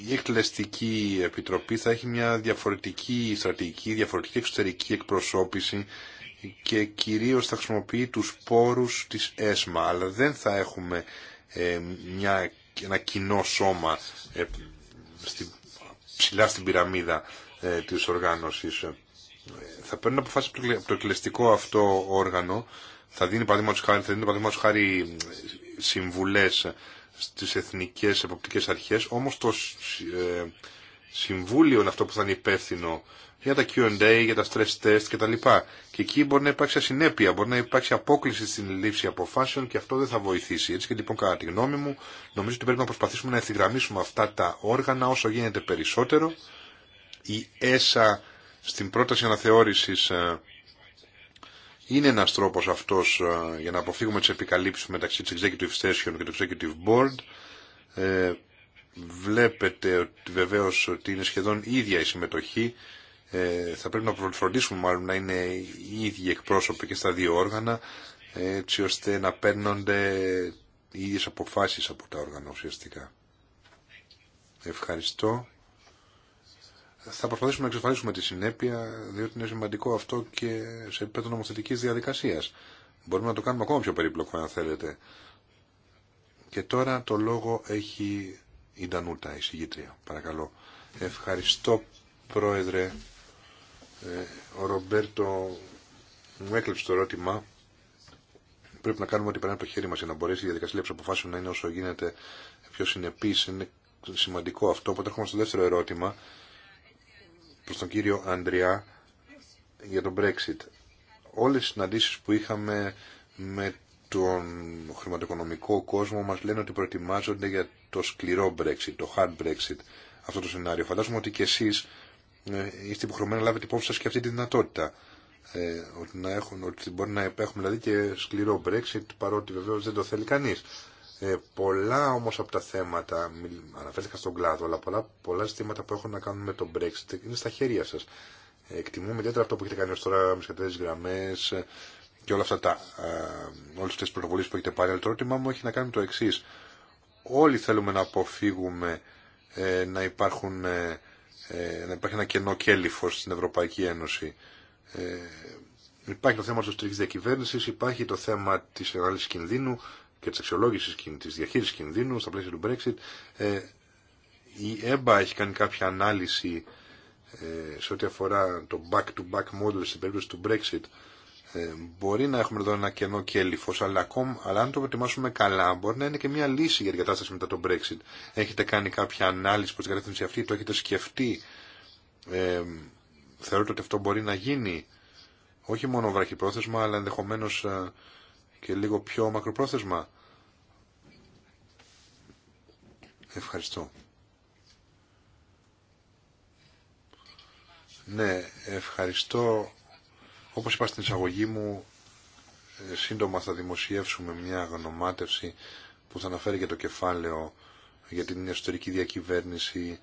η Εκλεστική Επιτροπή θα έχει μια διαφορετική στρατηγική, διαφορετική εξωτερική εκπροσώπηση και κυρίως θα χρησιμοποιεί τους πόρους της ΕΣΜΑ, αλλά δεν θα έχουμε ε, μια, ένα κοινό σώμα ψηλά στην πυραμίδα της οργάνωσης θα παίρνουν αποφάσει από το εκτελεστικό αυτό όργανο, θα δίνει παραδείγματο χάρη, θα δίνει, παραδείγματος χάρη συμβουλές στις εθνικές εποπτικές αρχές, όμως το ε, συμβούλιο είναι αυτό που θα είναι υπεύθυνο για τα Q&A, για τα stress test κτλ. Και εκεί μπορεί να υπάρξει ασυνέπεια, μπορεί να υπάρξει απόκληση στην λήψη αποφάσεων και αυτό δεν θα βοηθήσει. Έτσι και λοιπόν κατά τη γνώμη μου νομίζω ότι πρέπει να προσπαθήσουμε να ευθυγραμμίσουμε αυτά τα όργανα όσο γίνεται περισσότερο. Η ΕΣΑ στην πρόταση αναθεώρησης ε, είναι ένας τρόπος αυτός ε, για να αποφύγουμε τις επικαλύψεις μεταξύ της Executive Station και του Executive Board. Ε, βλέπετε ότι βεβαίως ότι είναι σχεδόν ίδια η συμμετοχή. θα πρέπει να προφροντίσουμε μάλλον να είναι οι ίδιοι εκπρόσωποι και στα δύο όργανα έτσι ώστε να παίρνονται οι ίδιες αποφάσεις από τα όργανα ουσιαστικά. Ευχαριστώ θα προσπαθήσουμε να εξασφαλίσουμε τη συνέπεια, διότι είναι σημαντικό αυτό και σε επίπεδο νομοθετική διαδικασία. Μπορούμε να το κάνουμε ακόμα πιο περίπλοκο, αν θέλετε. Και τώρα το λόγο έχει η Ντανούτα, η συγγήτρια. Παρακαλώ. Ευχαριστώ, Πρόεδρε. Ε, ο Ρομπέρτο μου έκλεψε το ερώτημα. Πρέπει να κάνουμε ό,τι περνάει από το χέρι μα για να μπορέσει η διαδικασία λήψη αποφάσεων να είναι όσο γίνεται πιο συνεπή. Είναι σημαντικό αυτό. Οπότε έρχομαι στο δεύτερο ερώτημα προς τον κύριο Αντριά για τον Brexit. Όλες οι συναντήσεις που είχαμε με τον χρηματοοικονομικό κόσμο μας λένε ότι προετοιμάζονται για το σκληρό Brexit, το hard Brexit, αυτό το σενάριο. Φαντάζομαι ότι και εσείς ε, είστε υποχρεωμένοι να λάβετε υπόψη σας και αυτή τη δυνατότητα. Ε, ότι, να έχουν, ότι μπορεί να έχουμε δηλαδή και σκληρό Brexit παρότι βεβαίως δεν το θέλει κανείς. Ε, πολλά όμω από τα θέματα, αναφέρθηκα στον κλάδο, αλλά πολλά, πολλά ζητήματα που έχουν να κάνουν με το Brexit είναι στα χέρια σας. Ε, εκτιμούμε ιδιαίτερα αυτό που έχετε κάνει ω τώρα με γραμμέ γραμμές και όλα αυτά τα, ε, όλες τις που έχετε πάρει. Αλλά το ερώτημά μου έχει να κάνει με το εξή. Όλοι θέλουμε να αποφύγουμε ε, να, υπάρχουν, ε, να υπάρχει ένα κενό κέλυφος στην Ευρωπαϊκή Ένωση. Ε, Υπάρχει το θέμα τη τρίτη διακυβέρνηση, υπάρχει το θέμα τη ανάλυση κινδύνου, και της αξιολόγησης τη διαχείριση κινδύνου στα πλαίσια του Brexit. Ε, η ΕΜΠΑ έχει κάνει κάποια ανάλυση ε, σε ό,τι αφορά το back-to-back -back model στην περίπτωση του Brexit. Ε, μπορεί να έχουμε εδώ ένα κενό κέλυφο, αλλά, αλλά αν το προετοιμάσουμε καλά μπορεί να είναι και μια λύση για την κατάσταση μετά το Brexit. Έχετε κάνει κάποια ανάλυση προ την κατεύθυνση αυτή, το έχετε σκεφτεί. Ε, θεωρείτε ότι αυτό μπορεί να γίνει όχι μόνο βραχυπρόθεσμα αλλά ενδεχομένω και λίγο πιο μακροπρόθεσμα. Ευχαριστώ. Ναι, ευχαριστώ. Όπως είπα στην εισαγωγή μου, ε, σύντομα θα δημοσιεύσουμε μια γνωμάτευση που θα αναφέρει και το κεφάλαιο για την εσωτερική διακυβέρνηση,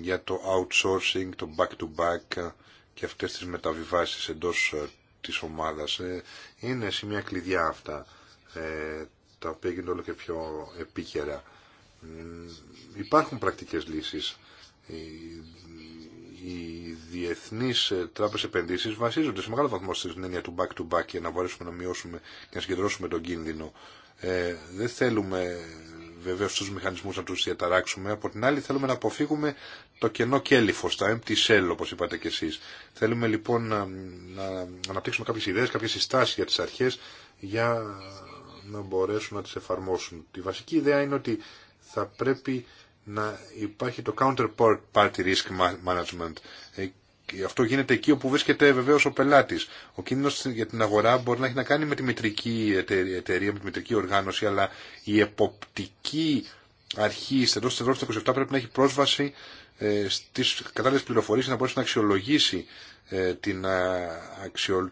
για το outsourcing, το back-to-back -back και αυτές τις μεταβιβάσεις εντός ε, της ομάδας. Ε, είναι μια κλειδιά αυτά, τα οποία γίνονται όλο και πιο επίκαιρα. Ε, υπάρχουν πρακτικές λύσεις. Οι διεθνεί ε, τράπεζε επενδύσει βασίζονται σε μεγάλο βαθμό στην έννοια του back-to-back για να μπορέσουμε να μειώσουμε και να συγκεντρώσουμε τον κίνδυνο. Ε, δεν θέλουμε βεβαίω του μηχανισμού να του διαταράξουμε. Από την άλλη, θέλουμε να αποφύγουμε το κενό κέλυφος, τα empty shell, όπως είπατε κι εσείς Θέλουμε λοιπόν να, να αναπτύξουμε κάποιες ιδέες κάποιες συστάσεις για τις αρχές για να μπορέσουν να τι εφαρμόσουν. τη βασική ιδέα είναι ότι θα πρέπει να υπάρχει το counterparty risk management. Ε, αυτό γίνεται εκεί όπου βρίσκεται βεβαίως ο πελάτης. Ο κίνδυνος για την αγορά μπορεί να έχει να κάνει με τη μητρική εταιρεία, με τη μητρική οργάνωση, αλλά η εποπτική αρχή εντός της Ευρώπης 27 πρέπει να έχει πρόσβαση ε, στις κατάλληλες πληροφορίες για να μπορέσει να αξιολογήσει ε, την,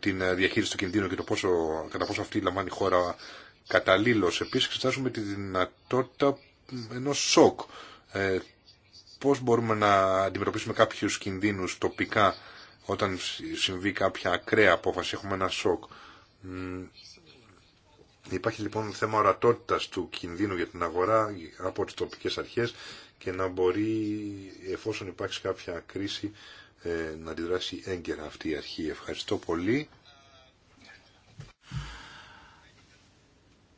την διαχείριση του κινδύνου και το πόσο, κατά πόσο αυτή λαμβάνει η χώρα καταλήλως. Επίσης εξετάζουμε τη δυνατότητα ενός σοκ. Ε, πώς μπορούμε να αντιμετωπίσουμε κάποιους κινδύνους τοπικά όταν συμβεί κάποια ακραία απόφαση, έχουμε ένα σοκ. Υπάρχει λοιπόν θέμα ορατότητας του κινδύνου για την αγορά από τις τοπικές αρχές και να μπορεί εφόσον υπάρξει κάποια κρίση ε, να αντιδράσει έγκαιρα αυτή η αρχή. Ευχαριστώ πολύ.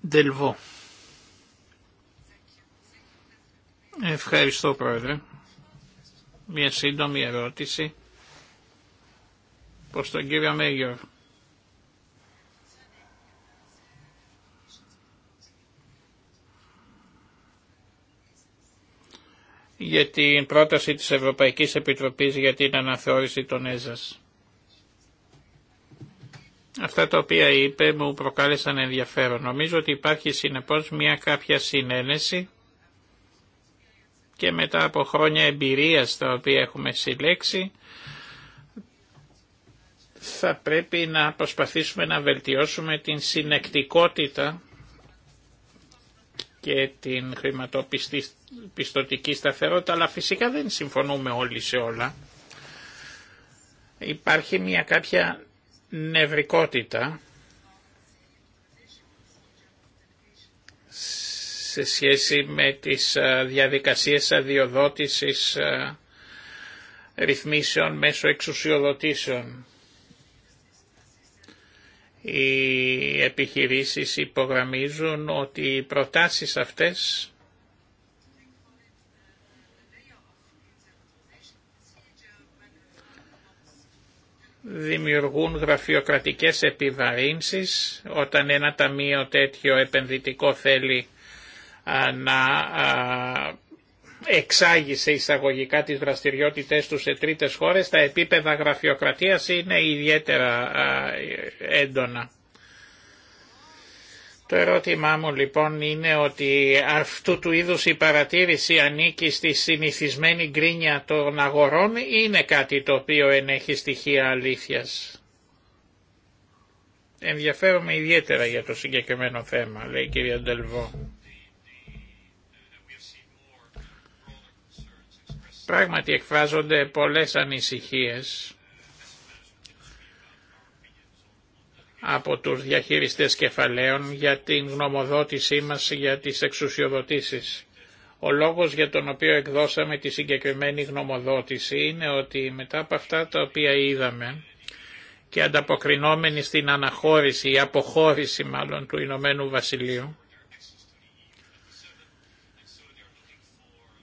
Δελβό. Ευχαριστώ Πρόεδρε. Μια σύντομη ερώτηση προς τον κύριο Μέγιο. για την πρόταση της Ευρωπαϊκής Επιτροπής για την αναθεώρηση των ΕΖΑΣ. Αυτά τα οποία είπε μου προκάλεσαν ενδιαφέρον. Νομίζω ότι υπάρχει συνεπώς μια κάποια συνένεση και μετά από χρόνια εμπειρίας τα οποία έχουμε συλλέξει θα πρέπει να προσπαθήσουμε να βελτιώσουμε την συνεκτικότητα και την χρηματοπιστωτική σταθερότητα, αλλά φυσικά δεν συμφωνούμε όλοι σε όλα. Υπάρχει μια κάποια νευρικότητα σε σχέση με τις ε, διαδικασίες αδειοδότησης ε, ρυθμίσεων μέσω εξουσιοδοτήσεων. Οι επιχειρήσεις υπογραμμίζουν ότι οι προτάσεις αυτές δημιουργούν γραφειοκρατικές επιβαρύνσεις όταν ένα ταμείο τέτοιο επενδυτικό θέλει να εξάγησε εισαγωγικά τις δραστηριότητες του σε τρίτες χώρες, τα επίπεδα γραφειοκρατίας είναι ιδιαίτερα έντονα. Το ερώτημά μου λοιπόν είναι ότι αυτού του είδους η παρατήρηση ανήκει στη συνηθισμένη γκρίνια των αγορών ή είναι κάτι το οποίο ενέχει στοιχεία αλήθειας. Ενδιαφέρομαι ιδιαίτερα για το συγκεκριμένο θέμα, λέει η κυρία Ντελβό. Πράγματι εκφράζονται πολλές ανησυχίες από τους διαχειριστές κεφαλαίων για την γνωμοδότησή μας για τις εξουσιοδοτήσεις. Ο λόγος για τον οποίο εκδώσαμε τη συγκεκριμένη γνωμοδότηση είναι ότι μετά από αυτά τα οποία είδαμε και ανταποκρινόμενοι στην αναχώρηση ή αποχώρηση μάλλον του Ηνωμένου Βασιλείου,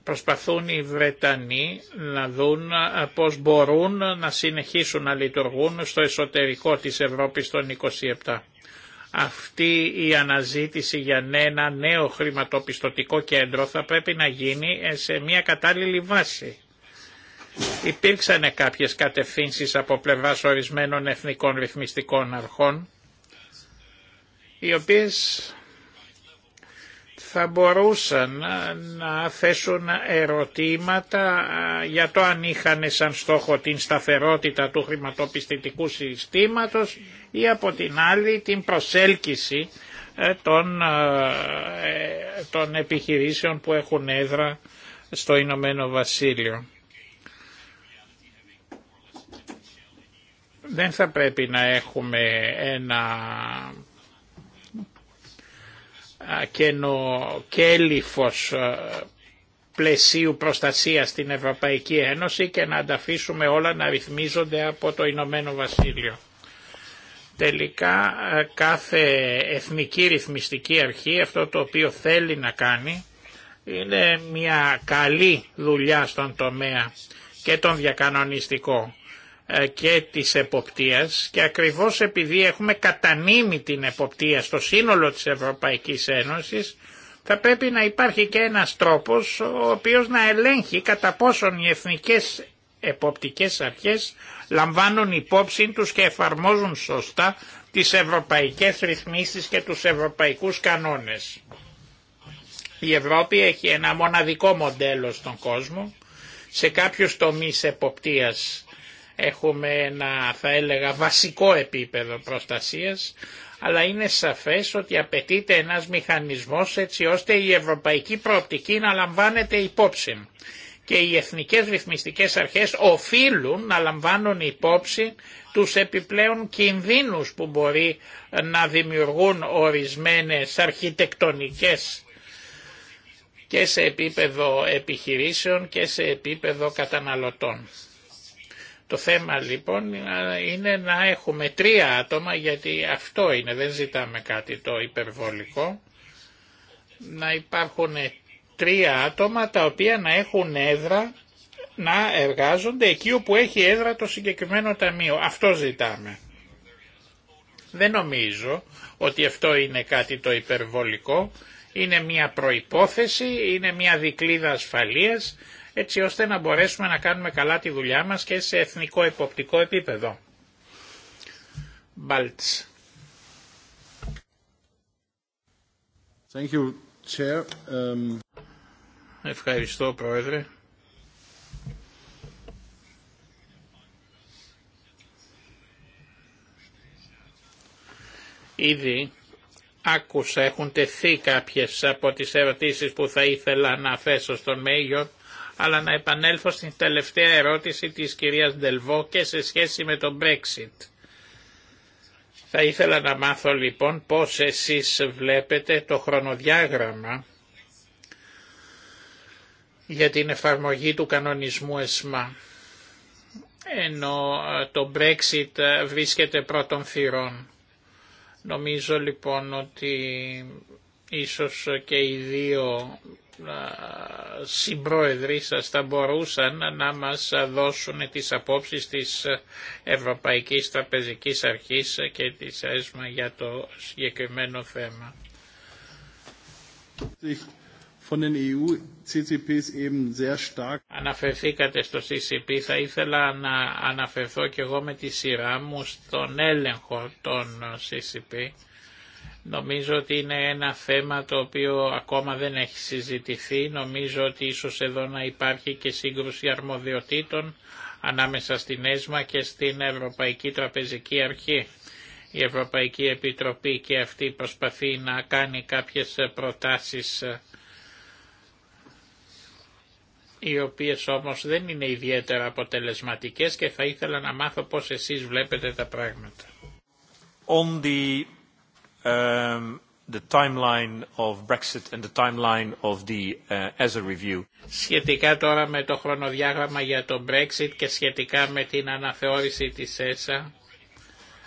Προσπαθούν οι Βρετανοί να δουν πώς μπορούν να συνεχίσουν να λειτουργούν στο εσωτερικό της Ευρώπης των 27. Αυτή η αναζήτηση για ένα νέο χρηματοπιστωτικό κέντρο θα πρέπει να γίνει ε, σε μια κατάλληλη βάση. Υπήρξαν κάποιες κατευθύνσεις από πλευράς ορισμένων εθνικών ρυθμιστικών αρχών, οι οποίες θα μπορούσαν να θέσουν ερωτήματα για το αν είχαν σαν στόχο την σταθερότητα του χρηματοπιστητικού συστήματος ή από την άλλη την προσέλκυση ε, των, ε, των επιχειρήσεων που έχουν έδρα στο Ηνωμένο Βασίλειο. Δεν θα πρέπει να έχουμε ένα κέλυφος πλαισίου προστασίας στην Ευρωπαϊκή Ένωση και να ανταφήσουμε όλα να ρυθμίζονται από το Ηνωμένο Βασίλειο. Τελικά κάθε εθνική ρυθμιστική αρχή αυτό το οποίο θέλει να κάνει είναι μια καλή δουλειά στον τομέα και τον διακανονιστικό ε, και της εποπτείας και ακριβώς επειδή έχουμε κατανείμει την εποπτεία στο σύνολο της Ευρωπαϊκής Ένωσης θα πρέπει να υπάρχει και ένας τρόπος ο οποίος να ελέγχει κατά πόσον οι εθνικές εποπτικές αρχές λαμβάνουν υπόψη τους και εφαρμόζουν σωστά τις ευρωπαϊκές ρυθμίσεις και τους ευρωπαϊκούς κανόνες. Η Ευρώπη έχει ένα μοναδικό μοντέλο στον κόσμο σε κάποιους τομείς εποπτείας Έχουμε ένα θα έλεγα βασικό επίπεδο προστασίας, αλλά είναι σαφές ότι απαιτείται ένας μηχανισμός έτσι ώστε η ευρωπαϊκή προοπτική να λαμβάνεται υπόψη και οι εθνικές ρυθμιστικές αρχές οφείλουν να λαμβάνουν υπόψη τους επιπλέον κινδύνους που μπορεί να δημιουργούν ορισμένες αρχιτεκτονικές και σε επίπεδο επιχειρήσεων και σε επίπεδο καταναλωτών. Το θέμα λοιπόν είναι να έχουμε τρία άτομα γιατί αυτό είναι, δεν ζητάμε κάτι το υπερβολικό. Να υπάρχουν τρία άτομα τα οποία να έχουν έδρα να εργάζονται εκεί όπου έχει έδρα το συγκεκριμένο ταμείο. Αυτό ζητάμε. Δεν νομίζω ότι αυτό είναι κάτι το υπερβολικό. Είναι μια προϋπόθεση, είναι μια δικλίδα ασφαλείας έτσι ώστε να μπορέσουμε να κάνουμε καλά τη δουλειά μας και σε εθνικό εποπτικό επίπεδο. Μπάλτς. Um, Ευχαριστώ, Πρόεδρε. Ήδη άκουσα, έχουν τεθεί κάποιες από τις ερωτήσεις που θα ήθελα να θέσω στον Μέγιο αλλά να επανέλθω στην τελευταία ερώτηση της κυρίας Ντελβό και σε σχέση με το Brexit. Θα ήθελα να μάθω λοιπόν πώς εσείς βλέπετε το χρονοδιάγραμμα για την εφαρμογή του κανονισμού ΕΣΜΑ ενώ ε, το Brexit ε, βρίσκεται πρώτων θυρών. Νομίζω λοιπόν ότι Ίσως και οι δύο συμπρόεδροι σας θα μπορούσαν να μας δώσουν τις απόψεις της Ευρωπαϊκής Τραπεζικής Αρχής και της ΕΣΜΑ για το συγκεκριμένο θέμα. E Αναφερθήκατε στο CCP, θα ήθελα να αναφερθώ και εγώ με τη σειρά μου στον έλεγχο των CCP Νομίζω ότι είναι ένα θέμα το οποίο ακόμα δεν έχει συζητηθεί. Νομίζω ότι ίσως εδώ να υπάρχει και σύγκρουση αρμοδιοτήτων ανάμεσα στην ΕΣΜΑ και στην Ευρωπαϊκή Τραπεζική Αρχή. Η Ευρωπαϊκή Επιτροπή και αυτή προσπαθεί να κάνει κάποιες προτάσεις οι οποίες όμως δεν είναι ιδιαίτερα αποτελεσματικές και θα ήθελα να μάθω πώς εσείς βλέπετε τα πράγματα. On Σχετικά τώρα με το χρονοδιάγραμμα για το Brexit και σχετικά με την αναθεώρηση της ΕΣΑ,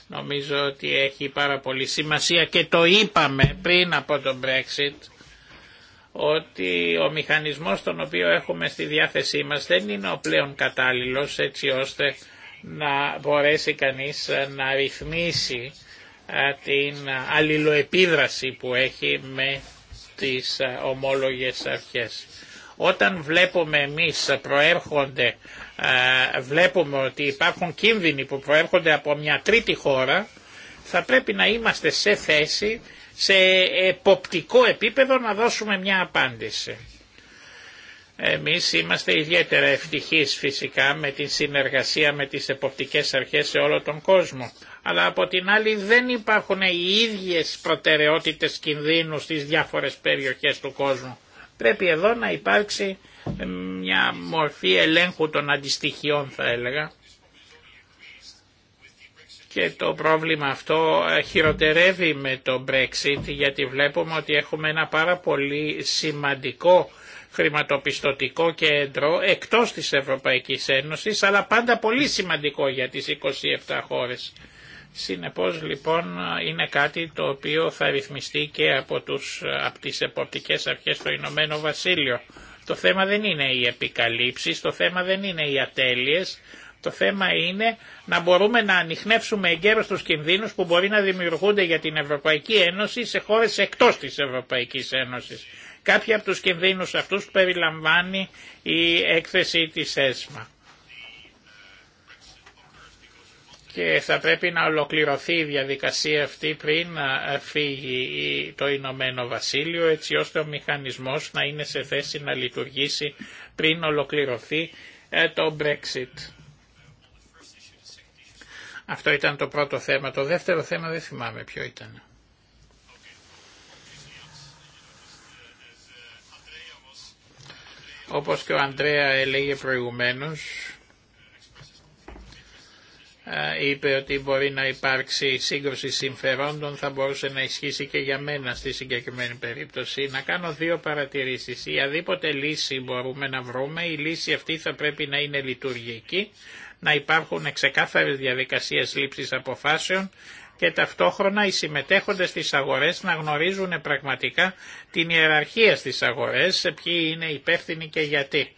νομίζω ότι έχει πάρα πολύ σημασία και το είπαμε πριν από το Brexit, ότι ο μηχανισμός τον οποίο έχουμε στη διάθεσή μας δεν είναι ο πλέον κατάλληλος έτσι ώστε να μπορέσει κανείς να ρυθμίσει την αλληλοεπίδραση που έχει με τις ομόλογες αρχές. Όταν βλέπουμε εμείς προέρχονται, βλέπουμε ότι υπάρχουν κίνδυνοι που προέρχονται από μια τρίτη χώρα, θα πρέπει να είμαστε σε θέση, σε εποπτικό επίπεδο να δώσουμε μια απάντηση. Εμείς είμαστε ιδιαίτερα ευτυχείς φυσικά με τη συνεργασία με τις εποπτικές αρχές σε όλο τον κόσμο αλλά από την άλλη δεν υπάρχουν οι ίδιες προτεραιότητες κινδύνου στις διάφορες περιοχές του κόσμου. Πρέπει εδώ να υπάρξει μια μορφή ελέγχου των αντιστοιχειών θα έλεγα και το πρόβλημα αυτό ε, χειροτερεύει με το Brexit γιατί βλέπουμε ότι έχουμε ένα πάρα πολύ σημαντικό χρηματοπιστωτικό κέντρο εκτός της Ευρωπαϊκής Ένωσης αλλά πάντα πολύ σημαντικό για τις 27 χώρες. Συνεπώς λοιπόν είναι κάτι το οποίο θα ρυθμιστεί και από, τους, από τις εποπτικές αρχές στο Ηνωμένο Βασίλειο. Το θέμα δεν είναι οι επικαλύψεις, το θέμα δεν είναι οι ατέλειες, το θέμα είναι να μπορούμε να ανοιχνεύσουμε εγκαίρως τους κινδύνους που μπορεί να δημιουργούνται για την Ευρωπαϊκή Ένωση σε χώρες εκτός της Ευρωπαϊκής Ένωσης. Κάποιοι από τους κινδύνους αυτούς περιλαμβάνει η έκθεση της ΕΣΜΑ. και θα πρέπει να ολοκληρωθεί η διαδικασία αυτή πριν ε, φύγει το Ηνωμένο Βασίλειο έτσι ώστε ο μηχανισμός να είναι σε θέση να λειτουργήσει πριν ολοκληρωθεί ε, το Brexit. Αυτό ήταν το πρώτο θέμα. Το δεύτερο θέμα δεν θυμάμαι ποιο ήταν. Όπως και ο Αντρέα έλεγε προηγουμένως, είπε ότι μπορεί να υπάρξει σύγκρουση συμφερόντων θα μπορούσε να ισχύσει και για μένα στη συγκεκριμένη περίπτωση. Να κάνω δύο παρατηρήσεις. Η αδίποτε λύση μπορούμε να βρούμε, η λύση αυτή θα πρέπει να είναι λειτουργική, να υπάρχουν ξεκάθαρες διαδικασίες λήψης αποφάσεων και ταυτόχρονα οι συμμετέχοντες στις αγορές να γνωρίζουν πραγματικά την ιεραρχία στις αγορές, ποιοι είναι υπεύθυνοι και γιατί.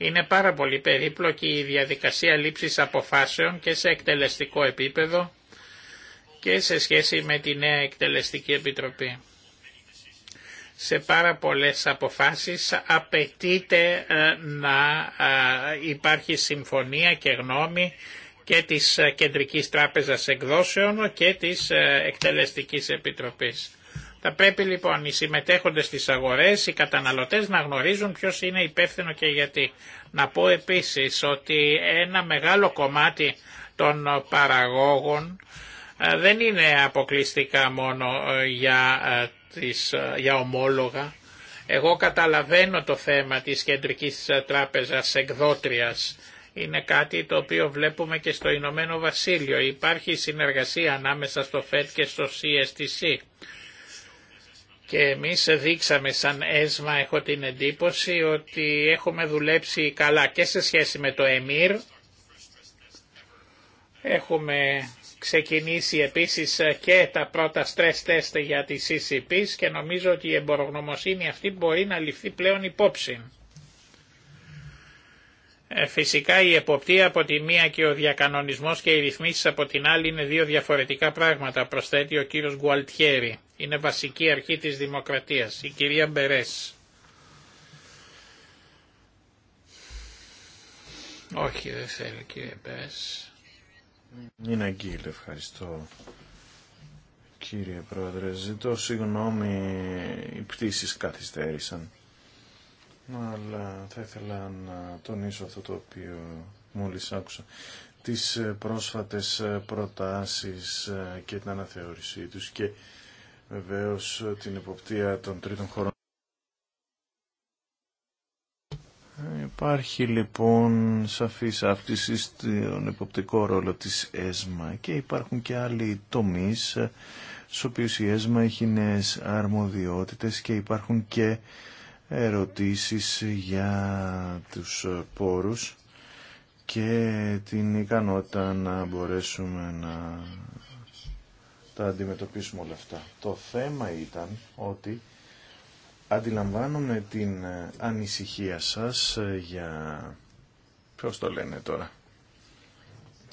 Είναι πάρα πολύ περίπλοκη η διαδικασία λήψης αποφάσεων και σε εκτελεστικό επίπεδο και σε σχέση με τη νέα εκτελεστική επιτροπή. Σε πάρα πολλές αποφάσεις απαιτείται ε, να ε, υπάρχει συμφωνία και γνώμη και της Κεντρικής Τράπεζας Εκδόσεων και της ε, Εκτελεστικής Επιτροπής. Θα πρέπει λοιπόν οι συμμετέχοντες στις αγορές, οι καταναλωτές να γνωρίζουν ποιος είναι υπεύθυνο και γιατί. Να πω επίσης ότι ένα μεγάλο κομμάτι των παραγόγων ε, δεν είναι αποκλειστικά μόνο ε, για, ε, τις, για ομόλογα. Εγώ καταλαβαίνω το θέμα της Κεντρικής Τράπεζας Εκδότριας. Είναι κάτι το οποίο βλέπουμε και στο Ηνωμένο Βασίλειο. Υπάρχει συνεργασία ανάμεσα στο ΦΕΤ και στο CSTC και εμείς δείξαμε σαν έσμα, έχω την εντύπωση, ότι έχουμε δουλέψει καλά και σε σχέση με το ΕΜΙΡ. Έχουμε ξεκινήσει επίσης και τα πρώτα stress test για τις e CCP και νομίζω ότι η εμπορογνωμοσύνη αυτή μπορεί να ληφθεί πλέον υπόψη. Ε, φυσικά η εποπτεία από τη μία και ο διακανονισμός και οι ρυθμίσεις από την άλλη είναι δύο διαφορετικά πράγματα, προσθέτει ο κύριος Γκουαλτιέρη. Είναι βασική αρχή της δημοκρατίας. Η κυρία Μπερές. Όχι, δεν θέλει κύριε Μπερές. Είναι αγγίλ, ευχαριστώ. Κύριε Πρόεδρε, ζητώ συγγνώμη, οι πτήσεις καθυστέρησαν. Αλλά θα ήθελα να τονίσω αυτό το οποίο μόλις άκουσα. Τις πρόσφατες προτάσεις και την αναθεώρησή τους και βεβαίως την εποπτεία των τρίτων χωρών. Υπάρχει λοιπόν σαφής αύξηση στον υποπτικό ρόλο της ΕΣΜΑ και υπάρχουν και άλλοι τομείς στους οποίους η ΕΣΜΑ έχει νέες αρμοδιότητες και υπάρχουν και ερωτήσεις για τους πόρους και την ικανότητα να μπορέσουμε να τα αντιμετωπίσουμε όλα αυτά. Το θέμα ήταν ότι αντιλαμβάνομαι την ε, ανησυχία σας ε, για... Ποιος το λένε τώρα.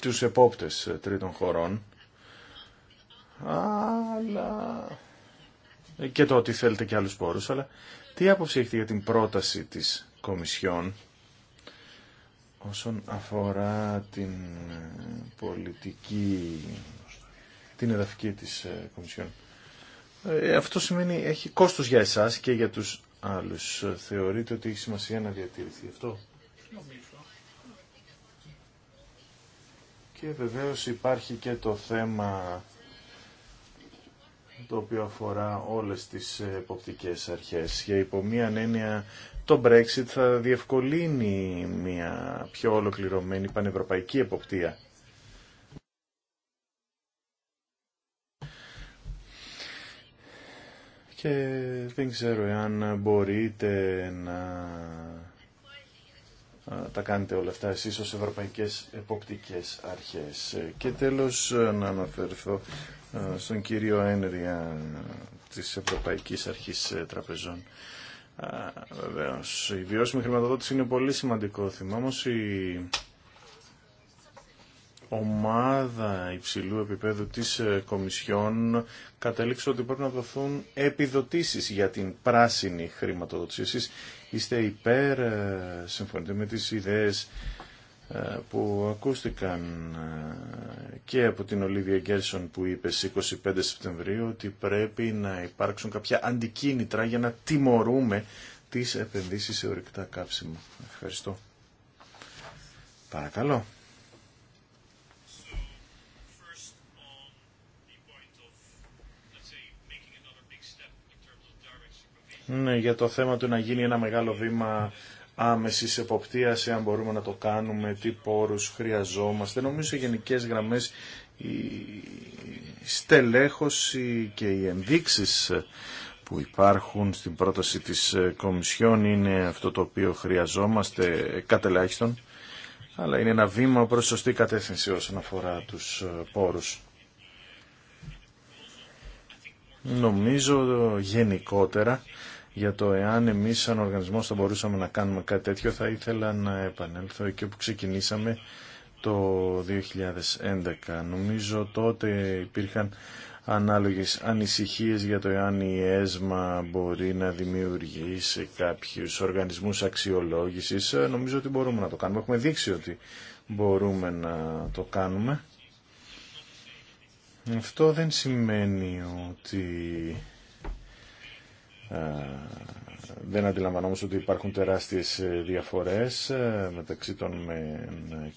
Τους επόπτες ε, τρίτων χωρών. Αλλά... Και το ότι θέλετε και άλλους πόρους, αλλά τι άποψη έχετε για την πρόταση της Κομισιόν όσον αφορά την πολιτική την εδαφική της ε, Κομισιόν. Ε, αυτό σημαίνει έχει κόστος για εσάς και για τους άλλους. Ε, θεωρείτε ότι έχει σημασία να διατηρηθεί αυτό. Και βεβαίως υπάρχει και το θέμα το οποίο αφορά όλες τις εποπτικές αρχές. Για υπό μίαν έννοια το Brexit θα διευκολύνει μια πιο ολοκληρωμένη πανευρωπαϊκή εποπτεία. δεν ξέρω εάν μπορείτε να τα κάνετε όλα αυτά εσείς ως ευρωπαϊκές εποπτικές αρχές. Και τέλος να αναφερθώ στον κύριο Ένρια της Ευρωπαϊκής Αρχής ε, Τραπεζών. Βεβαίω. η βιώσιμη χρηματοδότηση είναι πολύ σημαντικό θυμό, όμως η ομάδα υψηλού επίπεδου της ε, Κομισιόν κατέληξε ότι πρέπει να δοθούν επιδοτήσεις για την πράσινη χρηματοδότηση. είστε υπέρ, ε, συμφωνείτε με τις ιδέες ε, που ακούστηκαν και από την Ολίβια Γκέρσον που είπε στις 25 Σεπτεμβρίου ότι πρέπει να υπάρξουν κάποια αντικίνητρα για να τιμωρούμε τις επενδύσεις σε ορυκτά κάψιμα. Ευχαριστώ. Παρακαλώ. Ναι, για το θέμα του να γίνει ένα μεγάλο βήμα άμεσης εποπτείας, εάν μπορούμε να το κάνουμε, τι πόρους χρειαζόμαστε. Νομίζω σε γενικές γραμμές η στελέχωση και οι ενδείξεις που υπάρχουν στην πρόταση της Κομισιόν είναι αυτό το οποίο χρειαζόμαστε κατελάχιστον, αλλά είναι ένα βήμα προς σωστή κατεύθυνση όσον αφορά τους πόρους. Νομίζω γενικότερα για το εάν εμείς σαν οργανισμός θα μπορούσαμε να κάνουμε κάτι τέτοιο θα ήθελα να επανέλθω εκεί όπου ξεκινήσαμε το 2011. Νομίζω τότε υπήρχαν ανάλογες ανησυχίες για το εάν η ΕΣΜΑ μπορεί να δημιουργήσει κάποιους οργανισμούς αξιολόγησης. Νομίζω ότι μπορούμε να το κάνουμε. Έχουμε δείξει ότι μπορούμε να το κάνουμε. Αυτό δεν σημαίνει ότι ε, δεν αντιλαμβανόμαστε ότι υπάρχουν τεράστιες ε, διαφορές ε, μεταξύ των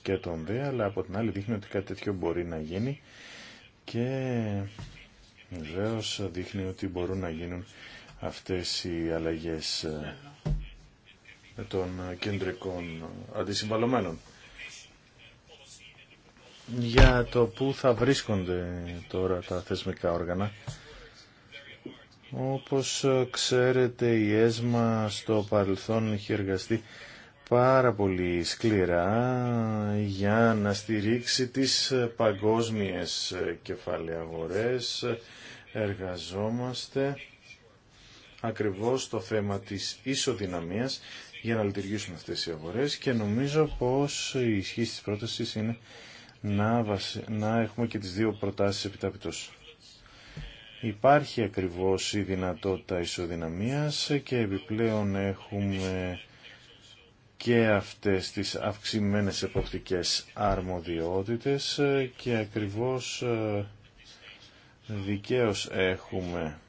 και των δε, αλλά από την άλλη δείχνει ότι κάτι τέτοιο μπορεί να γίνει και βεβαίω δείχνει ότι μπορούν να γίνουν αυτές οι αλλαγές των κεντρικών αντισυμβαλωμένων. Για το πού θα βρίσκονται τώρα τα θεσμικά όργανα, όπως ξέρετε η ΕΣΜΑ στο παρελθόν έχει εργαστεί πάρα πολύ σκληρά για να στηρίξει τις παγκόσμιες κεφαλαιαγορές Εργαζόμαστε ακριβώς το θέμα της ισοδυναμίας για να λειτουργήσουν αυτές οι αγορές και νομίζω πως η ισχύ της πρότασης είναι να, να έχουμε και τις δύο προτάσεις επιτάπητος. Υπάρχει ακριβώς η δυνατότητα ισοδυναμίας και επιπλέον έχουμε και αυτές τις αυξημένες εποπτικές αρμοδιότητες και ακριβώς ε, δικαίως έχουμε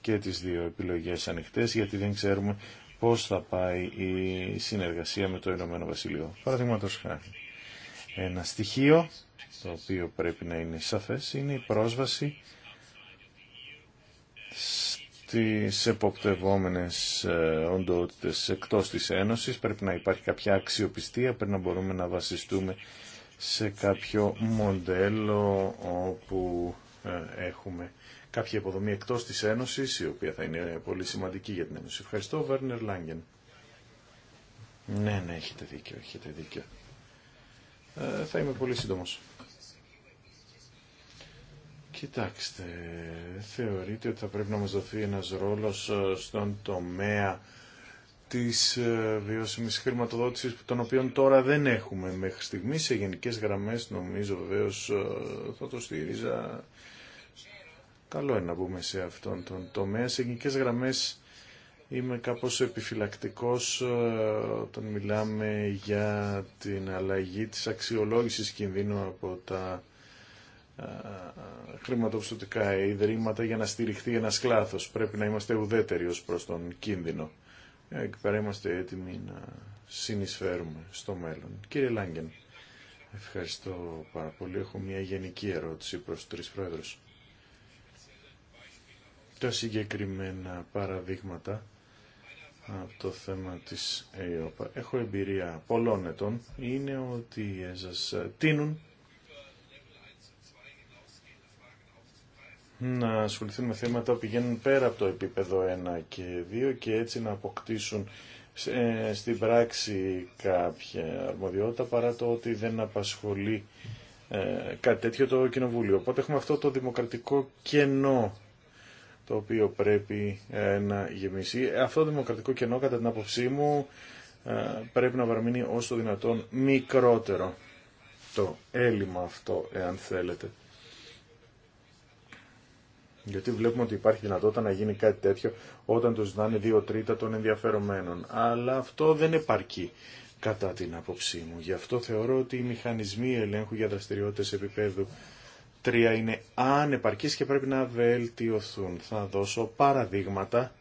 και τις δύο επιλογές ανοιχτές γιατί δεν ξέρουμε πώς θα πάει η συνεργασία με το Ηνωμένο Βασιλείο. Παραδείγματος χάρη. Ένα στοιχείο το οποίο πρέπει να είναι σαφές είναι η πρόσβαση στις εποπτευόμενες ε, οντότητες εκτός της Ένωσης. Πρέπει να υπάρχει κάποια αξιοπιστία, πρέπει να μπορούμε να βασιστούμε σε κάποιο μοντέλο όπου ε, έχουμε κάποια υποδομή εκτός της Ένωσης, η οποία θα είναι πολύ σημαντική για την Ένωση. Ευχαριστώ, Βέρνερ Λάγκεν. Ναι, ναι, έχετε δίκιο, έχετε δίκιο. Ε, θα είμαι πολύ σύντομος. Κοιτάξτε, θεωρείτε ότι θα πρέπει να μας δοθεί ένας ρόλος ε, στον τομέα της ε, βιώσιμης χρηματοδότησης, τον οποίο τώρα δεν έχουμε μέχρι στιγμή. Σε γενικές γραμμές νομίζω βεβαίω ε, θα το στήριζα. Καλό είναι να μπούμε σε αυτόν τον τομέα. Σε γενικές γραμμές είμαι κάπως επιφυλακτικός όταν μιλάμε για την αλλαγή της αξιολόγησης κινδύνου από τα χρηματοπιστωτικά ιδρύματα για να στηριχθεί ένας κλάθος. Πρέπει να είμαστε ουδέτεροι ως προς τον κίνδυνο. Ε, εκεί πέρα είμαστε έτοιμοι να συνεισφέρουμε στο μέλλον. Κύριε Λάγκεν, ευχαριστώ πάρα πολύ. Έχω μια γενική ερώτηση προς τρεις πρόεδρους. Τα συγκεκριμένα παραδείγματα από το θέμα της ΕΙΟΠΑ. Έχω εμπειρία πολλών ετών. Είναι ότι σας τίνουν να ασχοληθούν με θέματα που πηγαίνουν πέρα από το επίπεδο 1 και 2 και έτσι να αποκτήσουν ε, στην πράξη κάποια αρμοδιότητα παρά το ότι δεν απασχολεί ε, κάτι τέτοιο το Κοινοβούλιο. Οπότε έχουμε αυτό το δημοκρατικό κενό το οποίο πρέπει ε, να γεμίσει. Αυτό το δημοκρατικό κενό κατά την άποψή μου πρέπει να παραμείνει όσο δυνατόν μικρότερο το έλλειμμα αυτό εάν θέλετε. Γιατί βλέπουμε ότι υπάρχει δυνατότητα να γίνει κάτι τέτοιο όταν το ζητάνε δύο τρίτα των ενδιαφερομένων. Αλλά αυτό δεν επαρκεί κατά την άποψή μου. Γι' αυτό θεωρώ ότι οι μηχανισμοί ελέγχου για δραστηριότητες επίπεδου 3 είναι ανεπαρκείς και πρέπει να βελτιωθούν. Θα δώσω παραδείγματα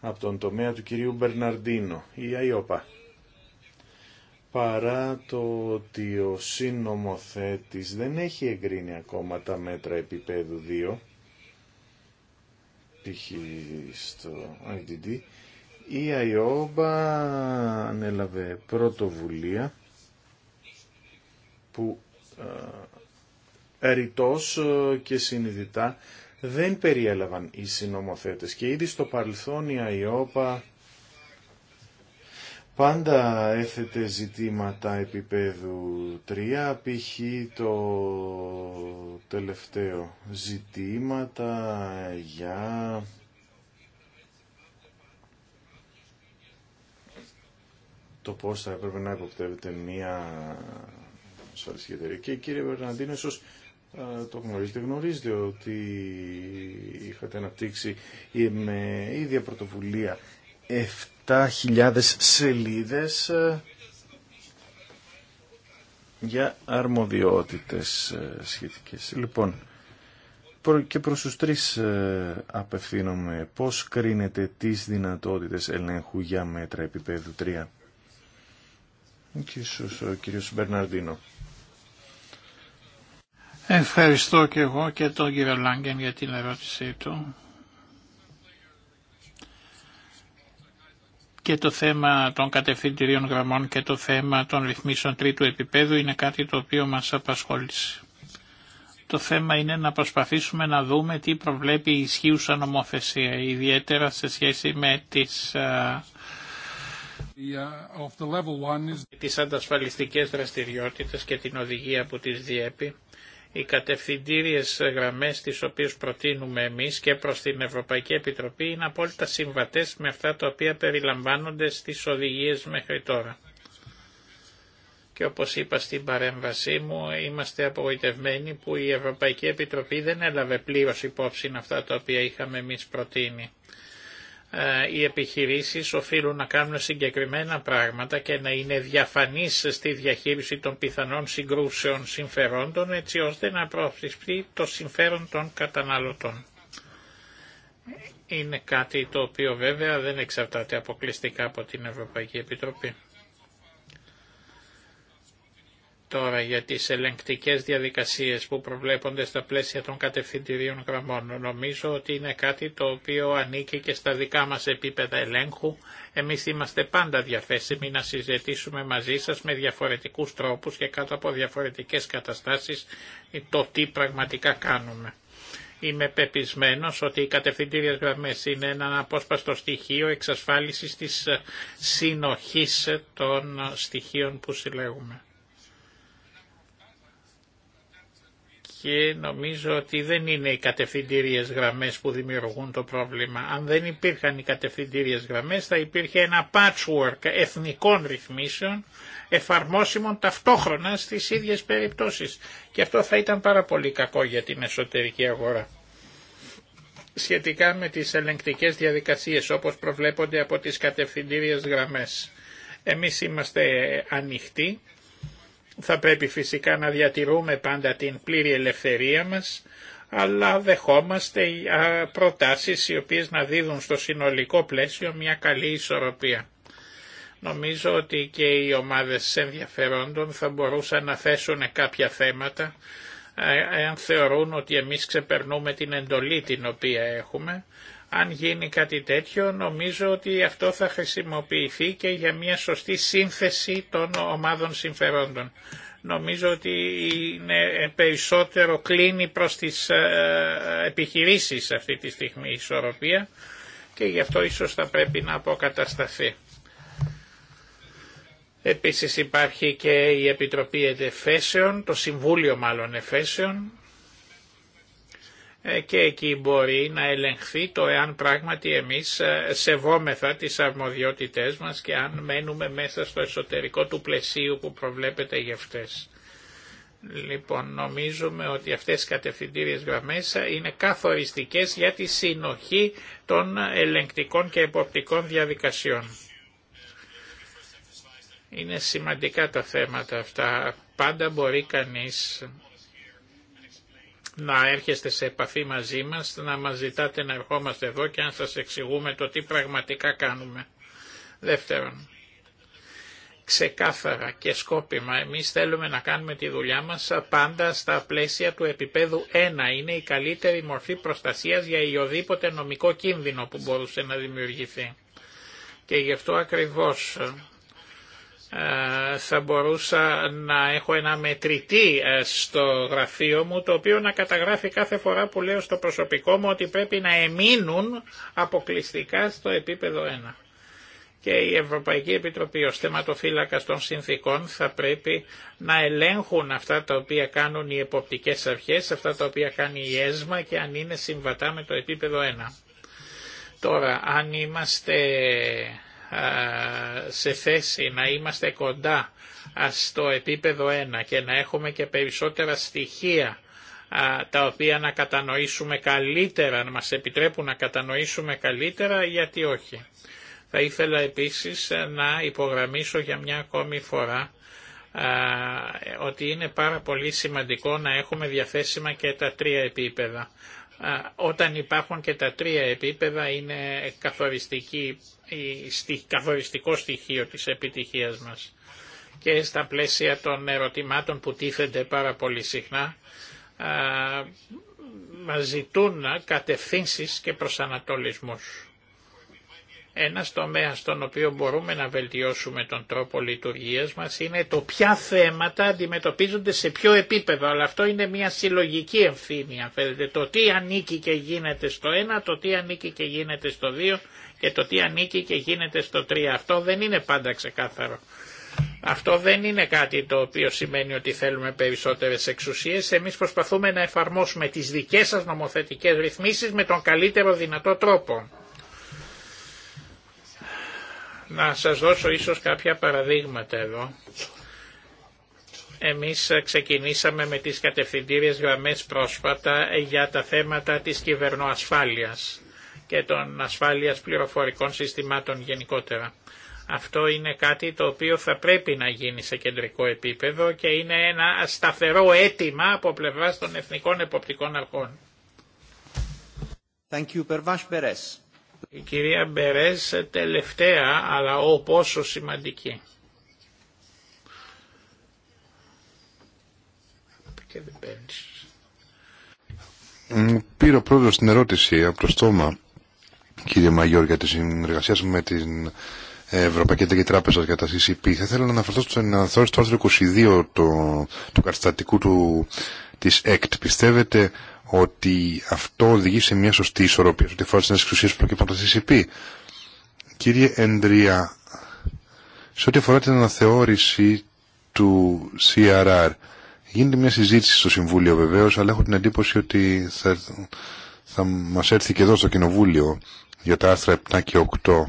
από τον τομέα του κυρίου Μπερναρντίνο ή ΑΙΟΠΑ. Παρά το ότι ο συνομοθέτης δεν έχει εγκρίνει ακόμα τα μέτρα επίπεδου 2, π.χ. στο IDD, η ΑΙΟΜΠΑ ανέλαβε πρωτοβουλία που ε, ρητός ε, και συνειδητά δεν περιέλαβαν οι συνομοθέτες και ήδη στο παρελθόν η ΑΙΟΠΑ πάντα έθετε ζητήματα επίπεδου 3, π.χ. το τελευταίο ζητήματα για το πώς θα έπρεπε να υποπτεύεται μία ασφαλιστική εταιρεία. Και κύριε Βερναντίνο, ίσως το γνωρίζετε, γνωρίζετε ότι είχατε αναπτύξει με ίδια πρωτοβουλία 7.000 σελίδες ε, για αρμοδιότητες ε, σχετικές. Λοιπόν, και προς τους τρεις ε, απευθύνομαι. Πώς κρίνετε τις δυνατότητες ελέγχου για μέτρα επίπεδου 3. Και ο κύριος Μπερναρντίνο. Ευχαριστώ και εγώ και τον κύριο Λάγκεν για την ερώτησή του. και το θέμα των κατευθυντηρίων γραμμών και το θέμα των ρυθμίσεων τρίτου επίπεδου είναι κάτι το οποίο μας απασχόλησε. Το θέμα είναι να προσπαθήσουμε να δούμε τι προβλέπει η ισχύουσα νομοθεσία, ιδιαίτερα σε σχέση με τις, ε, uh, τις αντασφαλιστικές δραστηριότητες και την οδηγία που τις διέπει οι κατευθυντήριες γραμμές τις οποίες προτείνουμε εμείς και προς την Ευρωπαϊκή Επιτροπή είναι απόλυτα συμβατές με αυτά τα οποία περιλαμβάνονται στις οδηγίες μέχρι τώρα. Και όπως είπα στην παρέμβασή μου, είμαστε απογοητευμένοι που η Ευρωπαϊκή Επιτροπή δεν έλαβε πλήρως υπόψη αυτά τα οποία είχαμε εμείς προτείνει. Ε, οι επιχειρήσεις οφείλουν να κάνουν συγκεκριμένα πράγματα και να είναι διαφανείς στη διαχείριση των πιθανών συγκρούσεων συμφερόντων έτσι ώστε να προωθηθεί το συμφέρον των καταναλωτών. Είναι κάτι το οποίο βέβαια δεν εξαρτάται αποκλειστικά από την Ευρωπαϊκή Επιτροπή. Τώρα για τις ελεγκτικές διαδικασίες που προβλέπονται στα πλαίσια των κατευθυντηρίων γραμμών. Νομίζω ότι είναι κάτι το οποίο ανήκει και στα δικά μας επίπεδα ελέγχου. Εμείς είμαστε πάντα διαθέσιμοι να συζητήσουμε μαζί σας με διαφορετικούς τρόπους και κάτω από διαφορετικές καταστάσεις το τι πραγματικά κάνουμε. Είμαι πεπισμένος ότι οι κατευθυντήριες γραμμές είναι ένα απόσπαστο στοιχείο εξασφάλισης της συνοχής των στοιχείων που συλλέγουμε. και νομίζω ότι δεν είναι οι κατευθυντήριες γραμμές που δημιουργούν το πρόβλημα. Αν δεν υπήρχαν οι κατευθυντήριες γραμμές θα υπήρχε ένα patchwork εθνικών ρυθμίσεων εφαρμόσιμων ταυτόχρονα στις ίδιες περιπτώσεις. Και αυτό θα ήταν πάρα πολύ κακό για την εσωτερική αγορά. Σχετικά με τις ελεγκτικές διαδικασίες όπως προβλέπονται από τις κατευθυντήριες γραμμές. Εμείς είμαστε ανοιχτοί θα πρέπει φυσικά να διατηρούμε πάντα την πλήρη ελευθερία μας, αλλά δεχόμαστε προτάσεις οι οποίες να δίδουν στο συνολικό πλαίσιο μια καλή ισορροπία. Νομίζω ότι και οι ομάδες ενδιαφερόντων θα μπορούσαν να θέσουν κάποια θέματα ε, εάν θεωρούν ότι εμείς ξεπερνούμε την εντολή την οποία έχουμε αν γίνει κάτι τέτοιο νομίζω ότι αυτό θα χρησιμοποιηθεί και για μια σωστή σύνθεση των ομάδων συμφερόντων. Νομίζω ότι είναι περισσότερο κλείνει προς τις ε, επιχειρήσεις αυτή τη στιγμή η ισορροπία και γι' αυτό ίσως θα πρέπει να αποκατασταθεί. Επίσης υπάρχει και η Επιτροπή Εφέσεων, το Συμβούλιο μάλλον Εφέσεων, ε, και εκεί μπορεί να ελεγχθεί το εάν πράγματι εμείς ε, σεβόμεθα τις αρμοδιότητές μας και αν μένουμε μέσα στο εσωτερικό του πλαισίου που προβλέπεται για αυτές. Λοιπόν, νομίζουμε ότι αυτές οι κατευθυντήριες γραμμές ε, είναι καθοριστικές για τη συνοχή των ελεγκτικών και εποπτικών διαδικασιών. Είναι σημαντικά τα θέματα αυτά. Πάντα μπορεί κανείς να έρχεστε σε επαφή μαζί μας, να μας ζητάτε να ερχόμαστε εδώ και να σας εξηγούμε το τι πραγματικά κάνουμε. Δεύτερον, ξεκάθαρα και σκόπιμα, εμείς θέλουμε να κάνουμε τη δουλειά μας πάντα στα πλαίσια του επίπεδου 1. Είναι η καλύτερη μορφή προστασίας για οποιοδήποτε νομικό κίνδυνο που μπορούσε να δημιουργηθεί. Και γι' αυτό ακριβώς ε, θα μπορούσα να έχω ένα μετρητή ε, στο γραφείο μου το οποίο να καταγράφει κάθε φορά που λέω στο προσωπικό μου ότι πρέπει να εμείνουν αποκλειστικά στο επίπεδο 1. Και η Ευρωπαϊκή Επιτροπή ως θεματοφύλακας των συνθήκων θα πρέπει να ελέγχουν αυτά τα οποία κάνουν οι εποπτικές αρχές, αυτά τα οποία κάνει η ΕΣΜΑ και αν είναι συμβατά με το επίπεδο 1. Τώρα, αν είμαστε σε θέση να είμαστε κοντά στο επίπεδο 1 και να έχουμε και περισσότερα στοιχεία τα οποία να κατανοήσουμε καλύτερα, να μας επιτρέπουν να κατανοήσουμε καλύτερα, γιατί όχι. Θα ήθελα επίσης ε, να υπογραμμίσω για μια ακόμη φορά ότι είναι πάρα πολύ σημαντικό να έχουμε διαθέσιμα και τα τρία επίπεδα. Όταν υπάρχουν και τα τρία επίπεδα είναι καθοριστική καθοριστικό στοιχείο της επιτυχίας μας. Και στα πλαίσια των ερωτημάτων που τίθενται πάρα πολύ συχνά, μας ζητούν κατευθύνσεις και προσανατολισμούς. Ένα τομέα στον οποίο μπορούμε να βελτιώσουμε τον τρόπο λειτουργία μα είναι το ποια θέματα αντιμετωπίζονται σε ποιο επίπεδο. Αλλά αυτό είναι μια συλλογική ευθύνη, Το τι ανήκει και γίνεται στο ένα, το τι ανήκει και γίνεται στο δύο και το τι ανήκει και γίνεται στο 3. Αυτό δεν είναι πάντα ξεκάθαρο. Αυτό δεν είναι κάτι το οποίο σημαίνει ότι θέλουμε περισσότερες εξουσίες. Εμείς προσπαθούμε να εφαρμόσουμε τις δικές σας νομοθετικές ρυθμίσεις με τον καλύτερο δυνατό τρόπο. Να σας δώσω ίσως κάποια παραδείγματα εδώ. Εμείς ξεκινήσαμε με τις κατευθυντήριες γραμμές πρόσφατα για τα θέματα της κυβερνοασφάλειας και των ασφάλειας πληροφορικών συστημάτων γενικότερα. Αυτό είναι κάτι το οποίο θα πρέπει να γίνει σε κεντρικό επίπεδο και είναι ένα σταθερό αίτημα από πλευράς των εθνικών εποπτικών αρχών. Thank you, Η κυρία Μπερές τελευταία, αλλά ο πόσο σημαντική. Και δεν την ερώτηση από το στόμα κύριε Μαγιόρ για τη συνεργασία με την Ευρωπαϊκή Κεντρική Τράπεζα για τα CCP. Θα ήθελα να αναφερθώ στην αναθεώρηση του άρθρου 22 του, του καταστατικού του, της ΕΚΤ. Πιστεύετε ότι αυτό οδηγεί σε μια σωστή ισορροπία, ότι αφορά τι εξουσίε που προκύπτουν από τα CCP. Κύριε Εντρία, σε ό,τι αφορά την αναθεώρηση του CRR, γίνεται μια συζήτηση στο Συμβούλιο βεβαίω, αλλά έχω την εντύπωση ότι θα, θα μα έρθει και εδώ στο Κοινοβούλιο για τα άρθρα 7 και 8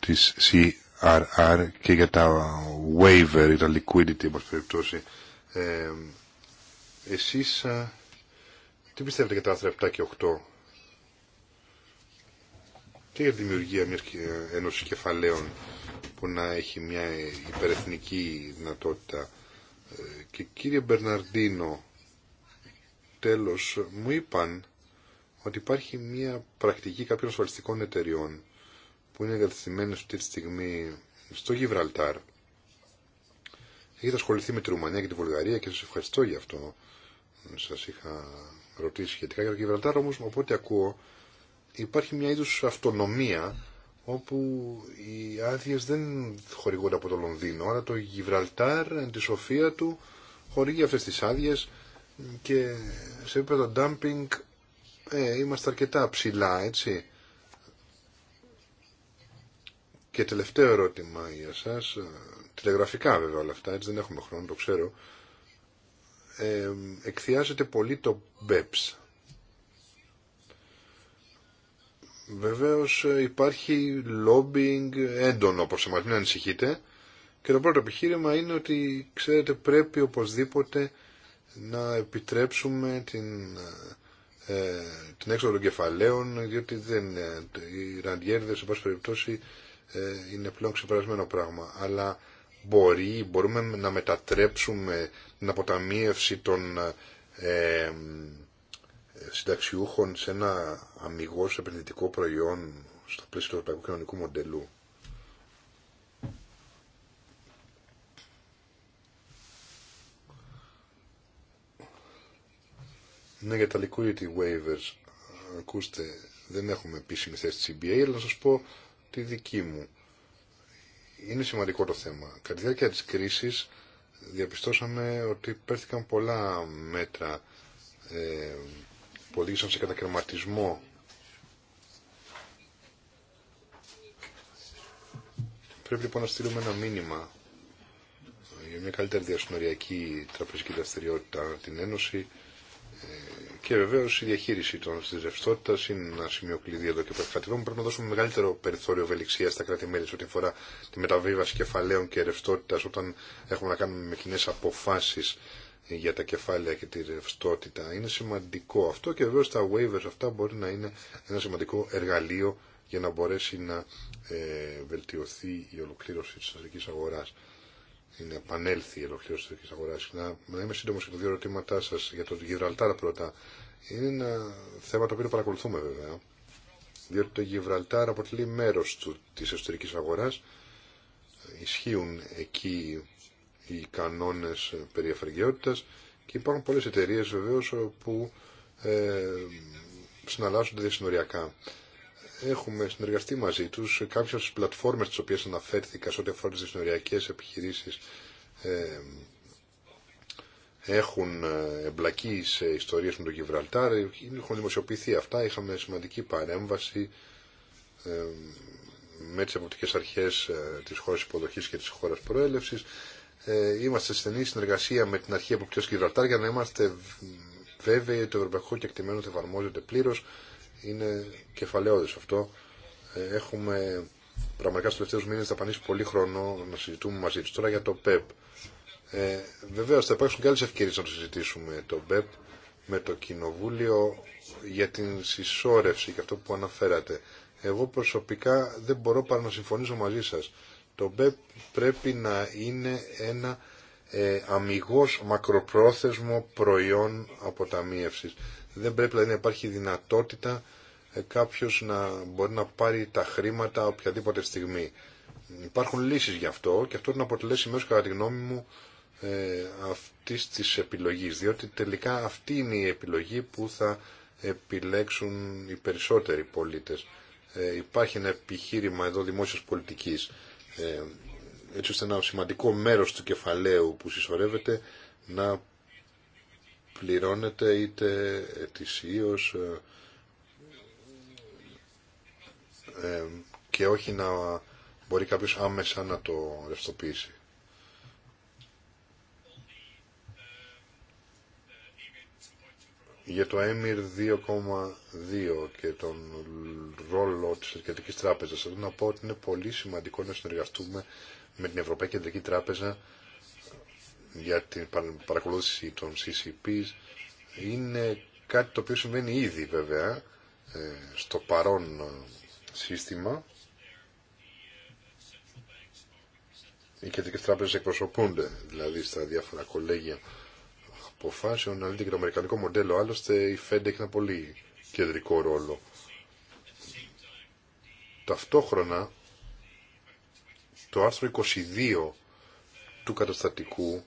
της CRR και για τα waiver ή τα liquidity, μας περιπτώσει. Ε, εσείς τι πιστεύετε για τα άρθρα 7 και 8 και για τη δημιουργία μιας ενός κεφαλαίων που να έχει μια υπερεθνική δυνατότητα. Ε, και κύριε Μπερναρντίνο, τέλος μου είπαν ότι υπάρχει μια πρακτική κάποιων ασφαλιστικών εταιριών που είναι εγκαταστημένες αυτή τη στιγμή στο Γιβραλτάρ. Έχετε ασχοληθεί με τη Ρουμανία και τη Βουλγαρία και σα ευχαριστώ για αυτό. σα είχα ρωτήσει σχετικά για το Γιβραλτάρ όμως οπότε ακούω υπάρχει μια είδου αυτονομία όπου οι άδειε δεν χορηγούνται από το Λονδίνο αλλά το Γιβραλτάρ εν τη σοφία του χορηγεί αυτέ τι άδειε και σε επίπεδο dumping ε, είμαστε αρκετά ψηλά, έτσι. Και τελευταίο ερώτημα για σας, ε, τηλεγραφικά βέβαια όλα αυτά, έτσι δεν έχουμε χρόνο, το ξέρω. Ε, εκθιάζεται πολύ το BEPS. Βεβαίως ε, υπάρχει lobbying έντονο προς εμάς, μην ανησυχείτε. Και το πρώτο επιχείρημα είναι ότι, ξέρετε, πρέπει οπωσδήποτε να επιτρέψουμε την ε, ε, την έξοδο των κεφαλαίων, διότι δεν, ε, οι ραντιέρδες, σε πάση περιπτώσει, ε, είναι πλέον ξεπερασμένο πράγμα. Αλλά μπορεί, μπορούμε να μετατρέψουμε την αποταμίευση των ε, συνταξιούχων σε ένα αμυγός επενδυτικό προϊόν στο πλαίσιο του ευρωπαϊκού κοινωνικού μοντελού. Ναι, για τα liquidity waivers, ακούστε, δεν έχουμε επίσημη θέση της CBA, αλλά να σας πω τη δική μου. Είναι σημαντικό το θέμα. Κατά τη διάρκεια της κρίσης διαπιστώσαμε ότι πέρθηκαν πολλά μέτρα ε, που οδήγησαν σε κατακαιρματισμό Πρέπει λοιπόν να στείλουμε ένα μήνυμα για μια καλύτερη διασυνοριακή τραπεζική δραστηριότητα την Ένωση. Ε, και βεβαίω η διαχείριση τη ρευστότητα είναι ένα σημείο κλειδί εδώ και Πρέπει να δώσουμε μεγαλύτερο περιθώριο ευελιξία στα κράτη-μέλη ό,τι αφορά τη μεταβίβαση κεφαλαίων και ρευστότητα όταν έχουμε να κάνουμε με κοινέ αποφάσει για τα κεφάλαια και τη ρευστότητα. Είναι σημαντικό αυτό και βεβαίω τα waivers αυτά μπορεί να είναι ένα σημαντικό εργαλείο για να μπορέσει να ε, βελτιωθεί η ολοκλήρωση τη αστική αγορά είναι επανέλθει η ολοκλήρωση τη αγοράς αγορά. Να, να είμαι σύντομο για τα δύο ερωτήματά σα για τον Γιβραλτάρ πρώτα. Είναι ένα θέμα το οποίο παρακολουθούμε βέβαια. Διότι το Γιβραλτάρ αποτελεί μέρο τη εσωτερική αγορά. Ισχύουν εκεί οι κανόνε περί και υπάρχουν πολλέ εταιρείε βεβαίω που ε, συναλλάσσονται διασυνοριακά έχουμε συνεργαστεί μαζί τους. Κάποιες από τι πλατφόρμες τις οποίες αναφέρθηκα σε ό,τι αφορά τις δυσνοριακές επιχειρήσεις ε, έχουν εμπλακεί σε ιστορίες με τον Γιβραλτάρ. Έχουν δημοσιοποιηθεί αυτά. Είχαμε σημαντική παρέμβαση ε, με τις εποπτικές αρχές ε, της χώρας υποδοχής και της χώρας προέλευσης. Ε, είμαστε σε στενή συνεργασία με την αρχή του Γιβραλτάρ για να είμαστε βέβαιοι ότι το ευρωπαϊκό κεκτημένο θα εφαρμόζεται πλήρω είναι κεφαλαίωδες αυτό. Ε, έχουμε πραγματικά στους τελευταίους μήνες δαπανίσει πολύ χρόνο να συζητούμε μαζί τους. Τώρα για το ΠΕΠ. Ε, Βεβαίω θα υπάρξουν και άλλες ευκαιρίες να το συζητήσουμε το ΠΕΠ με το Κοινοβούλιο για την συσσόρευση και αυτό που αναφέρατε. Εγώ προσωπικά δεν μπορώ παρά να συμφωνήσω μαζί σας. Το ΠΕΠ πρέπει να είναι ένα ε, μακροπρόθεσμο προϊόν αποταμίευσης. Δεν πρέπει δηλαδή, να υπάρχει δυνατότητα ε, κάποιος να μπορεί να πάρει τα χρήματα οποιαδήποτε στιγμή. Υπάρχουν λύσεις γι' αυτό και αυτό να αποτελέσει μέσω κατά τη γνώμη μου ε, αυτής της επιλογής, διότι τελικά αυτή είναι η επιλογή που θα επιλέξουν οι περισσότεροι πολίτες. Ε, υπάρχει ένα επιχείρημα εδώ δημόσιας πολιτικής, ε, έτσι ώστε ένα σημαντικό μέρος του κεφαλαίου που συσσωρεύεται να πληρώνεται είτε ετησίως ε, ε, και όχι να μπορεί κάποιος άμεσα να το ρευστοποιήσει. Για το ΕΜΙΡ 2,2 και τον ρόλο της Ευρωπαϊκής Τράπεζας, θέλω να πω ότι είναι πολύ σημαντικό να συνεργαστούμε με την Ευρωπαϊκή Κεντρική Τράπεζα για την παρακολούθηση των CCP είναι κάτι το οποίο συμβαίνει ήδη βέβαια ε, στο παρόν ε, σύστημα. Οι κεντρικές τράπεζες εκπροσωπούνται δηλαδή στα διάφορα κολέγια αποφάσεων, δείτε και το αμερικανικό μοντέλο. Άλλωστε η Fed έχει ένα πολύ κεντρικό ρόλο. Ταυτόχρονα το άρθρο 22 του καταστατικού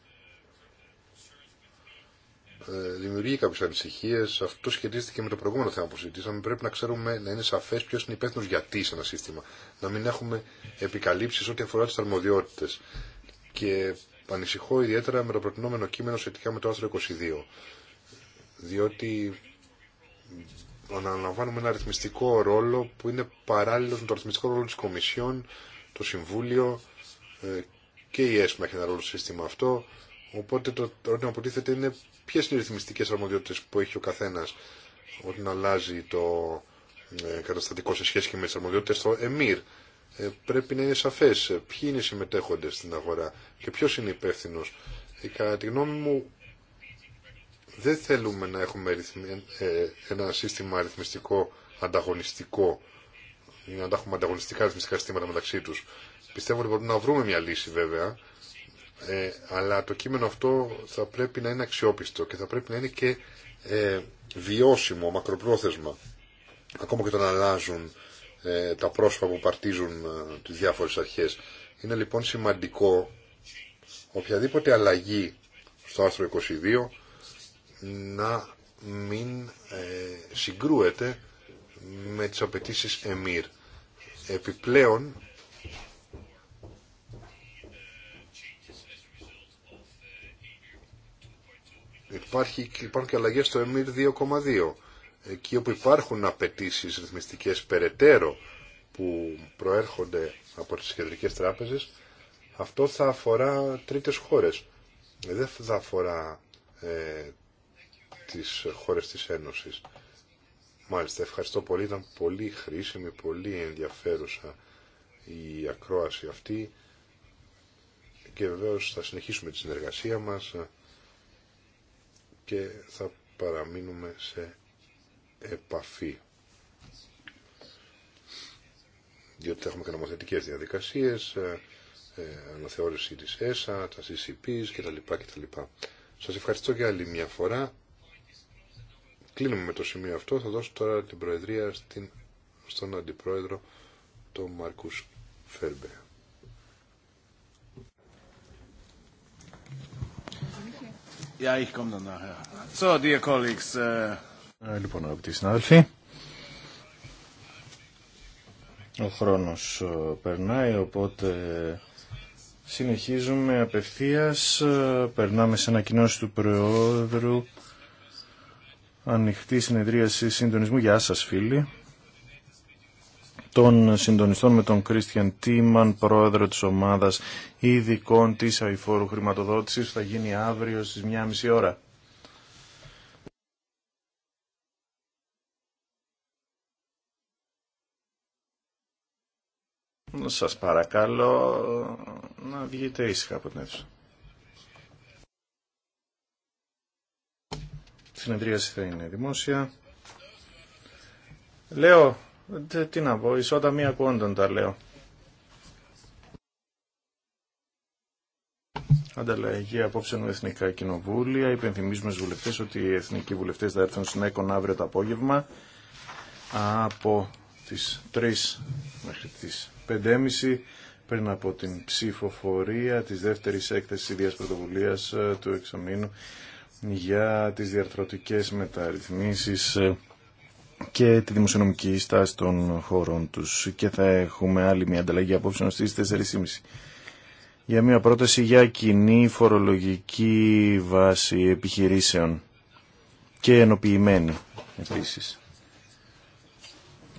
ε, δημιουργεί κάποιε ανησυχίε. Αυτό σχετίζεται και με το προηγούμενο θέμα που συζητήσαμε. Πρέπει να ξέρουμε να είναι σαφέ ποιο είναι υπεύθυνο γιατί σε ένα σύστημα. Να μην έχουμε επικαλύψει ό,τι αφορά τι αρμοδιότητε. Και ανησυχώ ιδιαίτερα με το προτινόμενο κείμενο σχετικά με το άρθρο 22. Διότι αναλαμβάνουμε ένα αριθμιστικό ρόλο που είναι παράλληλο με το αριθμιστικό ρόλο τη Κομισιόν, το Συμβούλιο ε, και η ΕΣΜΑ έχει ένα ρόλο στο σύστημα αυτό. Οπότε το ερώτημα που τίθεται είναι ποιε είναι οι ρυθμιστικέ αρμοδιότητε που έχει ο καθένα όταν αλλάζει το ε, καταστατικό σε σχέση και με τι αρμοδιότητε στο ΕΜΙΡ. Ε, πρέπει να είναι σαφέ ε, ποιοι είναι οι συμμετέχοντε στην αγορά και ποιο είναι υπεύθυνο. Κατά τη γνώμη μου δεν θέλουμε να έχουμε ένα σύστημα αριθμιστικό ανταγωνιστικό ή να έχουμε ανταγωνιστικά αριθμιστικά συστήματα μεταξύ του. Πιστεύω ότι μπορούμε να βρούμε μια λύση βέβαια ε, αλλά το κείμενο αυτό θα πρέπει να είναι αξιόπιστο και θα πρέπει να είναι και ε, βιώσιμο, μακροπρόθεσμα. Ακόμα και το να αλλάζουν ε, τα πρόσωπα που παρτίζουν ε, τις διάφορες αρχές. Είναι λοιπόν σημαντικό οποιαδήποτε αλλαγή στο άρθρο 22 να μην ε, συγκρούεται με τις απαιτήσεις ΕΜΗΡ. Επιπλέον Υπάρχει, υπάρχουν και αλλαγές στο ΕΜΙΡ 2,2. Εκεί όπου υπάρχουν απαιτήσει ρυθμιστικές περαιτέρω που προέρχονται από τις κεντρικές τράπεζες, αυτό θα αφορά τρίτες χώρες. Δεν θα αφορά ε, τις χώρες της Ένωσης. Μάλιστα, ευχαριστώ πολύ. Ήταν πολύ χρήσιμη, πολύ ενδιαφέρουσα η ακρόαση αυτή και βεβαίως θα συνεχίσουμε τη συνεργασία μας και θα παραμείνουμε σε επαφή. Διότι έχουμε και νομοθετικές διαδικασίες, ε, ε, αναθεώρηση της ΕΣΑ, τα CCPs κτλ. κτλ. Σας ευχαριστώ για άλλη μια φορά. Κλείνουμε με το σημείο αυτό. Θα δώσω τώρα την Προεδρία στην, στον Αντιπρόεδρο, τον Μάρκους Φέρμπερ. dear colleagues. Uh, ε, λοιπόν, αγαπητοί συνάδελφοι, ο χρόνος ε, περνάει, οπότε συνεχίζουμε απευθείας. Ε, περνάμε σε ανακοινώσει του Προέδρου. Ανοιχτή συνεδρίαση συντονισμού. Γεια σας, φίλοι των συντονιστών με τον Κρίστιαν Τίμαν, πρόεδρο της ομάδας ειδικών της αηφόρου χρηματοδότησης, θα γίνει αύριο στις 1.30 ώρα. Σας παρακαλώ να βγείτε ήσυχα από την αίθουσα. Συνεδρίαση θα είναι δημόσια. Λέω τι να πω, ισότα μία κόντων τα λέω. Ανταλλαγή απόψε με εθνικά κοινοβούλια. Υπενθυμίζουμε στους βουλευτές ότι οι εθνικοί βουλευτές θα έρθουν στην ΕΚΟΝ αύριο το απόγευμα από τις 3 μέχρι τις 5.30 πριν από την ψηφοφορία της δεύτερης έκθεσης ιδίας πρωτοβουλίας ε, του εξαμήνου για τις διαρθρωτικές μεταρρυθμίσεις ε, και τη δημοσιονομική στάση των χωρών τους και θα έχουμε άλλη μια ανταλλαγή απόψεων στις 4.30 για μια πρόταση για κοινή φορολογική βάση επιχειρήσεων και ενοποιημένη επίσης.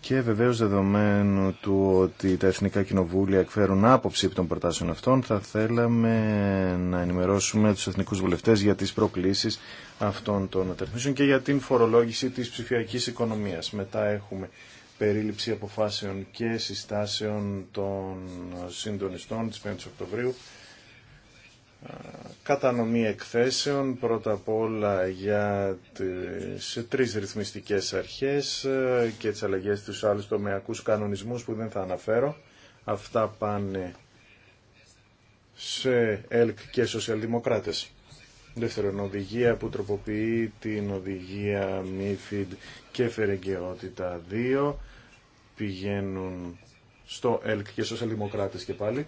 Και βεβαίω δεδομένου του ότι τα Εθνικά Κοινοβούλια εκφέρουν άποψη από των προτάσεων αυτών, θα θέλαμε να ενημερώσουμε τους εθνικούς βουλευτέ για τις προκλήσεις αυτών των μεταρρυθμίσεων και για την φορολόγηση της ψηφιακή οικονομίας. Μετά έχουμε περίληψη αποφάσεων και συστάσεων των συντονιστών τη 5 η Οκτωβρίου κατανομή εκθέσεων πρώτα απ' όλα για τις τρεις ρυθμιστικές αρχές ε, και τις αλλαγές στους άλλους τομεακούς κανονισμούς που δεν θα αναφέρω. Αυτά πάνε σε ΕΛΚ και Σοσιαλδημοκράτες. Δεύτερον, οδηγία που τροποποιεί την οδηγία ΜΥΦΙΔ και Φερεγκαιότητα 2 πηγαίνουν στο ΕΛΚ και Σοσιαλδημοκράτες και πάλι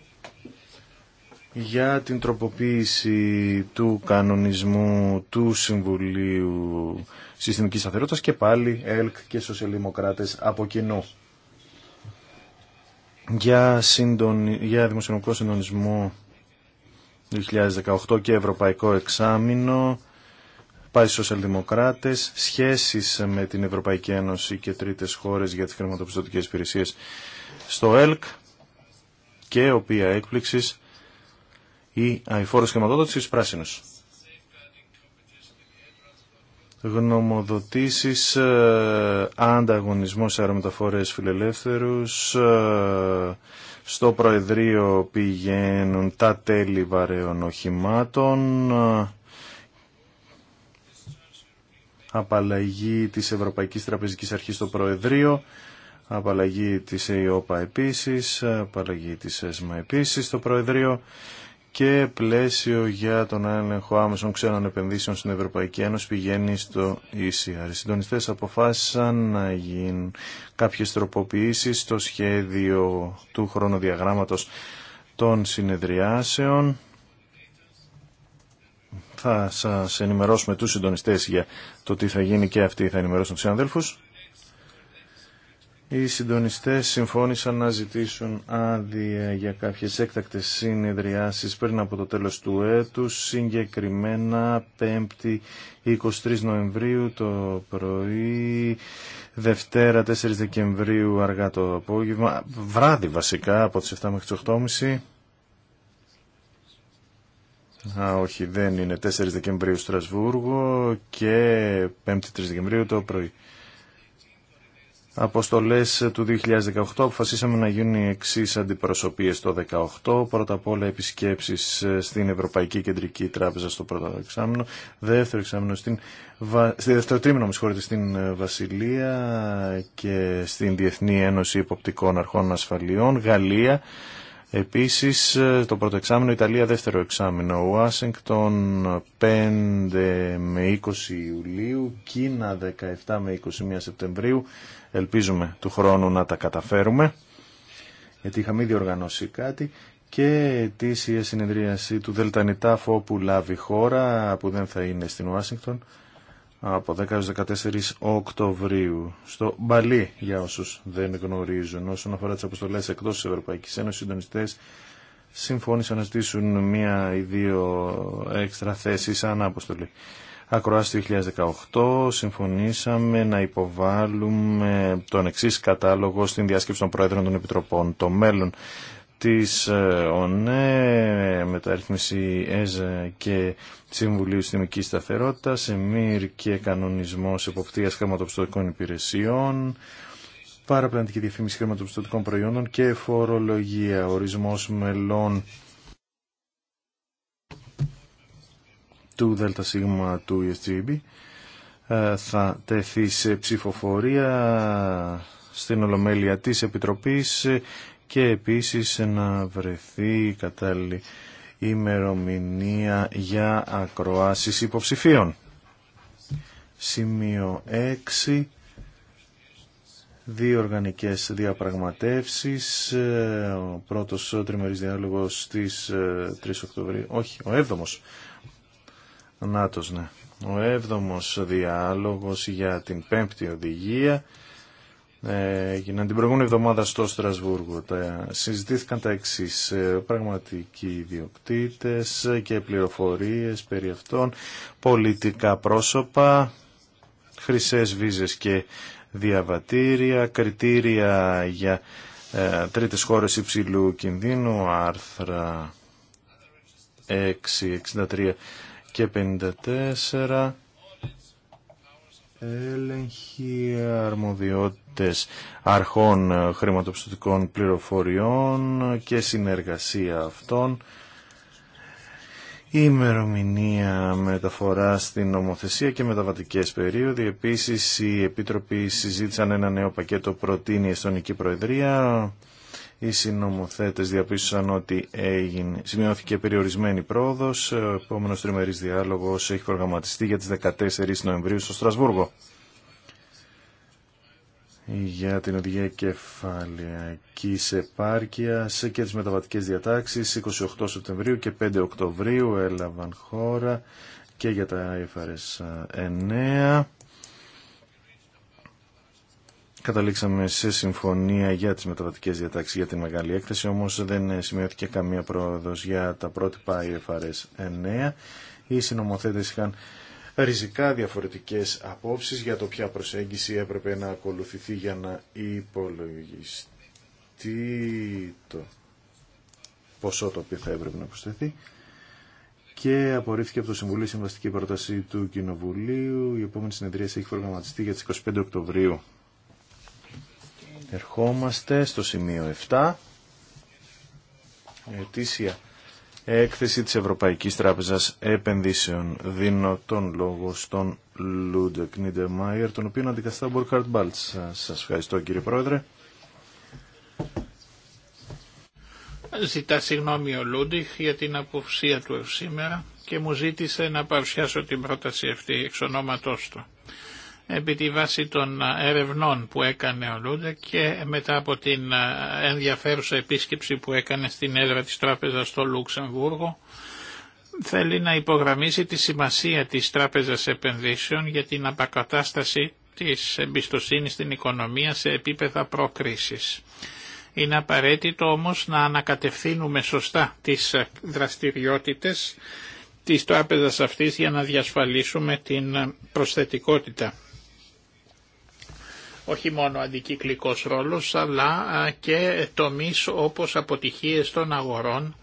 για την τροποποίηση του κανονισμού του Συμβουλίου Συστημικής Σταθερότητας και πάλι ΕΛΚ και Σοσιαλδημοκράτες από κοινού. Για, συντονι... για δημοσιονομικό συντονισμό 2018 και Ευρωπαϊκό Εξάμεινο πάει σοσιαλδημοκράτες, σχέσεις με την Ευρωπαϊκή Ένωση και τρίτες χώρες για τις χρηματοπιστωτικές υπηρεσίες στο ΕΛΚ και οποία έκπληξης ή αηφόρος χρηματοδότηση πράσινου. Γνωμοδοτήσει, ανταγωνισμό ε, ανταγωνισμός αερομεταφορές φιλελεύθερους, ε, στο Προεδρείο πηγαίνουν τα τέλη βαρέων οχημάτων, ε, απαλλαγή της Ευρωπαϊκής Τραπεζικής Αρχής στο Προεδρείο, απαλλαγή της ΕΙΟΠΑ επίσης, απαλλαγή της ΕΣΜΑ επίσης στο Προεδρείο και πλαίσιο για τον έλεγχο άμεσων ξένων επενδύσεων στην Ευρωπαϊκή Ένωση πηγαίνει στο ECR. Οι συντονιστέ αποφάσισαν να γίνουν κάποιες τροποποιήσεις στο σχέδιο του χρονοδιαγράμματος των συνεδριάσεων. Θα σας ενημερώσουμε τους συντονιστέ για το τι θα γίνει και αυτοί θα ενημερώσουν τους συνάδελφου οι συντονιστές συμφώνησαν να ζητήσουν άδεια για κάποιες έκτακτες συνεδριάσεις πριν από το τέλος του έτους, συγκεκριμένα 5η 23 Νοεμβρίου το πρωί, Δευτέρα 4 Δεκεμβρίου αργά το απόγευμα, βράδυ βασικά από τις 7 μέχρι τις 8.30. Α, όχι, δεν είναι 4 Δεκεμβρίου Στρασβούργο και 5η 3 Δεκεμβρίου το πρωί αποστολές του 2018 αποφασίσαμε να γίνουν οι εξή αντιπροσωπείες το 2018. Πρώτα απ' όλα επισκέψεις ε, στην Ευρωπαϊκή Κεντρική Τράπεζα στο πρώτο εξάμεινο, δεύτερο εξάμεινο στην, στη δεύτερο τρίμηνο, με στην ε, Βασιλεία και στην Διεθνή Ένωση Υποπτικών Αρχών Ασφαλιών, Γαλλία. Επίσης ε, το πρώτο εξάμεινο, Ιταλία δεύτερο εξάμεινο, Ουάσιγκτον 5 με 20 Ιουλίου, Κίνα 17 με 21 Σεπτεμβρίου, Ελπίζουμε του χρόνου να τα καταφέρουμε, γιατί είχαμε ήδη οργανώσει κάτι και ετήσια συνεδρίαση του Δελτανιτάφου που λάβει χώρα, που δεν θα είναι στην Ουάσιγκτον, από 10-14 Οκτωβρίου στο Μπαλί για όσους δεν γνωρίζουν. Όσον αφορά τις αποστολές εκτός της Ευρωπαϊκής Ένωσης, οι συντονιστές συμφώνησαν να στήσουν μία ή δύο έξτρα θέσεις ανά αποστολή ακροάση 2018 συμφωνήσαμε να υποβάλουμε τον εξής κατάλογο στην διάσκεψη των Πρόεδρων των Επιτροπών. Το μέλλον της ε, ΟΝΕ, μεταρρύθμιση ΕΖΕ και Συμβουλίου Συστημικής Σταθερότητας, ΕΜΙΡ και Κανονισμός Εποπτείας Χρηματοπιστωτικών Υπηρεσιών, παραπλανητική διαφήμιση χρηματοπιστωτικών προϊόντων και φορολογία, ορισμός μελών του ΔΣ του ESGB ε, θα τεθεί σε ψηφοφορία στην Ολομέλεια της Επιτροπής και επίσης να βρεθεί η κατάλληλη ημερομηνία για ακροάσεις υποψηφίων. Σημείο 6. Δύο οργανικές διαπραγματεύσεις. Ε, ο πρώτος τριμερής διάλογος στις ε, 3 Οκτωβρίου. Όχι, ο 7ος ΝΑΤΟΣ, ναι. Ο έβδομος διάλογος για την πέμπτη οδηγία ε, έγιναν την προηγούμενη εβδομάδα στο Στρασβούργο. Τα, συζητήθηκαν τα εξή ε, πραγματικοί ιδιοκτήτες και πληροφορίες περί αυτών, πολιτικά πρόσωπα, χρυσές βίζες και διαβατήρια, κριτήρια για ε, τρίτες χώρες υψηλού κινδύνου, άρθρα 6, 63 και 54 έλεγχοι αρμοδιότητες αρχών χρηματοπιστωτικών πληροφοριών και συνεργασία αυτών η ημερομηνία μεταφορά στην νομοθεσία και μεταβατικές περίοδοι. Επίσης, οι Επίτροποι συζήτησαν ένα νέο πακέτο προτείνει η Εστονική Προεδρία οι συνομοθέτες διαπίστωσαν ότι έγινε, σημειώθηκε περιορισμένη πρόοδος. Ο επόμενος τριμερής διάλογος έχει προγραμματιστεί για τις 14 Νοεμβρίου στο Στρασβούργο. Για την οδηγία κεφαλιακής επάρκεια και τις μεταβατικές διατάξεις 28 Σεπτεμβρίου και 5 Οκτωβρίου έλαβαν χώρα και για τα IFRS 9. Καταλήξαμε σε συμφωνία για τις μεταβατικές διατάξεις για τη μεγάλη έκθεση, όμως δεν σημειώθηκε καμία πρόοδος για τα πρότυπα IFRS 9. Οι συνομοθέτες είχαν ριζικά διαφορετικές απόψεις για το ποια προσέγγιση έπρεπε να ακολουθηθεί για να υπολογιστεί το ποσό το οποίο θα έπρεπε να προσθεθεί και απορρίφθηκε από το Συμβουλίο Συμβαστική Πρόταση του Κοινοβουλίου. Η επόμενη συνεδρία έχει προγραμματιστεί για τις 25 Οκτωβρίου. Ερχόμαστε στο σημείο 7. Ετήσια έκθεση της Ευρωπαϊκής Τράπεζας Επενδύσεων. Δίνω τον λόγο στον Λούντεκ Μάιερ, τον οποίο αντικαστά Μπορκάρτ Μπάλτς. Σας ευχαριστώ κύριε Πρόεδρε. Ζητά συγγνώμη ο Λούντιχ για την αποψία του σήμερα και μου ζήτησε να παρουσιάσω την πρόταση αυτή εξ ονόματός του επί τη βάση των ερευνών που έκανε ο Λούντε και μετά από την ενδιαφέρουσα επίσκεψη που έκανε στην έδρα της τράπεζας στο Λουξεμβούργο θέλει να υπογραμμίσει τη σημασία της Τράπεζας Επενδύσεων για την απακατάσταση της εμπιστοσύνης στην οικονομία σε επίπεδα προκρίσης. Είναι απαραίτητο όμως να ανακατευθύνουμε σωστά τις δραστηριότητες της τράπεζας αυτής για να διασφαλίσουμε την προσθετικότητα όχι μόνο αντικυκλικός ρόλος αλλά και τομείς όπως αποτυχίες των αγορών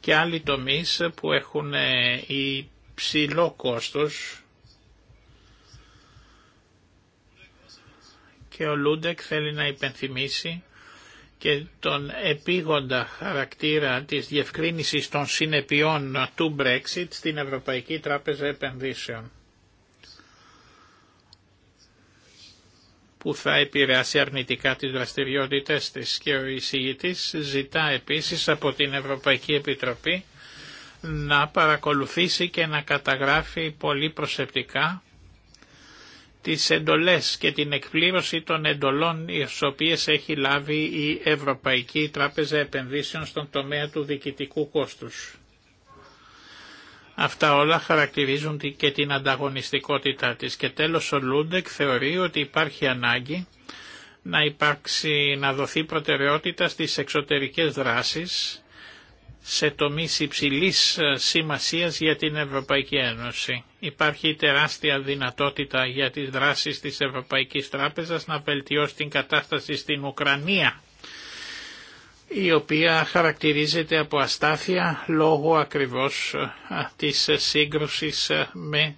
και άλλοι τομείς που έχουν ε, υψηλό κόστος και ο Λούντεκ θέλει να υπενθυμίσει και τον επίγοντα χαρακτήρα της διευκρίνησης των συνεπειών του Brexit στην Ευρωπαϊκή Τράπεζα Επενδύσεων. που θα επηρεάσει αρνητικά τις δραστηριότητες της και ο εισηγητής ζητά επίσης από την Ευρωπαϊκή Επιτροπή να παρακολουθήσει και να καταγράφει πολύ προσεπτικά τις εντολές και την εκπλήρωση των εντολών τις οποίες έχει λάβει η Ευρωπαϊκή Τράπεζα Επενδύσεων στον τομέα του διοικητικού κόστους. Αυτά όλα χαρακτηρίζουν και την ανταγωνιστικότητά της. Και τέλος ο Λούντεκ θεωρεί ότι υπάρχει ανάγκη να υπάρξει, να δοθεί προτεραιότητα στις εξωτερικές δράσεις σε τομείς υψηλής ε, σημασίας για την Ευρωπαϊκή Ένωση. Υπάρχει τεράστια δυνατότητα για τις δράσεις της Ευρωπαϊκής Τράπεζας να βελτιώσει την κατάσταση στην Ουκρανία η οποία χαρακτηρίζεται από αστάθεια λόγω ακριβώς ε, της σύγκρουσης ε, με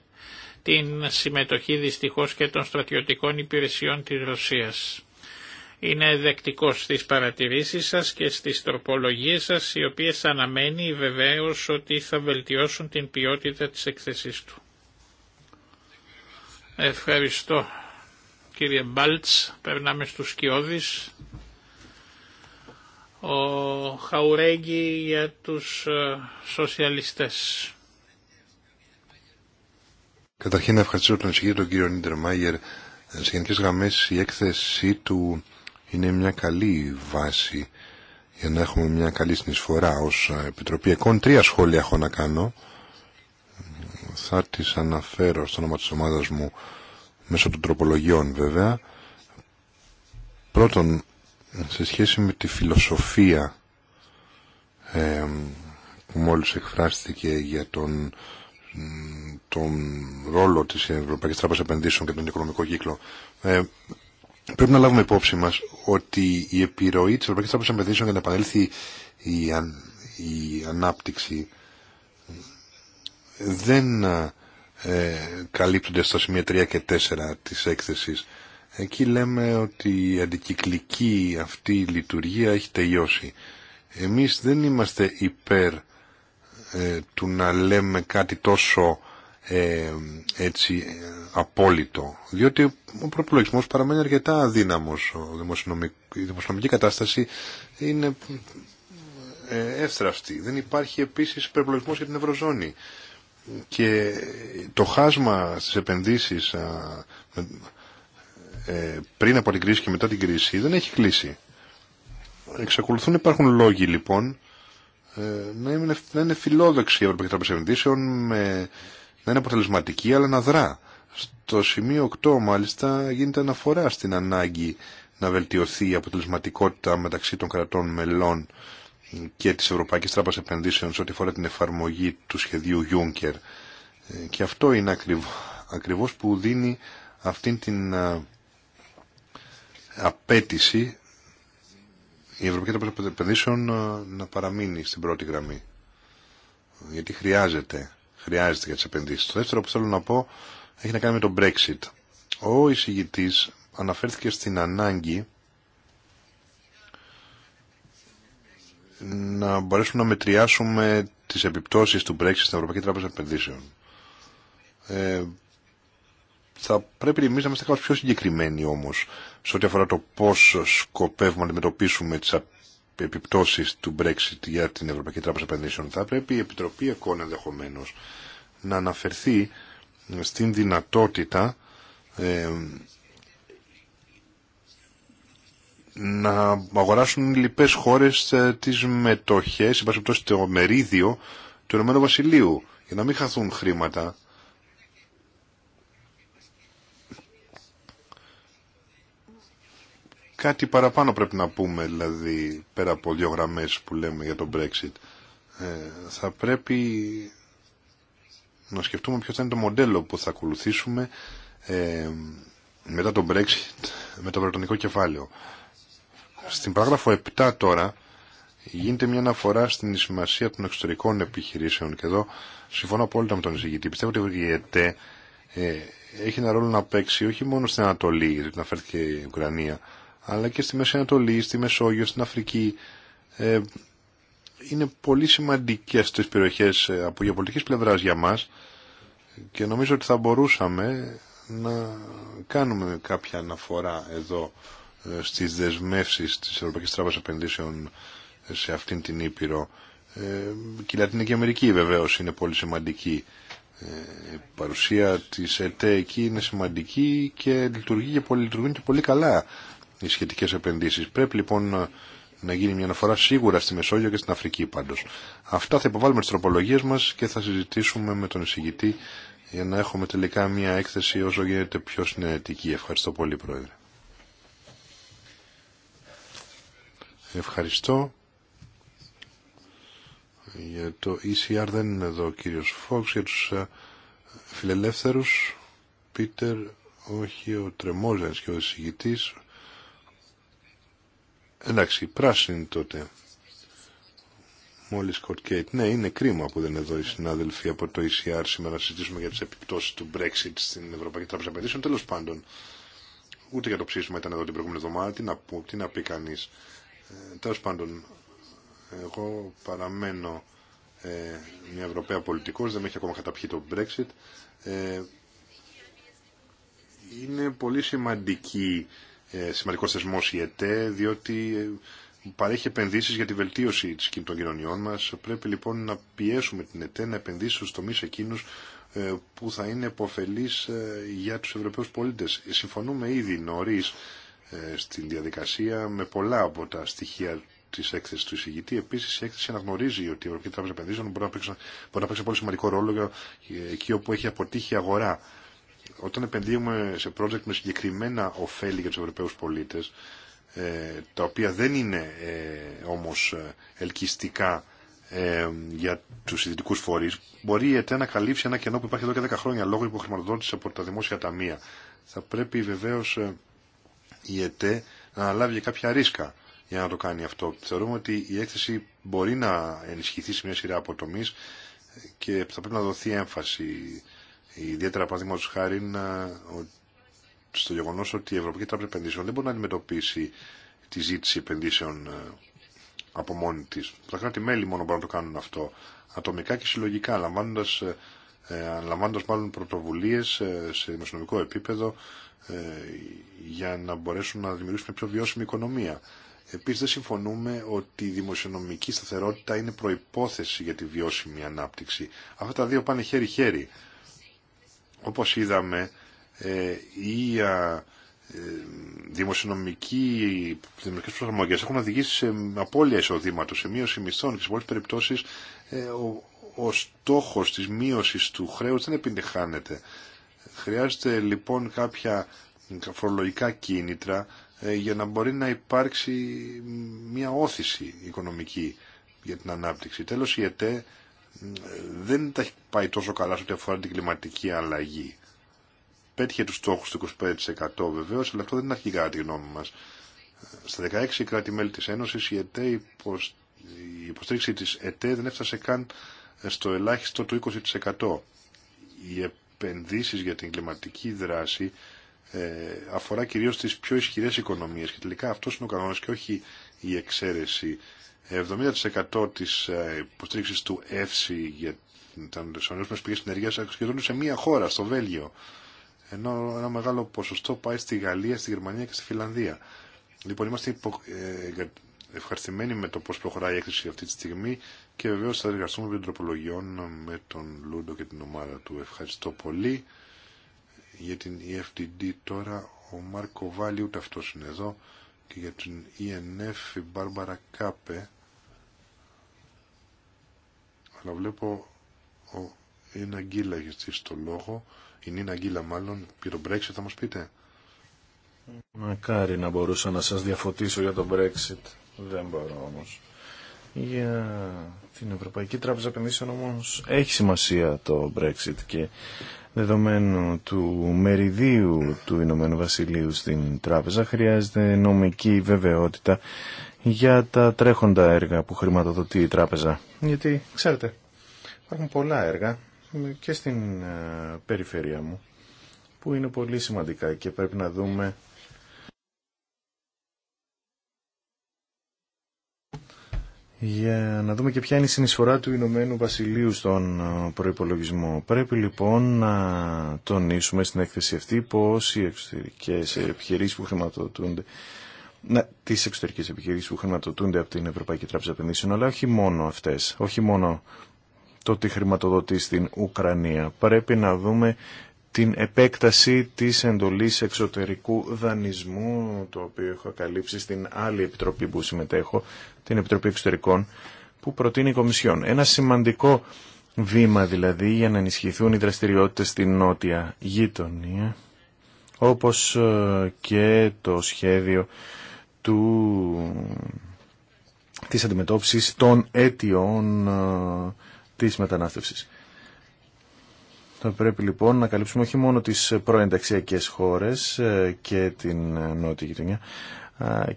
την συμμετοχή δυστυχώς και των στρατιωτικών υπηρεσιών της Ρωσίας. Είναι δεκτικός στις παρατηρήσεις σας και στις τροπολογίες σας, οι οποίες αναμένει βεβαίως ότι θα βελτιώσουν την ποιότητα της εκθεσής του. Ευχαριστώ κύριε Μπάλτς. Περνάμε στους σκιώδης ο Χαουρέγγι για τους ε, σοσιαλιστές. Καταρχήν να ευχαριστήσω τον εισηγήτη τον κύριο Νίτερ Μάγερ. Σε γενικές γραμμές η έκθεσή του είναι μια καλή βάση για να έχουμε μια καλή συνεισφορά ως Επιτροπή Εκόν Τρία σχόλια έχω να κάνω. Θα τις αναφέρω στο όνομα της ομάδας μου μέσω των τροπολογιών βέβαια. Πρώτον, σε σχέση με τη φιλοσοφία που μόλις εκφράστηκε για τον, τον ρόλο της Ευρωπαϊκής Τράπεζας Επενδύσεων και τον οικονομικό κύκλο ε, πρέπει να λάβουμε υπόψη μας ότι η επιρροή της Ευρωπαϊκής Τράπεζας Επενδύσεων για να επανέλθει η, η ανάπτυξη δεν ε, καλύπτονται στα σημεία 3 και 4 της έκθεσης Εκεί λέμε ότι η αντικυκλική αυτή η λειτουργία έχει τελειώσει. Εμείς δεν είμαστε υπέρ ε, του να λέμε κάτι τόσο ε, έτσι απόλυτο. Διότι ο προπολογισμό παραμένει αρκετά αδύναμος. Ο Η δημοσιονομική κατάσταση είναι ε, Δεν υπάρχει επίσης προπολογισμό για την Ευρωζώνη. Και το χάσμα στις επενδύσεις ε, πριν από την κρίση και μετά την κρίση δεν έχει κλείσει. Εξακολουθούν να υπάρχουν λόγοι λοιπόν ε, να είναι, να είναι φιλόδοξη η Ευρωπαϊκή Τράπεζα Επενδύσεων, με, να είναι αποτελεσματική αλλά να δρά. Στο σημείο 8 μάλιστα γίνεται αναφορά στην ανάγκη να βελτιωθεί η αποτελεσματικότητα μεταξύ των κρατών μελών και της Ευρωπαϊκής Τράπεζας Επενδύσεων σε ό,τι φορά την εφαρμογή του σχεδίου Juncker. Ε, και αυτό είναι ακριβώς που δίνει αυτήν την απέτηση η Ευρωπαϊκή Τράπεζα Επενδύσεων ε, να παραμείνει στην πρώτη γραμμή. Γιατί χρειάζεται, χρειάζεται για τι επενδύσει. Το δεύτερο που θέλω να πω έχει να κάνει με το Brexit. Ο εισηγητή αναφέρθηκε στην ανάγκη να μπορέσουμε να μετριάσουμε τις επιπτώσεις του Brexit στην Ευρωπαϊκή Τράπεζα Επενδύσεων. Ε, θα πρέπει εμεί να είμαστε κάπω πιο συγκεκριμένοι όμω σε ό,τι αφορά το πώ σκοπεύουμε να αντιμετωπίσουμε τι επιπτώσει του Brexit για την Ευρωπαϊκή Τράπεζα Επενδύσεων. Θα πρέπει η Επιτροπή ΕΚΟΝ ενδεχομένω να αναφερθεί στην δυνατότητα να αγοράσουν οι λοιπές χώρες ε, τις μετοχές, εν πάση το μερίδιο του Ηνωμένου Βασιλείου, για να μην χαθούν χρήματα κάτι παραπάνω πρέπει να πούμε, δηλαδή, πέρα από δύο γραμμές που λέμε για τον Brexit. Ε, θα πρέπει να σκεφτούμε ποιο θα είναι το μοντέλο που θα ακολουθήσουμε ε, μετά τον Brexit, με το βρετανικό κεφάλαιο. Στην παράγραφο 7 τώρα γίνεται μια αναφορά στην σημασία των εξωτερικών επιχειρήσεων και εδώ συμφωνώ απόλυτα με τον εισηγητή. Πιστεύω ότι η ΕΤΕ έχει ένα ρόλο να παίξει όχι μόνο στην Ανατολή, γιατί αναφέρθηκε η Ουκρανία, αλλά και στη Μέση Ανατολή, στη Μεσόγειο, στην Αφρική. Ε, είναι πολύ σημαντικές τις περιοχές ε, από γεωπολιτικής πλευράς για μας και νομίζω ότι θα μπορούσαμε να κάνουμε κάποια αναφορά εδώ ε, στις δεσμεύσεις της Ευρωπαϊκής Τράπεζας Επενδύσεων σε αυτήν την Ήπειρο. Και η Λατινική Αμερική βεβαίως είναι πολύ σημαντική. Η παρουσία της ΕΤΕ εκεί είναι σημαντική και λειτουργεί και πολύ, και πολύ καλά οι σχετικές επενδύσεις. Πρέπει λοιπόν να γίνει μια αναφορά σίγουρα στη Μεσόγειο και στην Αφρική πάντως. Αυτά θα υποβάλουμε τι τροπολογίες μας και θα συζητήσουμε με τον εισηγητή για να έχουμε τελικά μια έκθεση όσο γίνεται πιο συνενετική. Ευχαριστώ πολύ Πρόεδρε. Ευχαριστώ. Για το ECR δεν είναι εδώ ο κύριος Φόξ. Για τους ε, φιλελεύθερους, Πίτερ, όχι ο Τρεμόζανς και ο εισηγητής, Εντάξει, πράσινη τότε. Μόλις Κορκέιτ. Ναι, είναι κρίμα που δεν είναι εδώ οι συνάδελφοι από το ECR σήμερα να συζητήσουμε για τις επιπτώσεις του Brexit στην Ευρωπαϊκή Τράπεζα Επενδύσεων. Τέλος πάντων, ούτε για το ψήφισμα ήταν εδώ την προηγούμενη εβδομάδα. Τι να, πω, τι να πει κανεί. Ε, τέλος πάντων, εγώ παραμένω ε, μια Ευρωπαία πολιτικός, δεν με έχει ακόμα καταπιεί το Brexit. Ε, είναι πολύ σημαντική ε, σημαντικό θεσμό η ΕΤΕ, διότι ε, παρέχει επενδύσει για τη βελτίωση των κοινωνιών μα. Πρέπει λοιπόν να πιέσουμε την ΕΤΕ να επενδύσει στους τομεί εκείνους ε, που θα είναι υποφελεί για του Ευρωπαίου πολίτε. Συμφωνούμε ήδη νωρί στην διαδικασία με πολλά από τα στοιχεία τη έκθεση του εισηγητή. Επίση, η έκθεση αναγνωρίζει ότι η Ευρωπαϊκή Τράπεζα Επενδύσεων μπορεί να παίξει, μπορεί να παίξει πολύ σημαντικό ρόλο εκεί όπου έχει αποτύχει η αγορά όταν επενδύουμε σε project με συγκεκριμένα ωφέλη για τους Ευρωπαίους πολίτες, ε, τα οποία δεν είναι ε, όμως ε, ελκυστικά για τους ιδιωτικούς φορείς, μπορεί η ΕΤΕ να καλύψει ένα κενό που υπάρχει εδώ και 10 χρόνια λόγω υποχρηματοδότησης από τα δημόσια ταμεία. Θα πρέπει βεβαίως η ΕΤΕ να αναλάβει κάποια ρίσκα για να το κάνει αυτό. Θεωρούμε ότι η έκθεση μπορεί να ενισχυθεί σε μια σειρά από και θα πρέπει να δοθεί έμφαση Ιδιαίτερα, παραδείγματο χάρη, στο γεγονό ότι η Ευρωπαϊκή Τράπεζα Επενδύσεων δεν μπορεί να αντιμετωπίσει τη ζήτηση επενδύσεων ε, από μόνη τη. Τα κράτη-μέλη μόνο μπορούν να το κάνουν αυτό. Ατομικά και συλλογικά, λαμβάνοντα αναλαμβάνοντας ε, ε, μάλλον πρωτοβουλίες σε δημοσιονομικό επίπεδο για να μπορέσουν να δημιουργήσουν μια πιο βιώσιμη οικονομία. Επίσης δεν συμφωνούμε ότι η δημοσιονομική σταθερότητα είναι προπόθεση για τη βιώσιμη ανάπτυξη. Αυτά τα δύο πάνε χέρι-χέρι. Όπως είδαμε, οι ε, ε, δημοσιονομικοί δημοσιονομικές προσαρμογές έχουν οδηγήσει σε απώλεια εισοδήματος, σε μείωση μισθών και σε πολλές περιπτώσεις ε, ο, ο στόχος της μείωσης του χρέους δεν επιτυχάνεται. Χρειάζεται λοιπόν κάποια φορολογικά κίνητρα για να μπορεί να υπάρξει μια όθηση οικονομική για την ανάπτυξη. Τέλος η ΕΤΕ δεν τα έχει πάει τόσο καλά σε ό,τι αφορά την κλιματική αλλαγή. Πέτυχε τους στόχους του 25% βεβαίως, αλλά αυτό δεν είναι αρχικά τη γνώμη μας. Στα 16 κράτη-μέλη της Ένωσης η, ΕΤΕ, η υποστήριξη της ΕΤΕ δεν έφτασε καν στο ελάχιστο του 20%. Οι επενδύσεις για την κλιματική δράση ε, αφορά κυρίως τις πιο ισχυρές οικονομίες και τελικά αυτός είναι ο κανόνας και όχι η εξαίρεση 70% της ε, υποστήριξης του ΕΦΣΙ για τους ανανεώσιμες πηγές ενέργειας σχεδόν σε μία χώρα, στο Βέλγιο. Ενώ ένα μεγάλο ποσοστό πάει στη Γαλλία, στη Γερμανία και στη Φιλανδία. Λοιπόν, είμαστε ε, ευχαριστημένοι με το πώς προχωράει η έκθεση αυτή τη στιγμή και βεβαίως θα εργαστούμε με την τροπολογιών με τον Λούντο και την ομάδα του. Ευχαριστώ πολύ για την EFTD τώρα. Ο Μάρκο Βάλι ούτε αυτός είναι εδώ και για την ΕΝΕΦ e η Μπάρμπαρα Κάπε αλλά βλέπω ο, είναι Γκίλα έχει στήσει το λόγο η Νίνα Γκίλα μάλλον για το Brexit θα μας πείτε Μακάρι να μπορούσα να σας διαφωτίσω για το Brexit δεν μπορώ όμως για την Ευρωπαϊκή Τράπεζα Επενδύσεων όμως έχει σημασία το Brexit και δεδομένου του μεριδίου του Ηνωμένου Βασιλείου στην τράπεζα χρειάζεται νομική βεβαιότητα για τα τρέχοντα έργα που χρηματοδοτεί η τράπεζα. Γιατί, ξέρετε, υπάρχουν πολλά έργα και στην ε, περιφέρεια μου που είναι πολύ σημαντικά και πρέπει να δούμε για να δούμε και ποια είναι η συνεισφορά του Ηνωμένου Βασιλείου στον ε, προϋπολογισμό. Πρέπει λοιπόν να τονίσουμε στην έκθεση αυτή πως οι εξωτερικές επιχειρήσεις που χρηματοδοτούνται να, εξωτερικές που χρηματοδοτούνται από την Ευρωπαϊκή Τράπεζα Επενδύσεων, αλλά όχι μόνο αυτές, όχι μόνο το τι χρηματοδοτεί στην Ουκρανία. Πρέπει να δούμε την επέκταση της εντολής εξωτερικού δανεισμού, το οποίο έχω καλύψει στην άλλη επιτροπή που συμμετέχω, την Επιτροπή Εξωτερικών που προτείνει η Κομισιόν. Ένα σημαντικό βήμα δηλαδή για να ενισχυθούν οι δραστηριότητες στην νότια γειτονία όπως ε, και το σχέδιο του, της αντιμετώπισης των αίτιων ε, της μετανάστευσης. Θα πρέπει λοιπόν να καλύψουμε όχι μόνο τις προενταξιακές χώρες ε, και την νότια γειτονιά,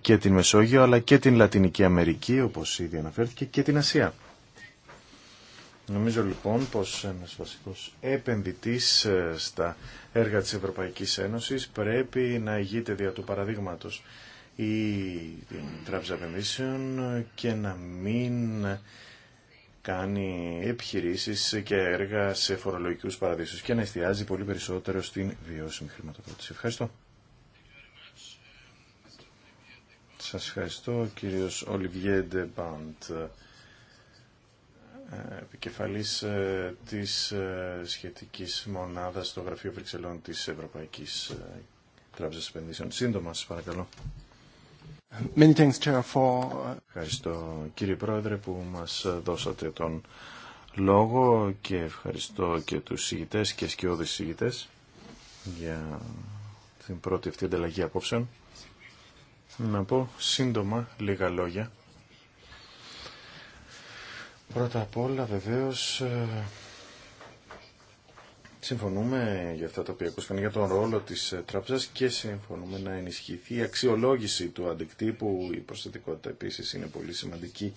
και την Μεσόγειο αλλά και την Λατινική Αμερική όπως ήδη αναφέρθηκε και την Ασία. Νομίζω λοιπόν πως ένας βασικός επενδυτής ε, στα έργα της Ευρωπαϊκής Ένωσης πρέπει να ηγείται δια του παραδείγματος ή την Τράπεζα Επενδύσεων και να μην κάνει επιχειρήσεις και έργα σε φορολογικούς παραδείσους και να εστιάζει πολύ περισσότερο στην βιώσιμη χρηματοδότηση. Ευχαριστώ. Σας ευχαριστώ κύριος Ολιβιέντε Μπαντ ε, επικεφαλής ε, της ε, σχετικής μονάδας στο Γραφείο Βρυξελών της Ευρωπαϊκής Τράπεζας Επενδύσεων. Σύντομα, σας παρακαλώ. Many thanks, uh, Ευχαριστώ κύριε Πρόεδρε που μας δώσατε τον λόγο και ευχαριστώ και τους συγητές και σκιώδεις συγητές για την πρώτη αυτή ανταλλαγή απόψεων να πω σύντομα λίγα λόγια. Πρώτα απ' όλα βεβαίως ε, συμφωνούμε για αυτά τα οποία ακούστηκαν για τον ρόλο της ε, τράπεζας και συμφωνούμε να ενισχυθεί η αξιολόγηση του αντικτύπου. Η προσθετικότητα επίσης είναι πολύ σημαντική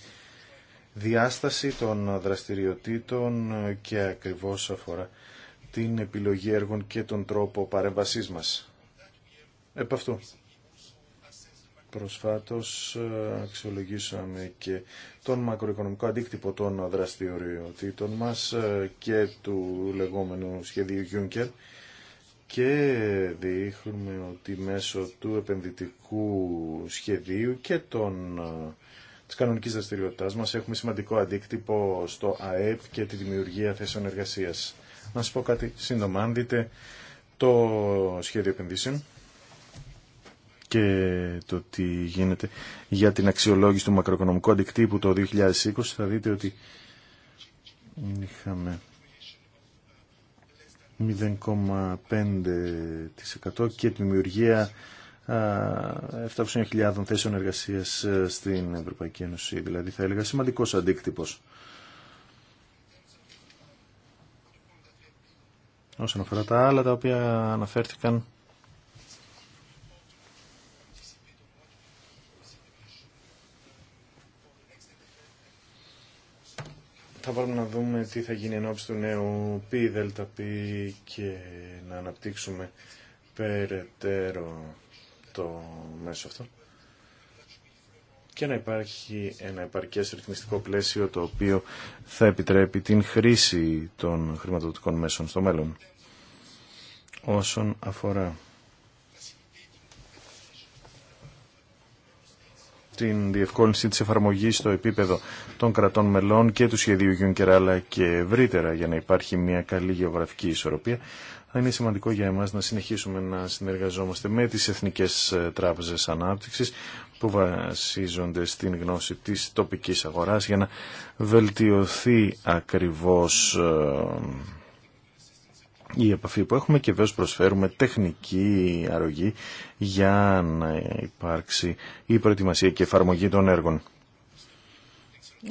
διάσταση των δραστηριοτήτων ε, και ακριβώς αφορά την επιλογή έργων και τον τρόπο παρέμβασής μας. Επ' αυτού Προσφάτως ε, αξιολογήσαμε και τον μακροοικονομικό αντίκτυπο των δραστηριοτήτων μας ε, και του λεγόμενου σχεδίου Juncker και δείχνουμε ότι μέσω του επενδυτικού σχεδίου και των, ε, της κανονικής δραστηριότητάς μας έχουμε σημαντικό αντίκτυπο στο ΑΕΠ και τη δημιουργία θέσεων εργασίας. Να σας πω κάτι σύντομα, το σχέδιο επενδύσεων και το τι γίνεται για την αξιολόγηση του μακροοικονομικού αντικτύπου το 2020 θα δείτε ότι είχαμε 0,5% και τη δημιουργία 700.000 θέσεων εργασίας στην Ευρωπαϊκή Ένωση. Δηλαδή θα έλεγα σημαντικός αντίκτυπος. Όσον αφορά τα άλλα τα οποία αναφέρθηκαν θα πρέπει να δούμε τι θα γίνει ενώπιση του νέου πι δελτα και να αναπτύξουμε περαιτέρω το μέσο αυτό και να υπάρχει ένα επαρκές ρυθμιστικό πλαίσιο το οποίο θα επιτρέπει την χρήση των χρηματοδοτικών μέσων στο μέλλον. Όσον αφορά την διευκόλυνση της εφαρμογής στο επίπεδο των κρατών μελών και του σχεδίου Γιούνκερ αλλά και ευρύτερα για να υπάρχει μια καλή γεωγραφική ισορροπία θα είναι σημαντικό για εμάς να συνεχίσουμε να συνεργαζόμαστε με τις Εθνικές ε, Τράπεζες Ανάπτυξης που βασίζονται στην γνώση της τοπικής αγοράς για να βελτιωθεί ακριβώς ε, η επαφή που έχουμε και βέβαια προσφέρουμε τεχνική αρρωγή για να υπάρξει η προετοιμασία και εφαρμογή των έργων.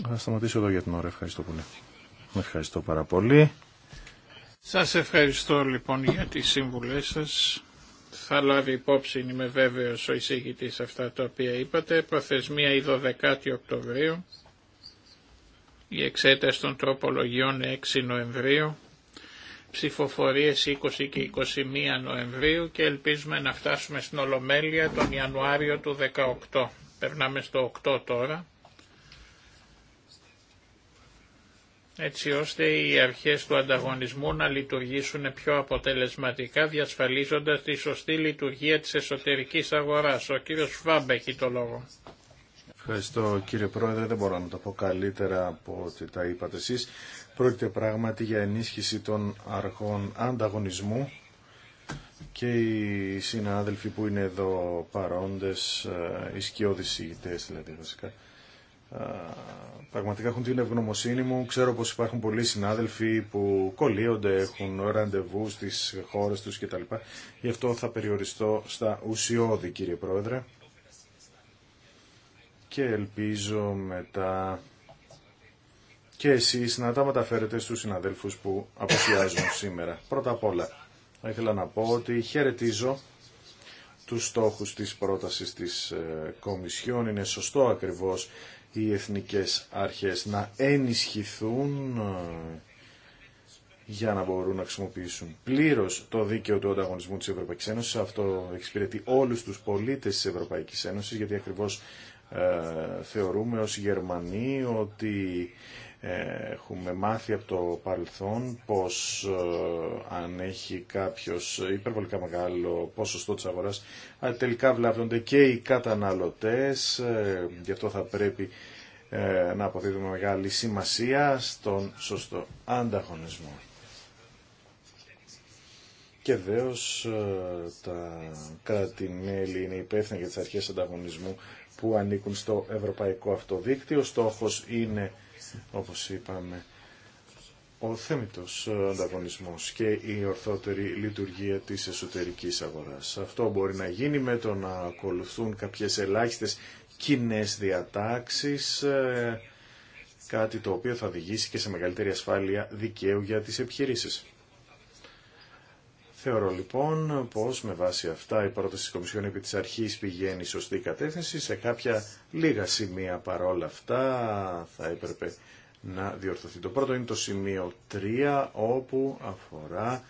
Θα σταματήσω εδώ για την ώρα. Ευχαριστώ πολύ. Ευχαριστώ πάρα πολύ. Σας ευχαριστώ λοιπόν για τις σύμβουλές σας. Θα λάβει υπόψη, είμαι βέβαιος, ο εισήγητης αυτά τα οποία είπατε. Προθεσμία η 12η Οκτωβρίου. Η εξέταση των τροπολογιών 6 Νοεμβρίου ψηφοφορίες 20 και 21 Νοεμβρίου και ελπίζουμε να φτάσουμε στην Ολομέλεια τον Ιανουάριο του 18. Περνάμε στο 8 τώρα. έτσι ώστε οι αρχές του ανταγωνισμού να λειτουργήσουν πιο αποτελεσματικά διασφαλίζοντας τη σωστή λειτουργία της εσωτερικής αγοράς. Ο κύριος Φάμπ έχει το λόγο. Ευχαριστώ κύριε Πρόεδρε, δεν μπορώ να το πω καλύτερα από ό,τι τα είπατε εσείς. Πρόκειται πράγματι για ενίσχυση των αρχών ανταγωνισμού και οι συνάδελφοι που είναι εδώ παρόντες, ε, οι σκιώδεις ηγητές δηλαδή βασικά, ε, πραγματικά έχουν την ευγνωμοσύνη μου. Ξέρω πως υπάρχουν πολλοί συνάδελφοι που κολλείονται, έχουν ραντεβού στις χώρες τους κτλ. Γι' αυτό θα περιοριστώ στα ουσιώδη κύριε Πρόεδρε και ελπίζω μετά και εσείς να τα μεταφέρετε στους συναδέλφους που απουσιάζουν σήμερα. Πρώτα απ' όλα, θα ήθελα να πω ότι χαιρετίζω τους στόχους της πρότασης της ε, Κομισιόν. Είναι σωστό ακριβώς οι εθνικές αρχές να ενισχυθούν ε, για να μπορούν να χρησιμοποιήσουν πλήρως το δίκαιο του ανταγωνισμού της Ευρωπαϊκής Ένωσης. Αυτό εξυπηρετεί όλους τους πολίτες της Ευρωπαϊκής Ένωσης, γιατί ακριβώς ε, θεωρούμε ως Γερμανοί ότι έχουμε μάθει από το παρελθόν πως ε, αν έχει κάποιος υπερβολικά μεγάλο ποσοστό της αγοράς ε, τελικά βλάβονται και οι καταναλωτές ε, γι' αυτό θα πρέπει να αποδίδουμε μεγάλη σημασία στον σωστό ανταγωνισμό. Και βεβαίω τα κράτη-μέλη είναι υπεύθυνα για τις αρχές ανταγωνισμού που ανήκουν στο ευρωπαϊκό αυτοδίκτυο. Στόχος είναι όπως είπαμε, ο θέμητος ανταγωνισμός και η ορθότερη λειτουργία της εσωτερικής αγοράς. Αυτό μπορεί να γίνει με το να ακολουθούν κάποιες ελάχιστες κοινέ διατάξεις, ε, κάτι το οποίο θα οδηγήσει και σε μεγαλύτερη ασφάλεια δικαίου για τις επιχειρήσεις. Θεωρώ λοιπόν πως με βάση αυτά η πρόταση τη Κομισιόν επί τη αρχή πηγαίνει σωστή κατεύθυνση. Σε κάποια λίγα σημεία παρόλα αυτά θα έπρεπε να διορθωθεί. Το πρώτο είναι το σημείο 3 όπου αφορά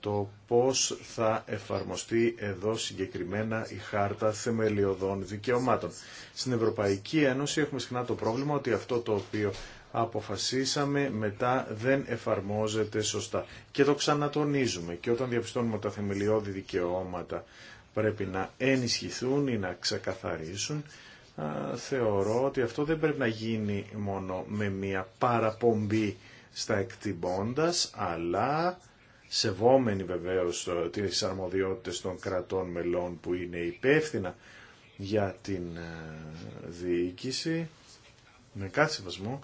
το πώς θα εφαρμοστεί εδώ συγκεκριμένα η χάρτα θεμελιωδών δικαιωμάτων. Στην Ευρωπαϊκή Ένωση έχουμε συχνά το πρόβλημα ότι αυτό το οποίο αποφασίσαμε μετά δεν εφαρμόζεται σωστά. Και το ξανατονίζουμε και όταν διαπιστώνουμε τα θεμελιώδη δικαιώματα πρέπει να ενισχυθούν ή να ξεκαθαρίσουν, θεωρώ ότι αυτό δεν πρέπει να γίνει μόνο με μια παραπομπή στα εκτιμώντας, αλλά σεβόμενοι βεβαίως ε, τις αρμοδιότητες των κρατών μελών που είναι υπεύθυνα για την ε, διοίκηση, με κάθε σεβασμό,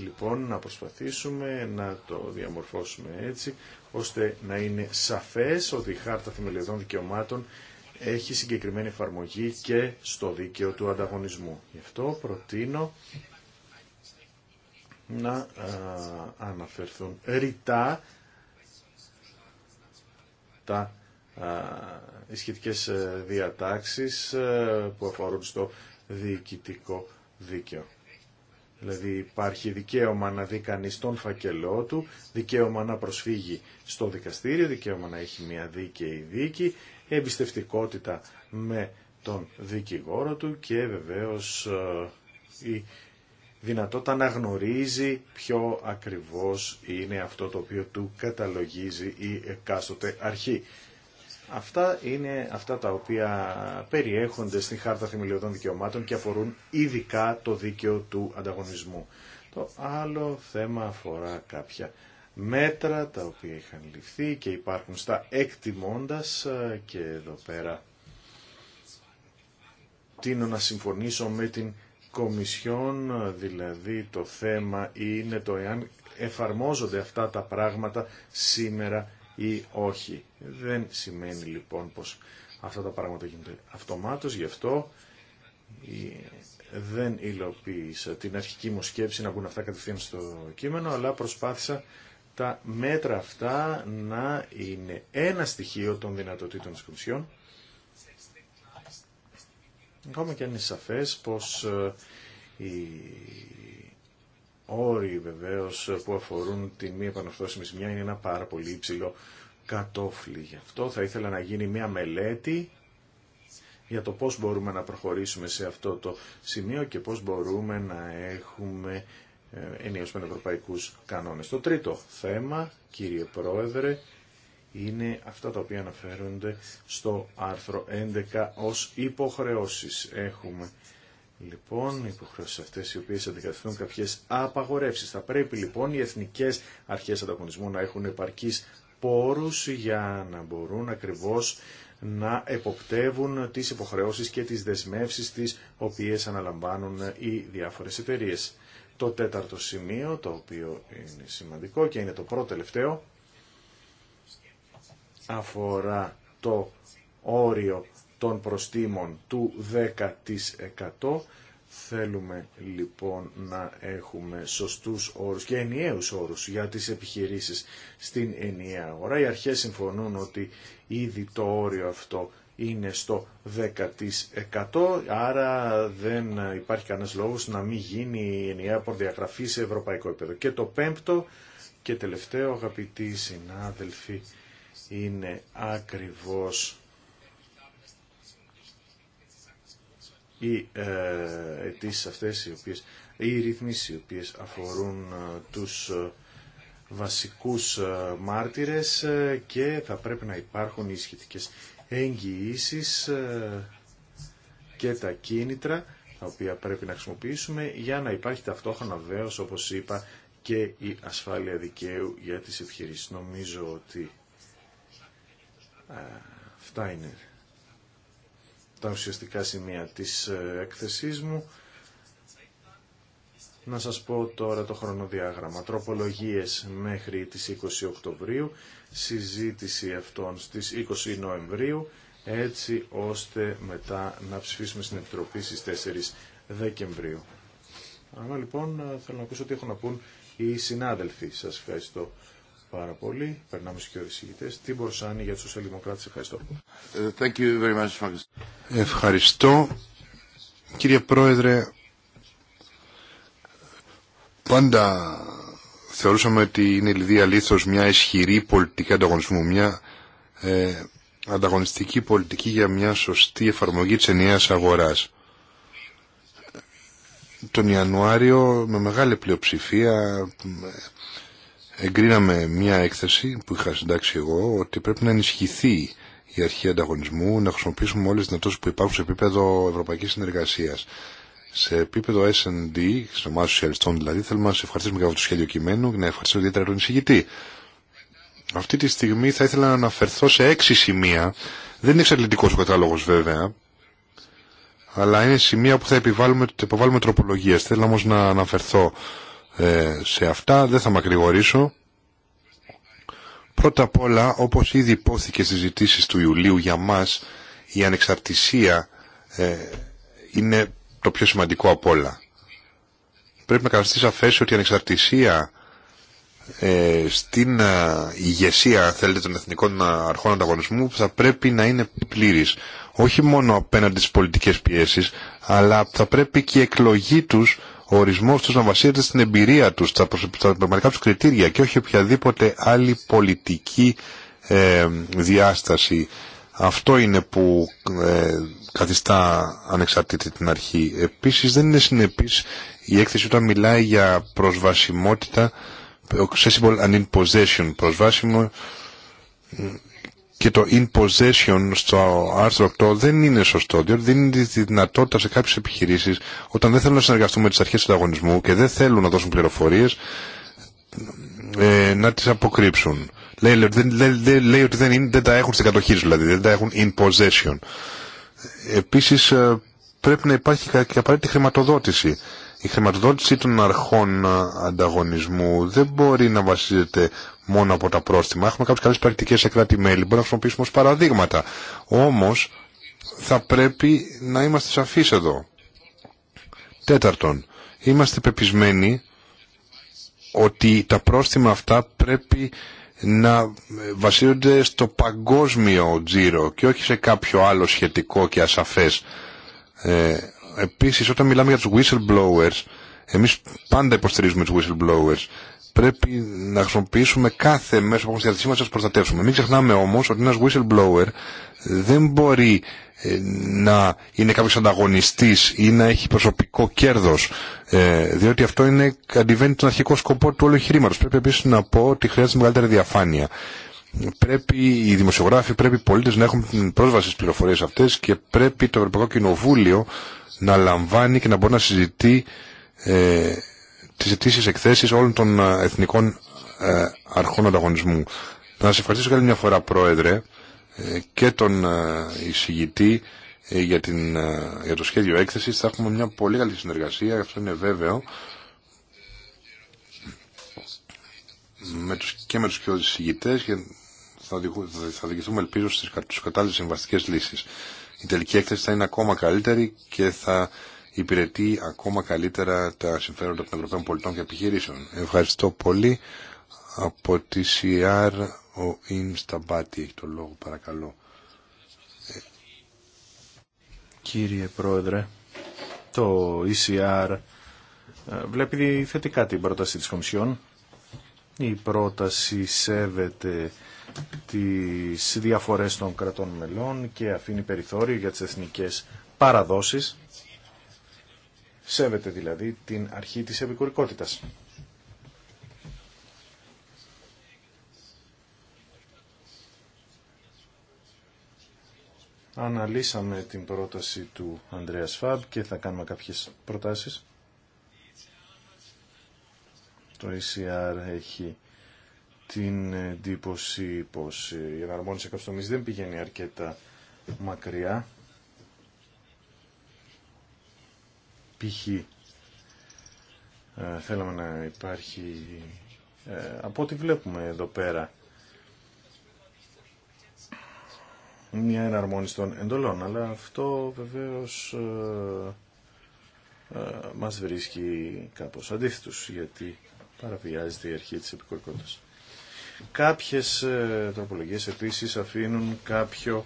λοιπόν να προσπαθήσουμε να το διαμορφώσουμε έτσι ώστε να είναι σαφές ότι η Χάρτα Θεμελιωδών Δικαιωμάτων έχει συγκεκριμένη εφαρμογή και στο δίκαιο του ανταγωνισμού. Γι' αυτό προτείνω να αναφερθούν ρητά τα α, οι σχετικές ε, διατάξεις ε, που αφορούν στο διοικητικό δίκαιο. Δηλαδή υπάρχει δικαίωμα να δει κανεί τον φακελό του, δικαίωμα να προσφύγει στο δικαστήριο, δικαίωμα να έχει μια δίκαιη δίκη, εμπιστευτικότητα με τον δικηγόρο του και βεβαίως ε, η δυνατότητα να γνωρίζει ποιο ακριβώς είναι αυτό το οποίο του καταλογίζει η εκάστοτε αρχή. Αυτά είναι αυτά τα οποία περιέχονται στην Χάρτα Θεμελιωδών Δικαιωμάτων και αφορούν ειδικά το δίκαιο του ανταγωνισμού. Το άλλο θέμα αφορά κάποια μέτρα τα οποία είχαν ληφθεί και υπάρχουν στα εκτιμώντας ε, και εδώ πέρα τίνω να συμφωνήσω με την Κομισιόν, ε, δηλαδή το θέμα είναι το εάν εφαρμόζονται αυτά τα πράγματα σήμερα ή όχι. Δεν σημαίνει λοιπόν πως αυτά τα πράγματα γίνονται αυτομάτως, γι' αυτό δεν υλοποίησα την αρχική μου σκέψη να βγουν αυτά κατευθείαν στο κείμενο, αλλά προσπάθησα τα μέτρα αυτά να είναι ένα στοιχείο των δυνατοτήτων της Κομισιόν. Ακόμα και αν είναι σαφές πως ε, η όροι βεβαίως που αφορούν τη μη επανορθώσιμη ζημιά είναι ένα πάρα πολύ υψηλό κατόφλι. Γι' αυτό θα ήθελα να γίνει μια μελέτη για το πώς μπορούμε να προχωρήσουμε σε αυτό το σημείο και πώς μπορούμε να έχουμε ε, ενίως ευρωπαϊκούς κανόνες. Το τρίτο θέμα, κύριε Πρόεδρε, είναι αυτά τα οποία αναφέρονται στο άρθρο 11 ως υποχρεώσεις. Έχουμε λοιπόν υποχρεώσει αυτές οι οποίες αντικαθιστούν κάποιες απαγορεύσεις. Θα πρέπει λοιπόν οι εθνικές αρχές ανταγωνισμού να έχουν επαρκείς πόρους για να μπορούν ακριβώ να εποπτεύουν τις υποχρεώσει και τις δεσμεύσεις τις οποίες αναλαμβάνουν οι διάφορες εταιρείε. Το τέταρτο σημείο, το οποίο είναι σημαντικό και είναι το πρώτο τελευταίο, αφορά το όριο των προστήμων του 10%. Θέλουμε λοιπόν να έχουμε σωστούς όρους και ενιαίους όρους για τις επιχειρήσεις στην ενιαία ώρα. Οι αρχές συμφωνούν ότι ήδη το όριο αυτό είναι στο 10% άρα δεν υπάρχει κανένας λόγος να μην γίνει η ενιαία προδιαγραφή σε ευρωπαϊκό επίπεδο. Και το πέμπτο και τελευταίο αγαπητοί συνάδελφοι είναι ακριβώς οι ε, αιτήσει αυτές οι οποίες, οι ρυθμίσεις οι οποίες αφορούν ε, τους ε, βασικούς μάρτυρες και θα πρέπει να υπάρχουν οι σχετικές εγγυήσεις και τα κίνητρα τα οποία πρέπει να χρησιμοποιήσουμε για να υπάρχει ταυτόχρονα βεβαίω, όπως είπα και η ασφάλεια δικαίου για τις επιχειρήσεις. Νομίζω ότι αυτά είναι τα ουσιαστικά σημεία της ε, έκθεσής μου. Να σας πω τώρα το χρονοδιάγραμμα. Τροπολογίες μέχρι τις 20 Οκτωβρίου, συζήτηση αυτών στις 20 Νοεμβρίου, έτσι ώστε μετά να ψηφίσουμε στην Επιτροπή στις 4 Δεκεμβρίου. Άρα λοιπόν ε, θέλω να ακούσω τι έχουν να πούν οι συνάδελφοι. Σας ευχαριστώ πάρα πολύ. Περνάμε στους εισηγητές. Τι μπορούσαν για τους σοσιαλδημοκράτες. Ευχαριστώ. Ε, thank you very much. Ευχαριστώ. Κύριε Πρόεδρε, πάντα θεωρούσαμε ότι είναι η Λιδία Λίθος μια ισχυρή πολιτική ανταγωνισμού, μια ε, ανταγωνιστική πολιτική για μια σωστή εφαρμογή της ενιαίας αγοράς. Τον Ιανουάριο με μεγάλη πλειοψηφία εγκρίναμε μια έκθεση που είχα συντάξει εγώ ότι πρέπει να ενισχυθεί η αρχή ανταγωνισμού, να χρησιμοποιήσουμε όλε τι δυνατότητε που υπάρχουν σε επίπεδο Ευρωπαϊκή συνεργασίας. Σε επίπεδο S&D, στο μάσο σοσιαλιστών δηλαδή, θέλουμε να σε ευχαριστήσουμε για αυτό το σχέδιο κειμένου και να ευχαριστήσω ιδιαίτερα τον εισηγητή. Αυτή τη στιγμή θα ήθελα να αναφερθώ σε έξι σημεία. Δεν είναι εξαρτητικό ο κατάλογο βέβαια, αλλά είναι σημεία που θα επιβάλλουμε, επιβάλλουμε Θέλω όμω να αναφερθώ ε, σε αυτά. Δεν θα μακρηγορήσω. Πρώτα απ' όλα, όπως ήδη υπόθηκε στις ζητήσεις του Ιουλίου για μας, η ανεξαρτησία ε, είναι το πιο σημαντικό απ' όλα. Πρέπει να καταστεί σαφές ότι η ανεξαρτησία ε, στην ηγεσία θέλετε, των εθνικών αρχών ανταγωνισμού θα πρέπει να είναι πλήρης. Όχι μόνο απέναντι στις πολιτικές πιέσεις, αλλά θα πρέπει και η εκλογή τους ο ορισμός του να βασίζεται στην εμπειρία του, στα, πραγματικά του κριτήρια και όχι οποιαδήποτε άλλη πολιτική ε, διάσταση. Αυτό είναι που ε, καθιστά ανεξαρτήτη την αρχή. Επίσης δεν είναι συνεπής η έκθεση όταν μιλάει για προσβασιμότητα, accessible and in possession, προσβάσιμο και το in possession στο άρθρο 8 δεν είναι σωστό, διότι δίνει τη δυνατότητα σε κάποιε επιχειρήσει όταν δεν θέλουν να συνεργαστούν με τι αρχέ του ανταγωνισμού και δεν θέλουν να δώσουν πληροφορίε ε, να τι αποκρύψουν. Λέει, ότι δεν, δεν τα έχουν στην κατοχή δηλαδή δεν τα έχουν in possession. Επίση ε, πρέπει να υπάρχει και απαραίτητη χρηματοδότηση. Η χρηματοδότηση των αρχών ε, ανταγωνισμού δεν μπορεί να βασίζεται μόνο από τα πρόστιμα. Έχουμε κάποιε καλέ πρακτικέ σε κράτη-μέλη, μπορούμε να χρησιμοποιήσουμε ω παραδείγματα. Όμω θα πρέπει να είμαστε σαφεί εδώ. Τέταρτον, είμαστε πεπισμένοι ότι τα πρόστιμα αυτά πρέπει να βασίζονται στο παγκόσμιο τζίρο και όχι σε κάποιο άλλο σχετικό και ασαφές. Ε, επίσης, όταν μιλάμε για τους whistleblowers, εμείς πάντα υποστηρίζουμε τους whistleblowers πρέπει να χρησιμοποιήσουμε κάθε μέσο που έχουμε στη διάθεσή μα να προστατεύσουμε. Μην ξεχνάμε όμω ότι ένα whistleblower δεν μπορεί ε, να είναι κάποιο ανταγωνιστή ή να έχει προσωπικό κέρδο, ε, διότι αυτό είναι αντιβαίνει τον αρχικό σκοπό του όλου εγχειρήματο. Πρέπει επίση να πω ότι χρειάζεται μεγαλύτερη διαφάνεια. Πρέπει οι δημοσιογράφοι, πρέπει οι πολίτε να έχουν πρόσβαση στι πληροφορίες αυτές και πρέπει το Ευρωπαϊκό Κοινοβούλιο να λαμβάνει και να μπορεί να συζητεί ε, τις αιτήσεις εκθέσεις όλων των ε, εθνικών ε, αρχών ανταγωνισμού. Να σας ευχαριστήσω καλή μια φορά Πρόεδρε ε, και τον εισηγητή για, την, για το σχέδιο έκθεσης. Θα έχουμε μια πολύ καλή συνεργασία, αυτό είναι βέβαιο, με τους, και με τους και εισηγητές και θα, θα διηγηθούμε ελπίζω στις κατάλληλες συμβαστικές λύσεις. Η τελική έκθεση θα είναι ακόμα καλύτερη και θα υπηρετεί ακόμα καλύτερα τα συμφέροντα των Ευρωπαίων πολιτών και επιχειρήσεων. Ευχαριστώ πολύ. Από τη ΣΥΑΡ ο Ιν Σταμπάτη έχει το λόγο παρακαλώ. Κύριε Πρόεδρε, το ECR ε, βλέπει θετικά την πρόταση της Κομισιόν. Η πρόταση σέβεται τις διαφορές των κρατών μελών και αφήνει περιθώριο για τις εθνικές παραδόσεις Σέβεται δηλαδή την αρχή της επικουρικότητας. Αναλύσαμε την πρόταση του Ανδρέας Φαμπ και θα κάνουμε κάποιες προτάσεις. Το ECR έχει την εντύπωση πως η εναρμόνιση καυστομής δεν πηγαίνει αρκετά μακριά π.χ. Ε, θέλαμε να υπάρχει, ε, από ό,τι βλέπουμε εδώ πέρα, μια εναρμόνιση των εντολών, αλλά αυτό βεβαίως ε, μας βρίσκει κάπως αντίθετους, γιατί παραβιάζεται η αρχή της επικορικότητας. Κάποιες τροπολογίες επίσης αφήνουν κάποιο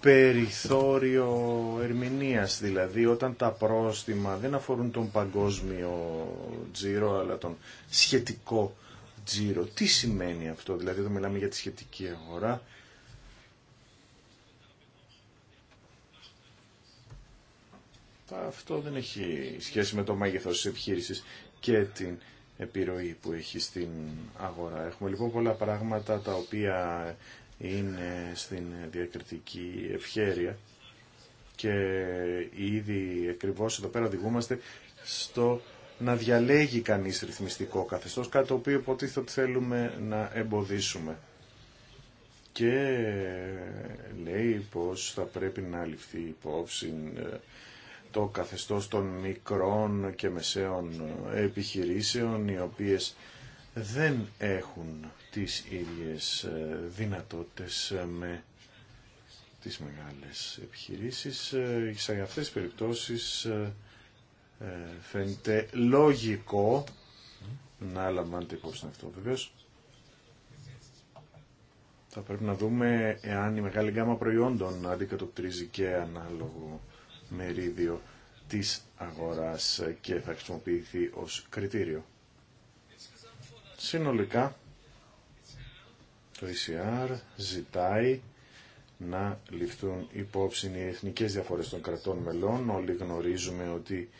περιθώριο ερμηνείας, δηλαδή όταν τα πρόστιμα δεν αφορούν τον παγκόσμιο τζίρο αλλά τον σχετικό τζίρο. Τι σημαίνει αυτό, δηλαδή όταν μιλάμε για τη σχετική αγορά, αυτό δεν έχει σχέση με το μέγεθος της επιχείρηση και την επιρροή που έχει στην αγορά. Έχουμε λοιπόν πολλά πράγματα τα οποία είναι στην διακριτική ευχέρεια και ήδη ακριβώ εδώ πέρα οδηγούμαστε στο να διαλέγει κανείς ρυθμιστικό καθεστώς, κάτι το οποίο υποτίθεται θέλουμε να εμποδίσουμε. Και λέει πως θα πρέπει να ληφθεί υπόψη ε, το καθεστώς των μικρών και μεσαίων επιχειρήσεων, οι οποίες δεν έχουν τις ίδιες ε, δυνατότητες ε, με τις μεγάλες επιχειρήσεις. Ε, σε αυτές τις περιπτώσεις φαίνεται λογικό να λαμβάνεται υπόψη αυτό βεβαίως. Θα πρέπει να δούμε εάν η μεγάλη γκάμα προϊόντων αντικατοπτρίζει και ανάλογο μερίδιο της αγοράς και θα χρησιμοποιηθεί ως κριτήριο. Συνολικά, το ECR ζητάει να ληφθούν υπόψη οι εθνικές διαφορές των κρατών μελών. Όλοι γνωρίζουμε ότι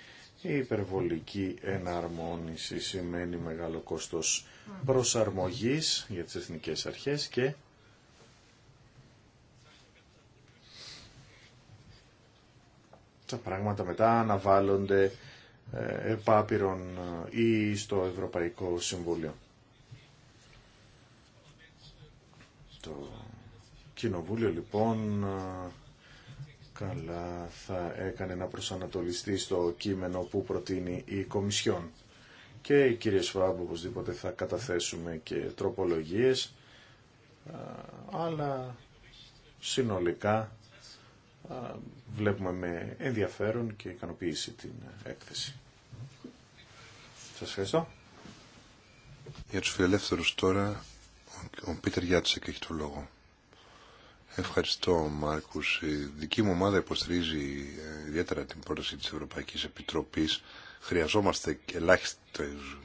η υπερβολική εναρμόνιση σημαίνει μεγάλο κόστος προσαρμογής για τις εθνικές αρχές και τα πράγματα μετά αναβάλλονται ε, επάπειρον ε, ή στο Ευρωπαϊκό Συμβούλιο. Το Κοινοβούλιο λοιπόν καλά θα έκανε να προσανατολιστεί στο κείμενο που προτείνει η Κομισιόν. Και οι κύριε Σφάμπ οπωσδήποτε θα καταθέσουμε και τροπολογίες, αλλά συνολικά βλέπουμε με ενδιαφέρον και ικανοποίηση την έκθεση. Σας ευχαριστώ. Για τους φιλελεύθερους τώρα ο Πίτερ Γιάτσεκ έχει το λόγο. Ευχαριστώ, Μάρκους. Η δική μου ομάδα υποστηρίζει ε, ιδιαίτερα την πρόταση της Ευρωπαϊκής Επιτροπής. Χρειαζόμαστε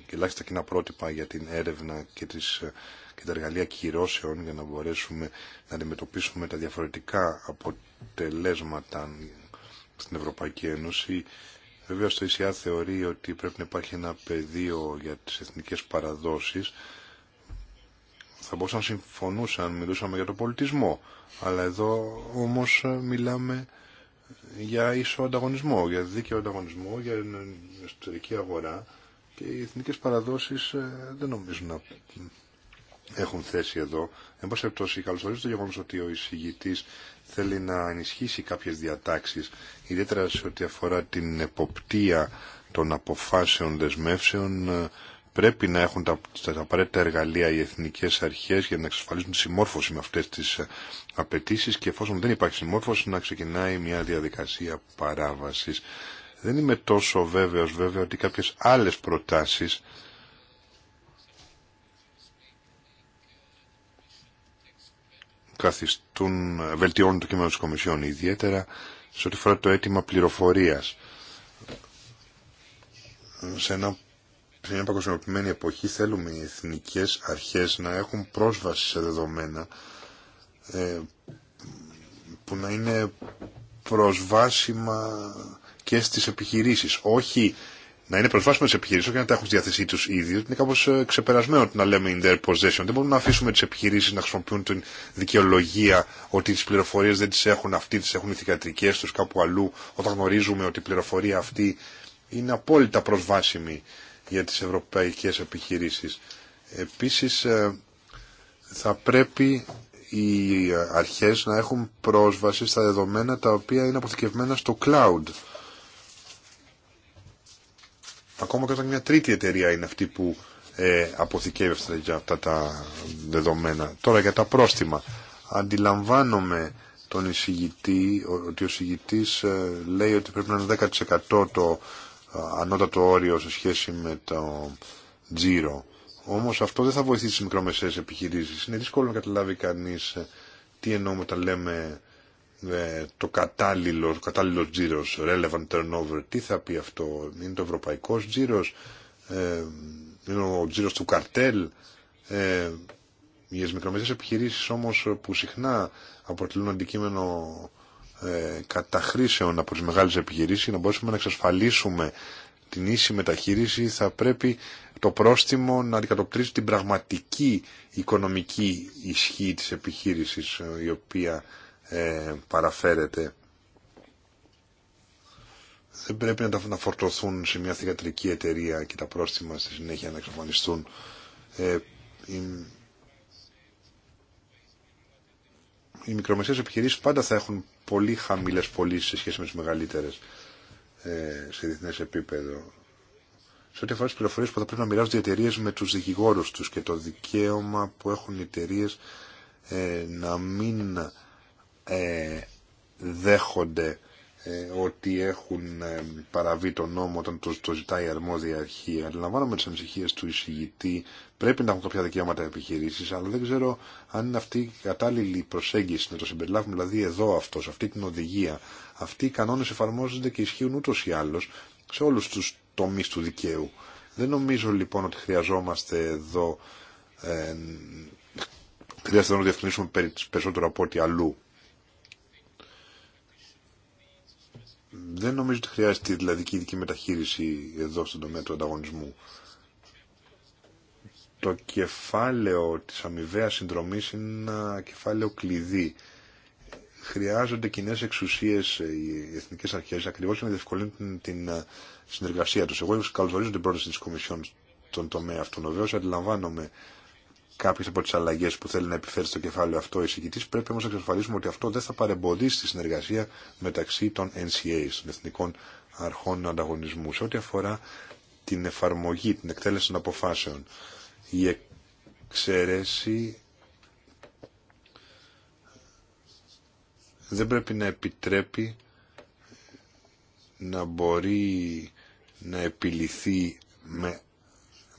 ελάχιστα κοινά πρότυπα για την έρευνα και, τις, ε, και τα εργαλεία κυρώσεων για να μπορέσουμε να αντιμετωπίσουμε τα διαφορετικά αποτελέσματα στην Ευρωπαϊκή Ένωση. Βέβαια, στο ΙΣΙΑ θεωρεί ότι πρέπει να υπάρχει ένα πεδίο για τις εθνικές παραδόσεις θα μπορούσαν να συμφωνούσαν, μιλούσαμε για τον πολιτισμό. Αλλά εδώ όμως μιλάμε για ίσο ανταγωνισμό, για δίκαιο ανταγωνισμό, για εσωτερική αγορά και οι εθνικές παραδόσεις ε, δεν νομίζω να έχουν θέση εδώ. Εν πάση περιπτώσει, καλωσορίζω το γεγονό ότι ο εισηγητή θέλει να ενισχύσει κάποιε διατάξει, ιδιαίτερα σε ό,τι αφορά την εποπτεία των αποφάσεων δεσμεύσεων ε, πρέπει να έχουν τα, τα απαραίτητα εργαλεία οι εθνικές αρχές για να εξασφαλίσουν τη συμμόρφωση με αυτές τις ε, απαιτήσει και εφόσον δεν υπάρχει συμμόρφωση να ξεκινάει μια διαδικασία παράβασης. Δεν είμαι τόσο βέβαιος βέβαια ότι κάποιες άλλες προτάσεις καθιστούν, βελτιώνουν το κείμενο της Κομισιόν ιδιαίτερα σε ό,τι φορά το αίτημα πληροφορίας σε ένα σε μια παγκοσμιοποιημένη εποχή θέλουμε οι εθνικές αρχές να έχουν πρόσβαση σε δεδομένα ε, που να είναι προσβάσιμα και στις επιχειρήσεις. Όχι να είναι προσβάσιμα στις επιχειρήσεις, όχι να τα έχουν στη διάθεσή τους ίδιοι. Είναι κάπως ε, ξεπερασμένο να λέμε in their possession. Δεν μπορούμε να αφήσουμε τις επιχειρήσεις να χρησιμοποιούν την δικαιολογία ότι τις πληροφορίες δεν τις έχουν αυτοί, τις έχουν οι θηκατρικές τους κάπου αλλού, όταν γνωρίζουμε ότι η πληροφορία αυτή είναι απόλυτα προσβάσιμη για τις ευρωπαϊκές επιχειρήσεις. Επίσης ε, θα πρέπει οι αρχές να έχουν πρόσβαση στα δεδομένα τα οποία είναι αποθηκευμένα στο cloud. Ακόμα και όταν μια τρίτη εταιρεία είναι αυτή που ε, για αυτά τα δεδομένα. Τώρα για τα πρόστιμα. Αντιλαμβάνομαι τον εισηγητή, ότι ο εισηγητής ε, λέει ότι πρέπει να είναι 10% το ανώτατο όριο σε σχέση με το τζίρο. Όμως αυτό δεν θα βοηθήσει τις μικρομεσαίες επιχειρήσεις. Είναι δύσκολο να καταλάβει κανείς ε, τι εννοούμε όταν λέμε ε, το κατάλληλο, τζίρο, κατάλληλο relevant turnover, τι θα πει αυτό, είναι το ευρωπαϊκό τζίρο, ε, είναι ο τζίρος του καρτέλ. Ε, για τις μικρομεσαίες επιχειρήσεις όμως ε, που συχνά αποτελούν αντικείμενο ε, καταχρήσεων από τις μεγάλες επιχειρήσεις να μπορέσουμε να εξασφαλίσουμε την ίση μεταχείριση θα πρέπει το πρόστιμο να αντικατοπτρίζει την πραγματική οικονομική ισχύ της επιχείρησης ε, η οποία ε, παραφέρεται. Δεν πρέπει να φορτωθούν σε μια θηγατρική εταιρεία και τα πρόστιμα στη συνέχεια να εξαφανιστούν. Ε, οι μικρομεσαίες επιχειρήσεις πάντα θα έχουν πολύ χαμηλές πωλήσει σε σχέση με τις μεγαλύτερες ε, σε διεθνέ επίπεδο. Σε ό,τι αφορά τι πληροφορίε που θα πρέπει να μοιράζονται οι εταιρείε με τους δικηγόρου τους και το δικαίωμα που έχουν οι εταιρείε ε, να μην ε, δέχονται ε, ότι έχουν ε, παραβεί τον νόμο όταν το, ζητάει η αρμόδια αρχή. Αντιλαμβάνομαι τι ανησυχίε του εισηγητή. Πρέπει να έχουν κάποια δικαιώματα επιχειρήσει, αλλά δεν ξέρω αν είναι αυτή η κατάλληλη προσέγγιση να το συμπεριλάβουμε. Δηλαδή, εδώ αυτό, αυτή την οδηγία. Αυτοί οι κανόνε εφαρμόζονται και ισχύουν ούτω ή άλλω σε όλου του τομεί του δικαίου. Δεν νομίζω λοιπόν ότι χρειαζόμαστε εδώ. Ε, χρειάζεται να διευκρινίσουμε περισσότερο από ό,τι αλλού. Δεν νομίζω ότι χρειάζεται δηλαδή και ειδική μεταχείριση εδώ στον τομέα του ανταγωνισμού. Το κεφάλαιο της αμοιβαία συνδρομής είναι ένα κεφάλαιο κλειδί. Χρειάζονται κοινέ εξουσίες οι εθνικέ αρχέ ακριβώς για να διευκολύνουν την ε, συνεργασία του Εγώ καλωσορίζω την πρόταση τη Κομισιόν στον τομέα αυτόν. βεβαίω αντιλαμβάνομαι κάποιε από τι αλλαγέ που θέλει να επιφέρει στο κεφάλαιο αυτό ο εισηγητή. Πρέπει όμω να εξασφαλίσουμε ότι αυτό δεν θα παρεμποδίσει τη συνεργασία μεταξύ των NCA, των Εθνικών Αρχών Ανταγωνισμού. Σε ό,τι αφορά την εφαρμογή, την εκτέλεση των αποφάσεων, η εξαίρεση δεν πρέπει να επιτρέπει να μπορεί να επιληθεί με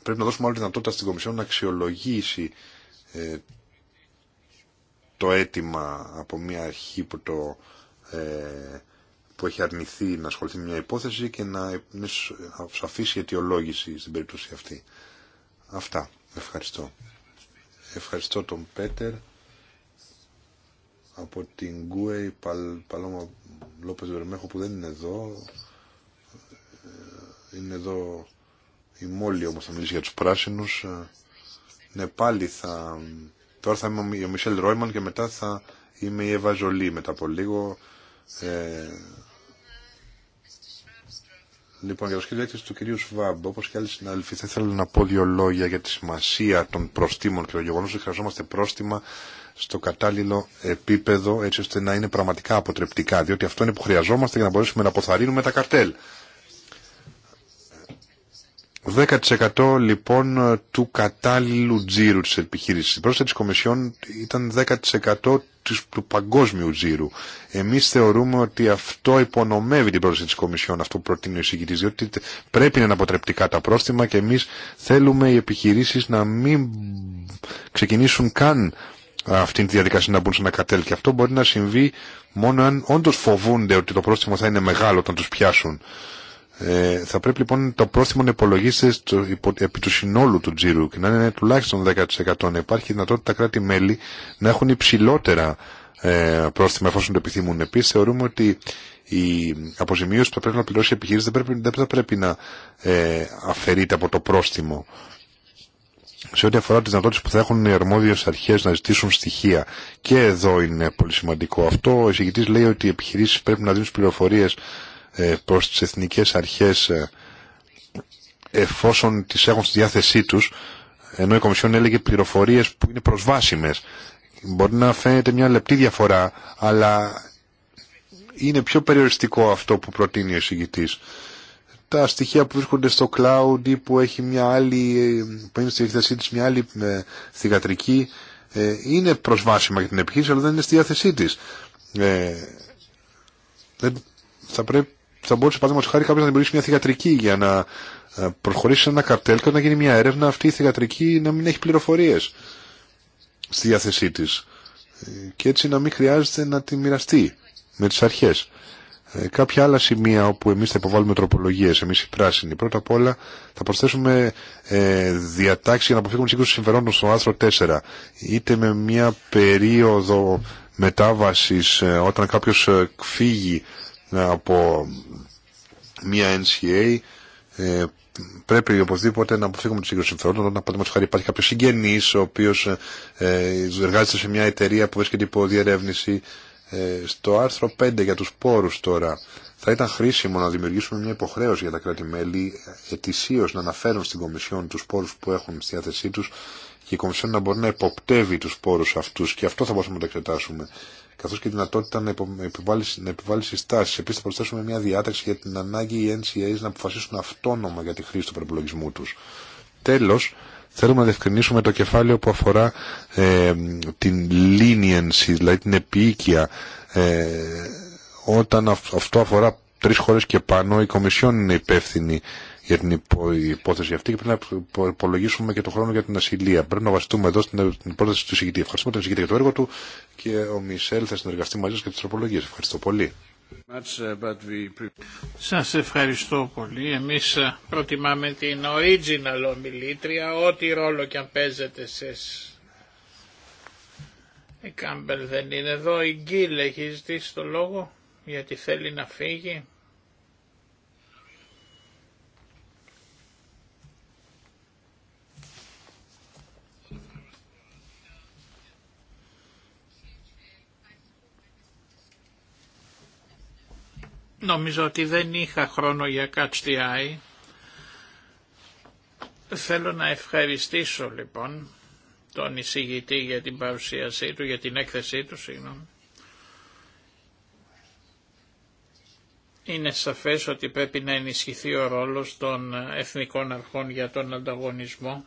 πρέπει να δώσουμε όλη τη δυνατότητα στην Κομισιόν να αξιολογήσει ε, το αίτημα από μια αρχή που, το, ε, που έχει αρνηθεί να ασχοληθεί με μια υπόθεση και να αφήσει αιτιολόγηση στην περίπτωση αυτή. Αυτά. Ευχαριστώ. Ευχαριστώ τον Πέτερ από την ΚΟΕΙ Παλ, Παλώμα Λόπες Βερμέχο που δεν είναι εδώ. Ε, είναι εδώ η Μόλι όμως θα μιλήσει για τους πράσινους. Ε, ναι, πάλι θα... Τώρα θα είμαι ο Μισελ Ρόιμαν και μετά θα είμαι η Εύα Ζολή μετά από λίγο. Ε... Λοιπόν, για το σχέδιο έκθεση του κυρίου Σβάμπ, όπω και άλλοι συνάδελφοι, θα ήθελα να πω δύο λόγια για τη σημασία των προστήμων και το γεγονό ότι χρειαζόμαστε πρόστιμα στο κατάλληλο επίπεδο, έτσι ώστε να είναι πραγματικά αποτρεπτικά. Διότι αυτό είναι που χρειαζόμαστε για να μπορέσουμε να αποθαρρύνουμε τα καρτέλ. 10% λοιπόν του κατάλληλου τζίρου της επιχείρησης. Η πρόσθεση της Κομισιόν ήταν 10% του παγκόσμιου τζίρου. Εμείς θεωρούμε ότι αυτό υπονομεύει την πρόσθεση της Κομισιόν, αυτό που προτείνει ο εισηγητής, διότι πρέπει να είναι αποτρεπτικά τα πρόστιμα και εμείς θέλουμε οι επιχειρήσεις να μην ξεκινήσουν καν αυτή τη διαδικασία να μπουν σε ένα κατέλ και αυτό μπορεί να συμβεί μόνο αν όντως φοβούνται ότι το πρόστιμο θα είναι μεγάλο όταν τους πιάσουν. Ε, θα πρέπει λοιπόν το πρόστιμο να επί του συνόλου του τζίρου και να είναι τουλάχιστον 10%. Να υπάρχει δυνατότητα κράτη-μέλη να έχουν υψηλότερα ε, πρόστιμα εφόσον το επιθυμούν. Επίση, θεωρούμε ότι η αποζημίωση που θα πρέπει να πληρώσει η επιχείρηση δεν, πρέπει, δεν θα πρέπει να ε, αφαιρείται από το πρόστιμο. Σε ό,τι αφορά τι δυνατότητε που θα έχουν οι αρμόδιε αρχέ να ζητήσουν στοιχεία. Και εδώ είναι πολύ σημαντικό αυτό. Ο εισηγητή λέει ότι οι επιχειρήσει πρέπει να δίνουν πληροφορίε ε, προς τις εθνικές αρχές ε, εφόσον τις έχουν στη διάθεσή τους ενώ η Κομισιόν έλεγε πληροφορίες που είναι προσβάσιμες μπορεί να φαίνεται μια λεπτή διαφορά αλλά είναι πιο περιοριστικό αυτό που προτείνει ο εισηγητής τα στοιχεία που βρίσκονται στο cloud ή που έχει μια άλλη που είναι στη διάθεσή της μια άλλη ε, θηγατρική είναι προσβάσιμα για την επιχείρηση αλλά δεν είναι στη διάθεσή της ε, δεν, θα πρέπει θα μπορούσε παραδείγματο χάρη κάποιο να δημιουργήσει μια θηγατρική για να ε, προχωρήσει σε ένα καρτέλ και όταν γίνει μια έρευνα αυτή η θηγατρική να μην έχει πληροφορίε στη διάθεσή τη. Και έτσι να μην χρειάζεται να τη μοιραστεί με τι αρχέ. Ε, κάποια άλλα σημεία όπου εμεί θα υποβάλουμε τροπολογίε, εμεί οι πράσινοι. Πρώτα απ' όλα θα προσθέσουμε ε, διατάξει για να αποφύγουμε σύγκρουση συμφερόντων στο άρθρο 4. Είτε με μια περίοδο μετάβαση όταν κάποιο φύγει από μία NCA ε, πρέπει οπωσδήποτε να αποφύγουμε τη σύγκρουση συμφερόντων. Όταν παραδείγματο χάρη υπάρχει κάποιο συγγενή ο οποίο ε, ε, εργάζεται σε μια εταιρεία που βρίσκεται υπό διερεύνηση. Ε, στο άρθρο 5 για του πόρου τώρα, θα ήταν χρήσιμο να δημιουργήσουμε μια υποχρέωση για τα κράτη-μέλη ετησίω να αναφέρουν στην Κομισιόν του πόρου που έχουν στη διάθεσή του και η Κομισιόν να μπορεί να υποπτεύει του πόρου αυτού και αυτό θα μπορούσαμε να το εξετάσουμε καθώς και δυνατότητα να επιβάλλει, να επιβάλλει συστάσεις. Επίσης θα προσθέσουμε μια διάταξη για την ανάγκη οι NCAs να αποφασίσουν αυτόνομα για τη χρήση του προπολογισμού τους. Τέλος, θέλουμε να διευκρινίσουμε το κεφάλαιο που αφορά ε, την leniency, δηλαδή την επίοικια. Ε, όταν αυτό αφορά τρεις χώρες και πάνω, η Κομισιόν είναι υπεύθυνη για την υπόθεση αυτή και πρέπει να υπολογίσουμε και τον χρόνο για την ασυλία. Πρέπει να βασιστούμε εδώ στην πρόταση του συγκητή. Ευχαριστούμε τον συγκητή για το έργο του και ο Μισελ θα συνεργαστεί μαζί και τι τροπολογίες. Ευχαριστώ πολύ. Σας ευχαριστώ πολύ. Εμείς ε, προτιμάμε την original ομιλήτρια, ό,τι ρόλο και αν παίζετε εσείς. Η Κάμπελ δεν είναι εδώ, η Γκίλ έχει ζητήσει το λόγο γιατί θέλει να φύγει. Νομίζω ότι δεν είχα χρόνο για catch Θέλω να ευχαριστήσω λοιπόν τον εισηγητή για την παρουσίασή του, για την έκθεσή του, συγγνώμη. Είναι σαφές ότι πρέπει να ενισχυθεί ο ρόλος των εθνικών αρχών για τον ανταγωνισμό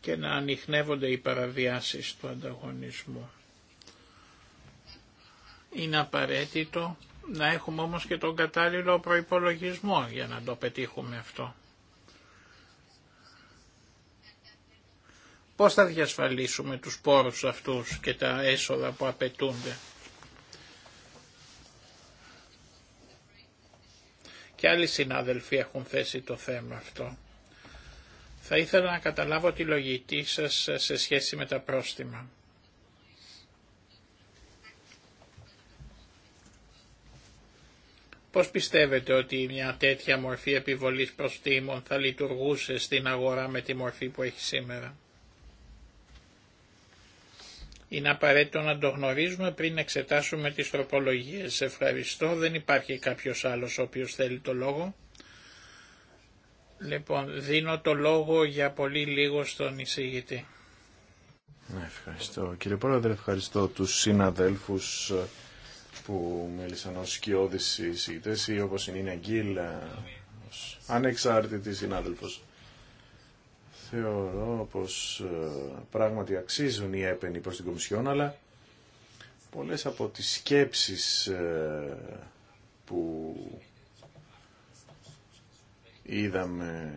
και να ανοιχνεύονται οι παραβιάσεις του ανταγωνισμού. Είναι απαραίτητο να έχουμε όμως και τον κατάλληλο προϋπολογισμό για να το πετύχουμε αυτό. Πώς θα διασφαλίσουμε τους πόρους αυτούς και τα έσοδα που απαιτούνται. Και άλλοι συνάδελφοι έχουν θέσει το θέμα αυτό. Θα ήθελα να καταλάβω τη λογική σας σε σχέση με τα πρόστιμα. Πώς πιστεύετε ότι μια τέτοια μορφή επιβολής προστήμων θα λειτουργούσε στην αγορά με τη μορφή που έχει σήμερα. Είναι απαραίτητο να το γνωρίζουμε πριν εξετάσουμε τις τροπολογίες. Ευχαριστώ. Δεν υπάρχει κάποιος άλλος ο οποίος θέλει το λόγο. Λοιπόν, δίνω το λόγο για πολύ λίγο στον εισηγητή. Ναι, ευχαριστώ. Κύριε Πρόεδρε, ευχαριστώ τους συναδέλφους που μίλησαν ως σκιώδεις εισηγητές ή όπως είναι η Ναγκίλ ε, ως ανεξάρτητη συνάδελφος. Θεωρώ πως ε, πράγματι αξίζουν οι έπαινοι προς την Κομισιόν, αλλά πολλές από τις σκέψεις ε, που είδαμε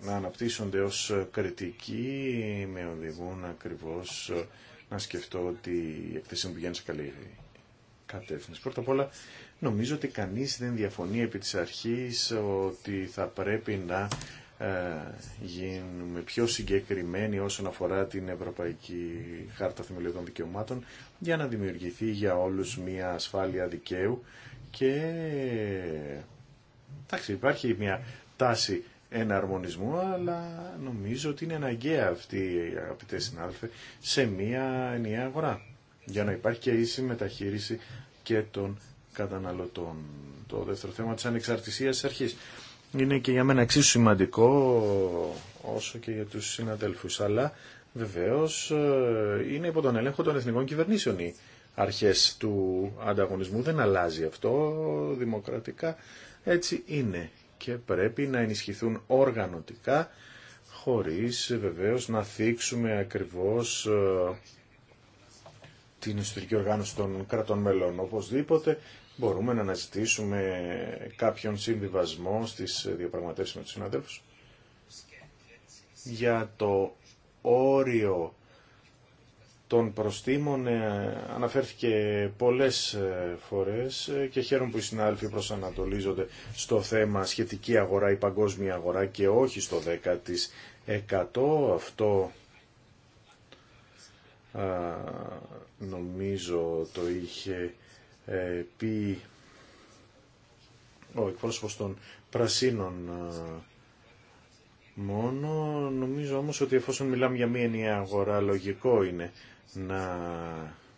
να αναπτύσσονται ως κριτική με οδηγούν ακριβώς να σκεφτώ ότι η εκθεσή μου πηγαίνει σε καλή κατεύθυνση. Πρώτα απ' όλα, νομίζω ότι κανείς δεν διαφωνεί επί της αρχής ότι θα πρέπει να ε, γίνουμε πιο συγκεκριμένοι όσον αφορά την Ευρωπαϊκή Χάρτα Θεμελιωδών Δικαιωμάτων για να δημιουργηθεί για όλους μια ασφάλεια δικαίου και ε, εντάξει, υπάρχει μια τάση εναρμονισμού, αλλά νομίζω ότι είναι αναγκαία αυτή η αγαπητέ συνάδελφε σε μια ενιαία αγορά. Για να υπάρχει και ίση μεταχείριση και των καταναλωτών. Το δεύτερο θέμα της ανεξαρτησίας της αρχής. Είναι και για μένα εξίσου σημαντικό όσο και για τους συναδέλφους, αλλά βεβαίως ε, είναι υπό τον ελέγχο των εθνικών κυβερνήσεων οι αρχές του ανταγωνισμού. Δεν αλλάζει αυτό δημοκρατικά. Έτσι είναι και πρέπει να ενισχυθούν οργανωτικά χωρίς βεβαίως να θίξουμε ακριβώς ε, την ιστορική οργάνωση των κρατών μελών. Οπωσδήποτε μπορούμε να αναζητήσουμε κάποιον συμβιβασμό στις διαπραγματεύσεις με τους συναδέλφους για το όριο των προστήμων ε, αναφέρθηκε πολλές ε, φορές ε, και χαίρομαι που οι συνάδελφοι προσανατολίζονται στο θέμα σχετική αγορά ή παγκόσμια αγορά και όχι στο 10% αυτό νομίζω το είχε ε, πει ο εκπρόσωπος των Πρασίνων Μόνο νομίζω όμως ότι εφόσον μιλάμε για μία ενιαία αγορά, λογικό είναι να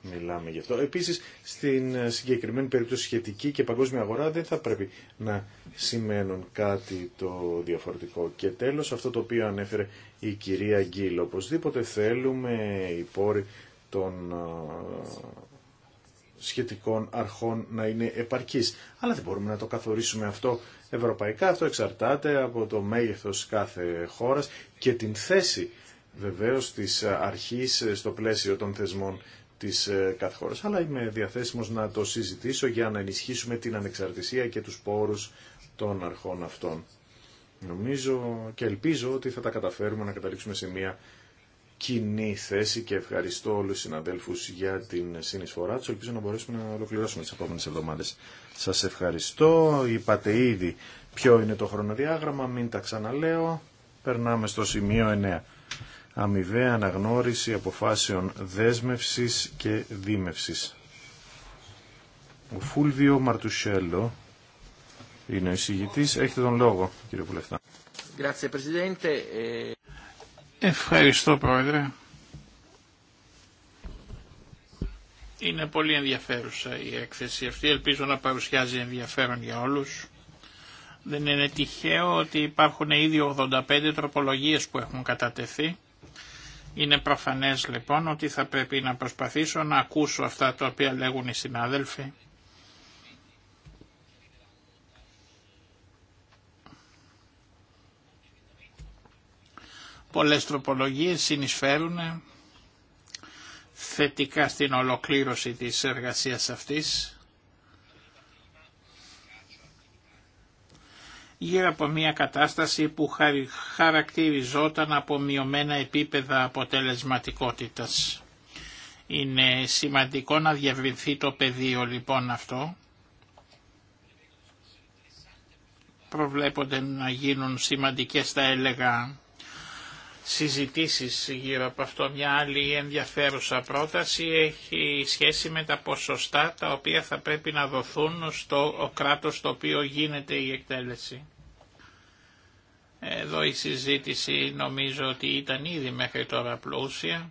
μιλάμε γι' αυτό. Επίσης, στην συγκεκριμένη περίπτωση σχετική και παγκόσμια αγορά δεν θα πρέπει να σημαίνουν κάτι το διαφορετικό. Και τέλος, αυτό το οποίο ανέφερε η κυρία Γκίλ. Οπωσδήποτε θέλουμε οι πόροι των σχετικών αρχών να είναι επαρκής. Αλλά δεν μπορούμε να το καθορίσουμε αυτό ευρωπαϊκά. Αυτό εξαρτάται από το μέγεθος κάθε χώρας και την θέση βεβαίως της αρχής ε, στο πλαίσιο των θεσμών της ε, κάθε χώρας, αλλά είμαι διαθέσιμος να το συζητήσω για να ενισχύσουμε την ανεξαρτησία και τους πόρους των αρχών αυτών. Νομίζω και ελπίζω ότι θα τα καταφέρουμε να καταλήξουμε σε μια κοινή θέση και ευχαριστώ όλους τους συναδέλφους για την συνεισφορά τους. Ελπίζω να μπορέσουμε να ολοκληρώσουμε τις επόμενες εβδομάδες. Σας ευχαριστώ. Είπατε ήδη ποιο είναι το χρονοδιάγραμμα. Μην τα ξαναλέω. Περνάμε στο σημείο 9 αμοιβαία αναγνώριση αποφάσεων δέσμευσης και δίμευσης. Ο Φούλβιο Μαρτουσέλο είναι ο εισηγητής. Έχετε τον λόγο, κύριε Πουλευτά. Ε, Ευχαριστώ, Πρόεδρε. Είναι πολύ ενδιαφέρουσα η έκθεση αυτή. Ελπίζω να παρουσιάζει ενδιαφέρον για όλους. Δεν είναι τυχαίο ότι υπάρχουν ήδη 85 τροπολογίες που έχουν κατατεθεί είναι προφανές λοιπόν ότι θα πρέπει να προσπαθήσω να ακούσω αυτά τα οποία λέγουν οι συνάδελφοι. Πολλές τροπολογίες συνεισφέρουν θετικά στην ολοκλήρωση της εργασίας αυτής. γύρω από μια κατάσταση που χαρακτηριζόταν από μειωμένα επίπεδα αποτελεσματικότητας. Είναι σημαντικό να διευρυνθεί το πεδίο λοιπόν αυτό. Προβλέπονται να γίνουν σημαντικές τα έλεγα συζητήσεις γύρω από αυτό. Μια άλλη ενδιαφέρουσα πρόταση έχει σχέση με τα ποσοστά τα οποία θα πρέπει να δοθούν στο κράτος το οποίο γίνεται η εκτέλεση. Εδώ η συζήτηση νομίζω ότι ήταν ήδη μέχρι τώρα πλούσια.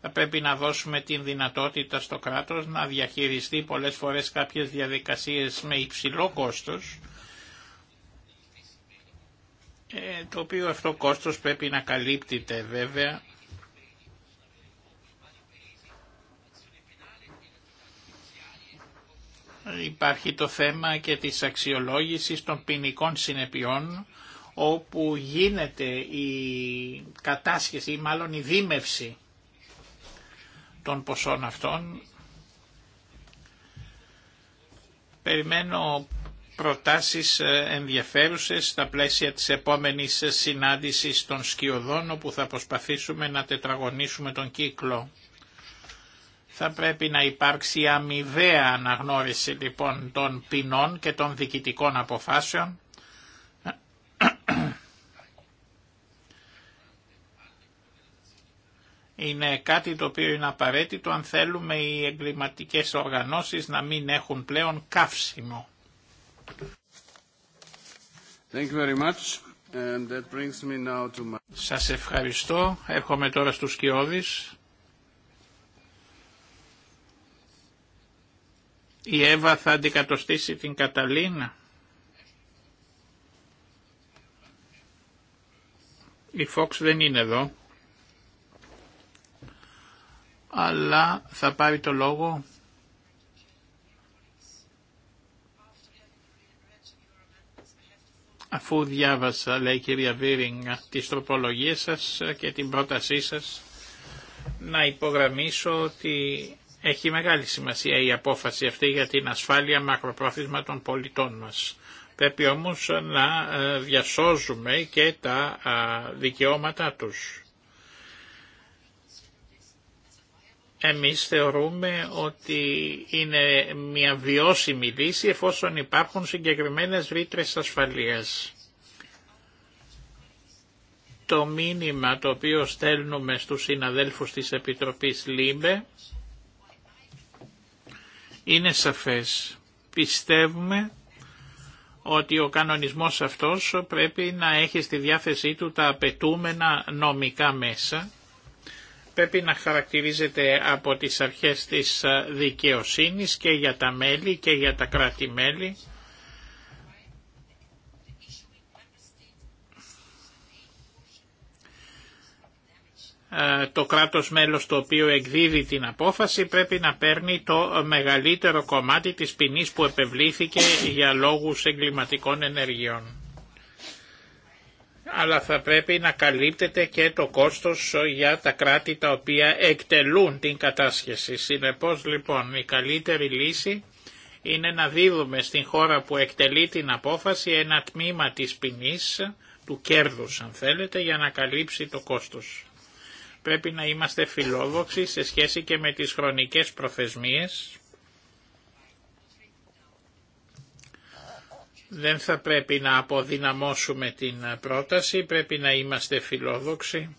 Θα πρέπει να δώσουμε την δυνατότητα στο κράτος να διαχειριστεί πολλές φορές κάποιες διαδικασίες με υψηλό κόστος ε, το οποίο αυτό κόστος πρέπει να καλύπτεται βέβαια Υπάρχει το θέμα και της αξιολόγησης των ποινικών συνεπειών όπου γίνεται η κατάσχεση ή μάλλον η δίμευση των ποσών αυτών. Περιμένω προτάσεις ε, ενδιαφέρουσες στα πλαίσια της επόμενης συνάντησης των σκιωδών όπου θα προσπαθήσουμε να τετραγωνίσουμε τον κύκλο. Θα πρέπει να υπάρξει αμοιβαία αναγνώριση λοιπόν των ποινών και των διοικητικών αποφάσεων είναι κάτι το οποίο είναι απαραίτητο αν θέλουμε οι εγκληματικές οργανώσεις να μην έχουν πλέον καύσιμο. Σας ευχαριστώ. Έρχομαι τώρα στους Κιώδης. Η Εύα θα αντικατοστήσει την Καταλίνα. Η Φόξ δεν είναι εδώ. Αλλά θα πάρει το λόγο Αφού διάβασα, λέει η κυρία Βίρινγκ, τις τροπολογίες σας και την πρότασή σας, να υπογραμμίσω ότι έχει μεγάλη σημασία η απόφαση αυτή για την ασφάλεια μακροπρόθεσμα των πολιτών μας. Πρέπει όμως να ε, διασώζουμε και τα δικαιώματά τους. Εμείς θεωρούμε ότι είναι μια βιώσιμη λύση εφόσον υπάρχουν συγκεκριμένες ρήτρες ασφαλείας. Το μήνυμα το οποίο στέλνουμε στους συναδέλφους της Επιτροπής ΛΥΜΠΕ είναι σαφές. Πιστεύουμε ότι ο κανονισμός αυτός πρέπει να έχει στη διάθεσή του τα απαιτούμενα νομικά μέσα πρέπει να χαρακτηρίζεται από τις αρχές της ε, δικαιοσύνης και για τα μέλη και για τα κράτη-μέλη. Ε, το κράτος μέλος το οποίο εκδίδει την απόφαση πρέπει να παίρνει το μεγαλύτερο κομμάτι της ποινή που επευλήθηκε για λόγους εγκληματικών ενεργειών αλλά θα πρέπει να καλύπτεται και το κόστος για τα κράτη τα οποία εκτελούν την κατάσχεση. Συνεπώς λοιπόν η καλύτερη λύση είναι να δίδουμε στην χώρα που εκτελεί την απόφαση ένα τμήμα της ποινή του κέρδους αν θέλετε, για να καλύψει το κόστος. Πρέπει να είμαστε φιλόδοξοι σε σχέση και με τις χρονικές προθεσμίες Δεν θα πρέπει να αποδυναμώσουμε την πρόταση, πρέπει να είμαστε φιλόδοξοι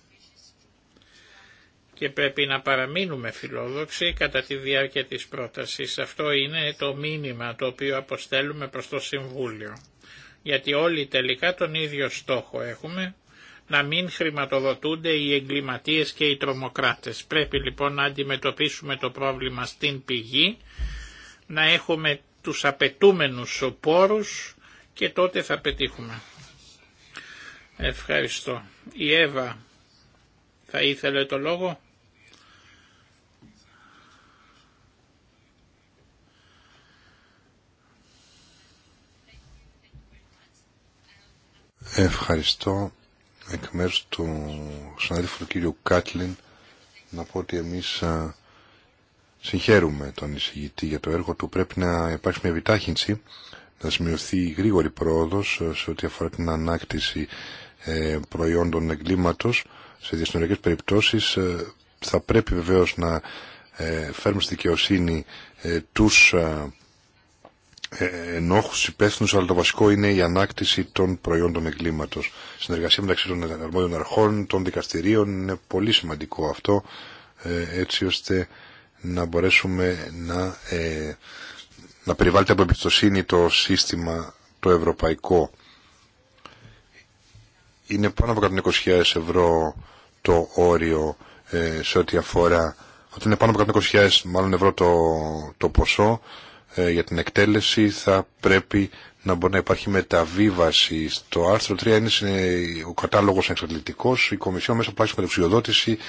και πρέπει να παραμείνουμε φιλόδοξοι κατά τη διάρκεια της πρότασης. Αυτό είναι το μήνυμα το οποίο αποστέλουμε προς το Συμβούλιο. Γιατί όλοι τελικά τον ίδιο στόχο έχουμε, να μην χρηματοδοτούνται οι εγκληματίες και οι τρομοκράτες. Πρέπει λοιπόν να αντιμετωπίσουμε το πρόβλημα στην πηγή, να έχουμε τους απαιτούμενους πόρους και τότε θα πετύχουμε. Ευχαριστώ. Η Εύα θα ήθελε το λόγο. Ευχαριστώ εκ μέρους του συναδέλφου του κύριου Κάτλιν να πω ότι εμείς συγχαίρουμε τον εισηγητή για το έργο του. Πρέπει να υπάρξει μια επιτάχυνση να σημειωθεί γρήγορη πρόοδος ε, σε ό,τι αφορά την ανάκτηση ε, προϊόντων εγκλήματος σε διασυνοριακές περιπτώσεις. Ε, θα πρέπει βεβαίως να φέρουμε στη δικαιοσύνη τους ενόχους υπεύθυνους, αλλά το βασικό είναι η ανάκτηση των προϊόντων εγκλήματος. Συνεργασία μεταξύ των αρμόδιων αρχών, των δικαστηρίων, είναι πολύ σημαντικό αυτό, έτσι ώστε να μπορέσουμε να να περιβάλλεται από εμπιστοσύνη το σύστημα το ευρωπαϊκό. Είναι πάνω από 120.000 ευρώ το όριο ε, σε ό,τι αφορά Όταν είναι πάνω από 120.000 μάλλον ευρώ το, το ποσό ε, για την εκτέλεση θα πρέπει να μπορεί να υπάρχει μεταβίβαση. Στο άρθρο 3 είναι ε, ο κατάλογος εξαντλητικός, η Κομισιόν μέσα από πλάξη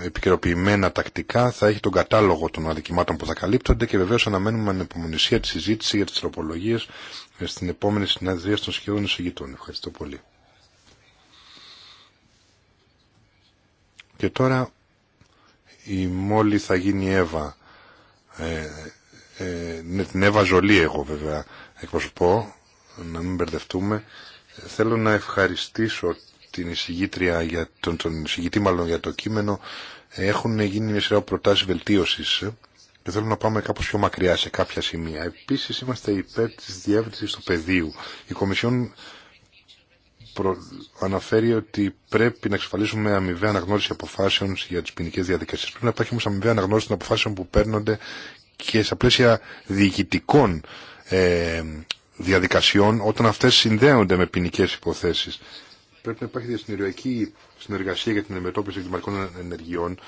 επικαιροποιημένα τακτικά, θα έχει τον κατάλογο των αδικημάτων που θα καλύπτονται και βεβαίως αναμένουμε ανεπομονησία τη συζήτηση για τις τροπολογίες στην επόμενη συνεδρία των σχεδόν εισηγητών. Ευχαριστώ πολύ. Και τώρα η Μόλι θα γίνει Εύα. Ε, ε, ναι, την Εύα Ζολή εγώ βέβαια εκπροσωπώ, να μην μπερδευτούμε. Θέλω να ευχαριστήσω την εισηγήτρια, για τον, τον εισηγητή μάλλον για το κείμενο, έχουν γίνει μια σειρά προτάσει βελτίωση και θέλω να πάμε κάπως πιο μακριά σε κάποια σημεία. Επίσης είμαστε υπέρ της διεύρυνσης του πεδίου. Η Κομισιόν προ... αναφέρει ότι πρέπει να εξασφαλίσουμε αμοιβαία αναγνώριση αποφάσεων για τις ποινικέ διαδικασίες. Πρέπει να υπάρχει όμως αμοιβαία αναγνώριση των αποφάσεων που παίρνονται και στα πλαίσια διοικητικών ε, διαδικασιών όταν αυτές συνδέονται με ποινικέ υποθέσεις. Πρέπει να υπάρχει διασυνοριακή συνεργασία για την αντιμετώπιση εγκληματικών ενεργειών.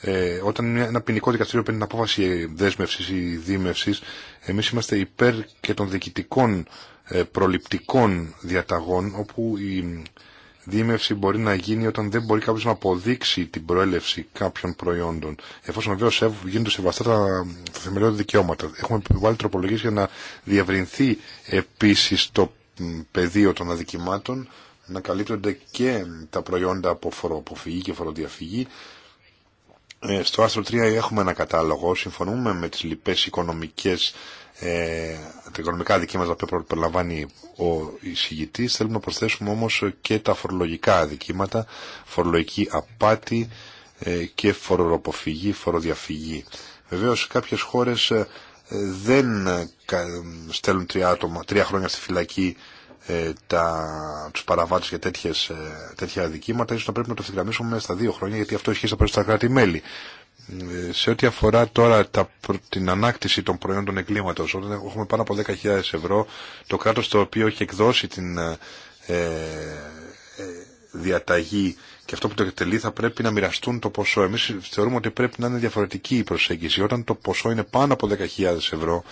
Ε, όταν ένα ποινικό δικαστήριο παίρνει την απόφαση δέσμευση ή δίμευση, εμεί είμαστε υπέρ και των διοικητικών ε, προληπτικών διαταγών, όπου η δίμευση μπορεί να γίνει όταν δεν μπορεί κάποιο να αποδείξει την προέλευση κάποιων προϊόντων. Εφόσον βεβαίω γίνονται σεβαστά τα, τα θεμελιώδη δικαιώματα. Έχουμε επιβάλει τροπολογίε για να διευρυνθεί επίση το πεδίο των αδικημάτων να καλύπτονται και τα προϊόντα από φοροποφυγή και φοροδιαφυγή. Ε, στο άρθρο 3 έχουμε ένα κατάλογο, συμφωνούμε με τις λοιπές οικονομικές, ε, τα οικονομικά αδικήματα που προλαμβάνει ο εισηγητής, θέλουμε να προσθέσουμε όμως και τα φορολογικά αδικήματα, φορολογική απάτη ε, και φοροποφυγή, φοροδιαφυγή. Βεβαίως κάποιες χώρες ε, δεν στέλνουν τρία χρόνια στη φυλακή ε, τα, τους παραβάτες για τέτοιες, ε, τέτοια αδικήματα, ίσως θα πρέπει να το ευθυγραμμίσουμε στα δύο χρόνια, γιατί αυτό ισχύει στα περισσότερα κράτη-μέλη. Ε, σε ό,τι αφορά τώρα τα, την ανάκτηση των προϊόντων εγκλήματος, όταν έχουμε πάνω από 10.000 ευρώ, το κράτος το οποίο έχει εκδώσει την διαταγή και αυτό που το εκτελεί θα πρέπει να μοιραστούν το ποσό. Εμείς θεωρούμε ότι πρέπει να είναι διαφορετική η προσέγγιση. Όταν το ποσό είναι πάνω από 10.000 ευρώ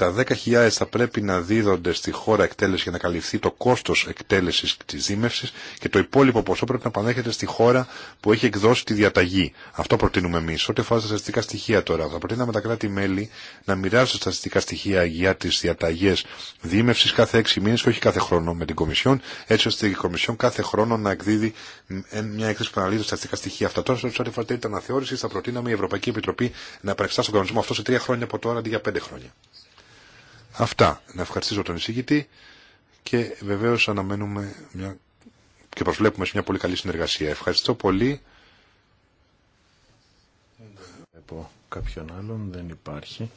τα 10.000 θα πρέπει να δίδονται στη χώρα εκτέλεση για να καλυφθεί το κόστος εκτέλεση τη δίμευση και το υπόλοιπο ποσό πρέπει να πανέχεται στη χώρα που έχει εκδώσει τη διαταγή. Αυτό προτείνουμε εμεί, Ό,τι αφορά τα στατιστικά στοιχεία τώρα. Θα προτείναμε τα κράτη-μέλη να μοιράσουν τα στατιστικά στοιχεία για τι διαταγές δίμευση κάθε 6 μήνες και όχι κάθε χρόνο με την Κομισιόν, έτσι ώστε η Κομισιόν κάθε χρόνο να εκδίδει μια έκθεση που αναλύει τα στατιστικά στοιχεία αυτά. Τώρα, σε ό,τι αφορά την αναθεώρηση, θα προτείναμε η Ευρωπαϊκή Επιτροπή να επεξεργαστεί τον κανονισμό αυτό σε 3 χρόνια από τώρα αντί για 5 χρόνια. Αυτά. Να ευχαριστήσω τον εισηγητή και βεβαίως αναμένουμε μια... και προσβλέπουμε σε μια πολύ καλή συνεργασία. Ευχαριστώ πολύ. Βλέπω κάποιον άλλον, δεν υπάρχει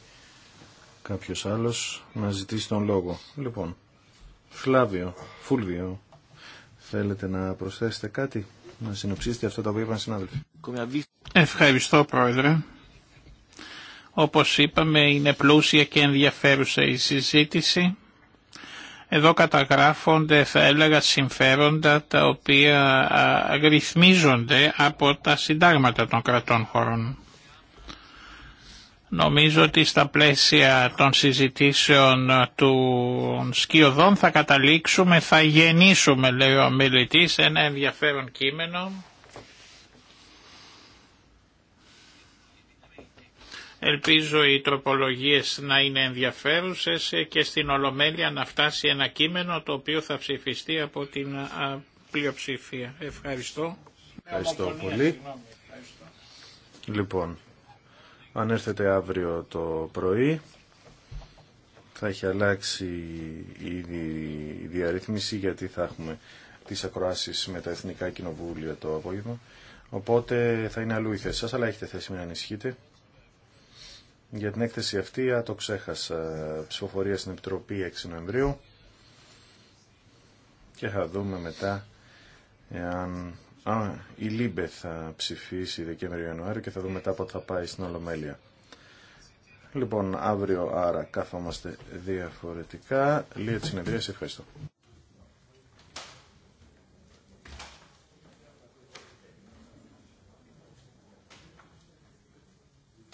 κάποιος άλλος να ζητήσει τον λόγο. Λοιπόν, Φλάβιο, Φούλβιο, θέλετε να προσθέσετε κάτι, να συνοψίσετε αυτό τα οποία είπαν συνάδελφοι. Ευχαριστώ Πρόεδρε. Όπως είπαμε είναι πλούσια και ενδιαφέρουσα η συζήτηση. Εδώ καταγράφονται θα έλεγα συμφέροντα τα οποία ρυθμίζονται από τα συντάγματα των κρατών χωρών. Νομίζω ότι στα πλαίσια των συζητήσεων του σκιωδών θα καταλήξουμε, θα γεννήσουμε λέει ο μιλητής ένα ενδιαφέρον κείμενο Ελπίζω οι τροπολογίες να είναι ενδιαφέρουσες και στην Ολομέλεια να φτάσει ένα κείμενο το οποίο θα ψηφιστεί από την πλειοψηφία. Ευχαριστώ. Ευχαριστώ πολύ. Λοιπόν, αν έρθετε αύριο το πρωί θα έχει αλλάξει η διαρρύθμιση γιατί θα έχουμε τις ακροάσεις με τα Εθνικά Κοινοβούλια το απόγευμα. Οπότε θα είναι αλλού η θέση σας, αλλά έχετε θέση να ανησυχείτε για την έκθεση αυτή, το ξέχασα, ψηφοφορία στην Επιτροπή 6 Νοεμβρίου και θα δούμε μετά εάν Α, η Λίμπε θα ψηφίσει Δεκέμβριο-Ιανουάριο και θα δούμε μετά πότε θα πάει στην Ολομέλεια. Λοιπόν, αύριο άρα καθόμαστε διαφορετικά. Λίγα τη συνεδρία, ευχαριστώ.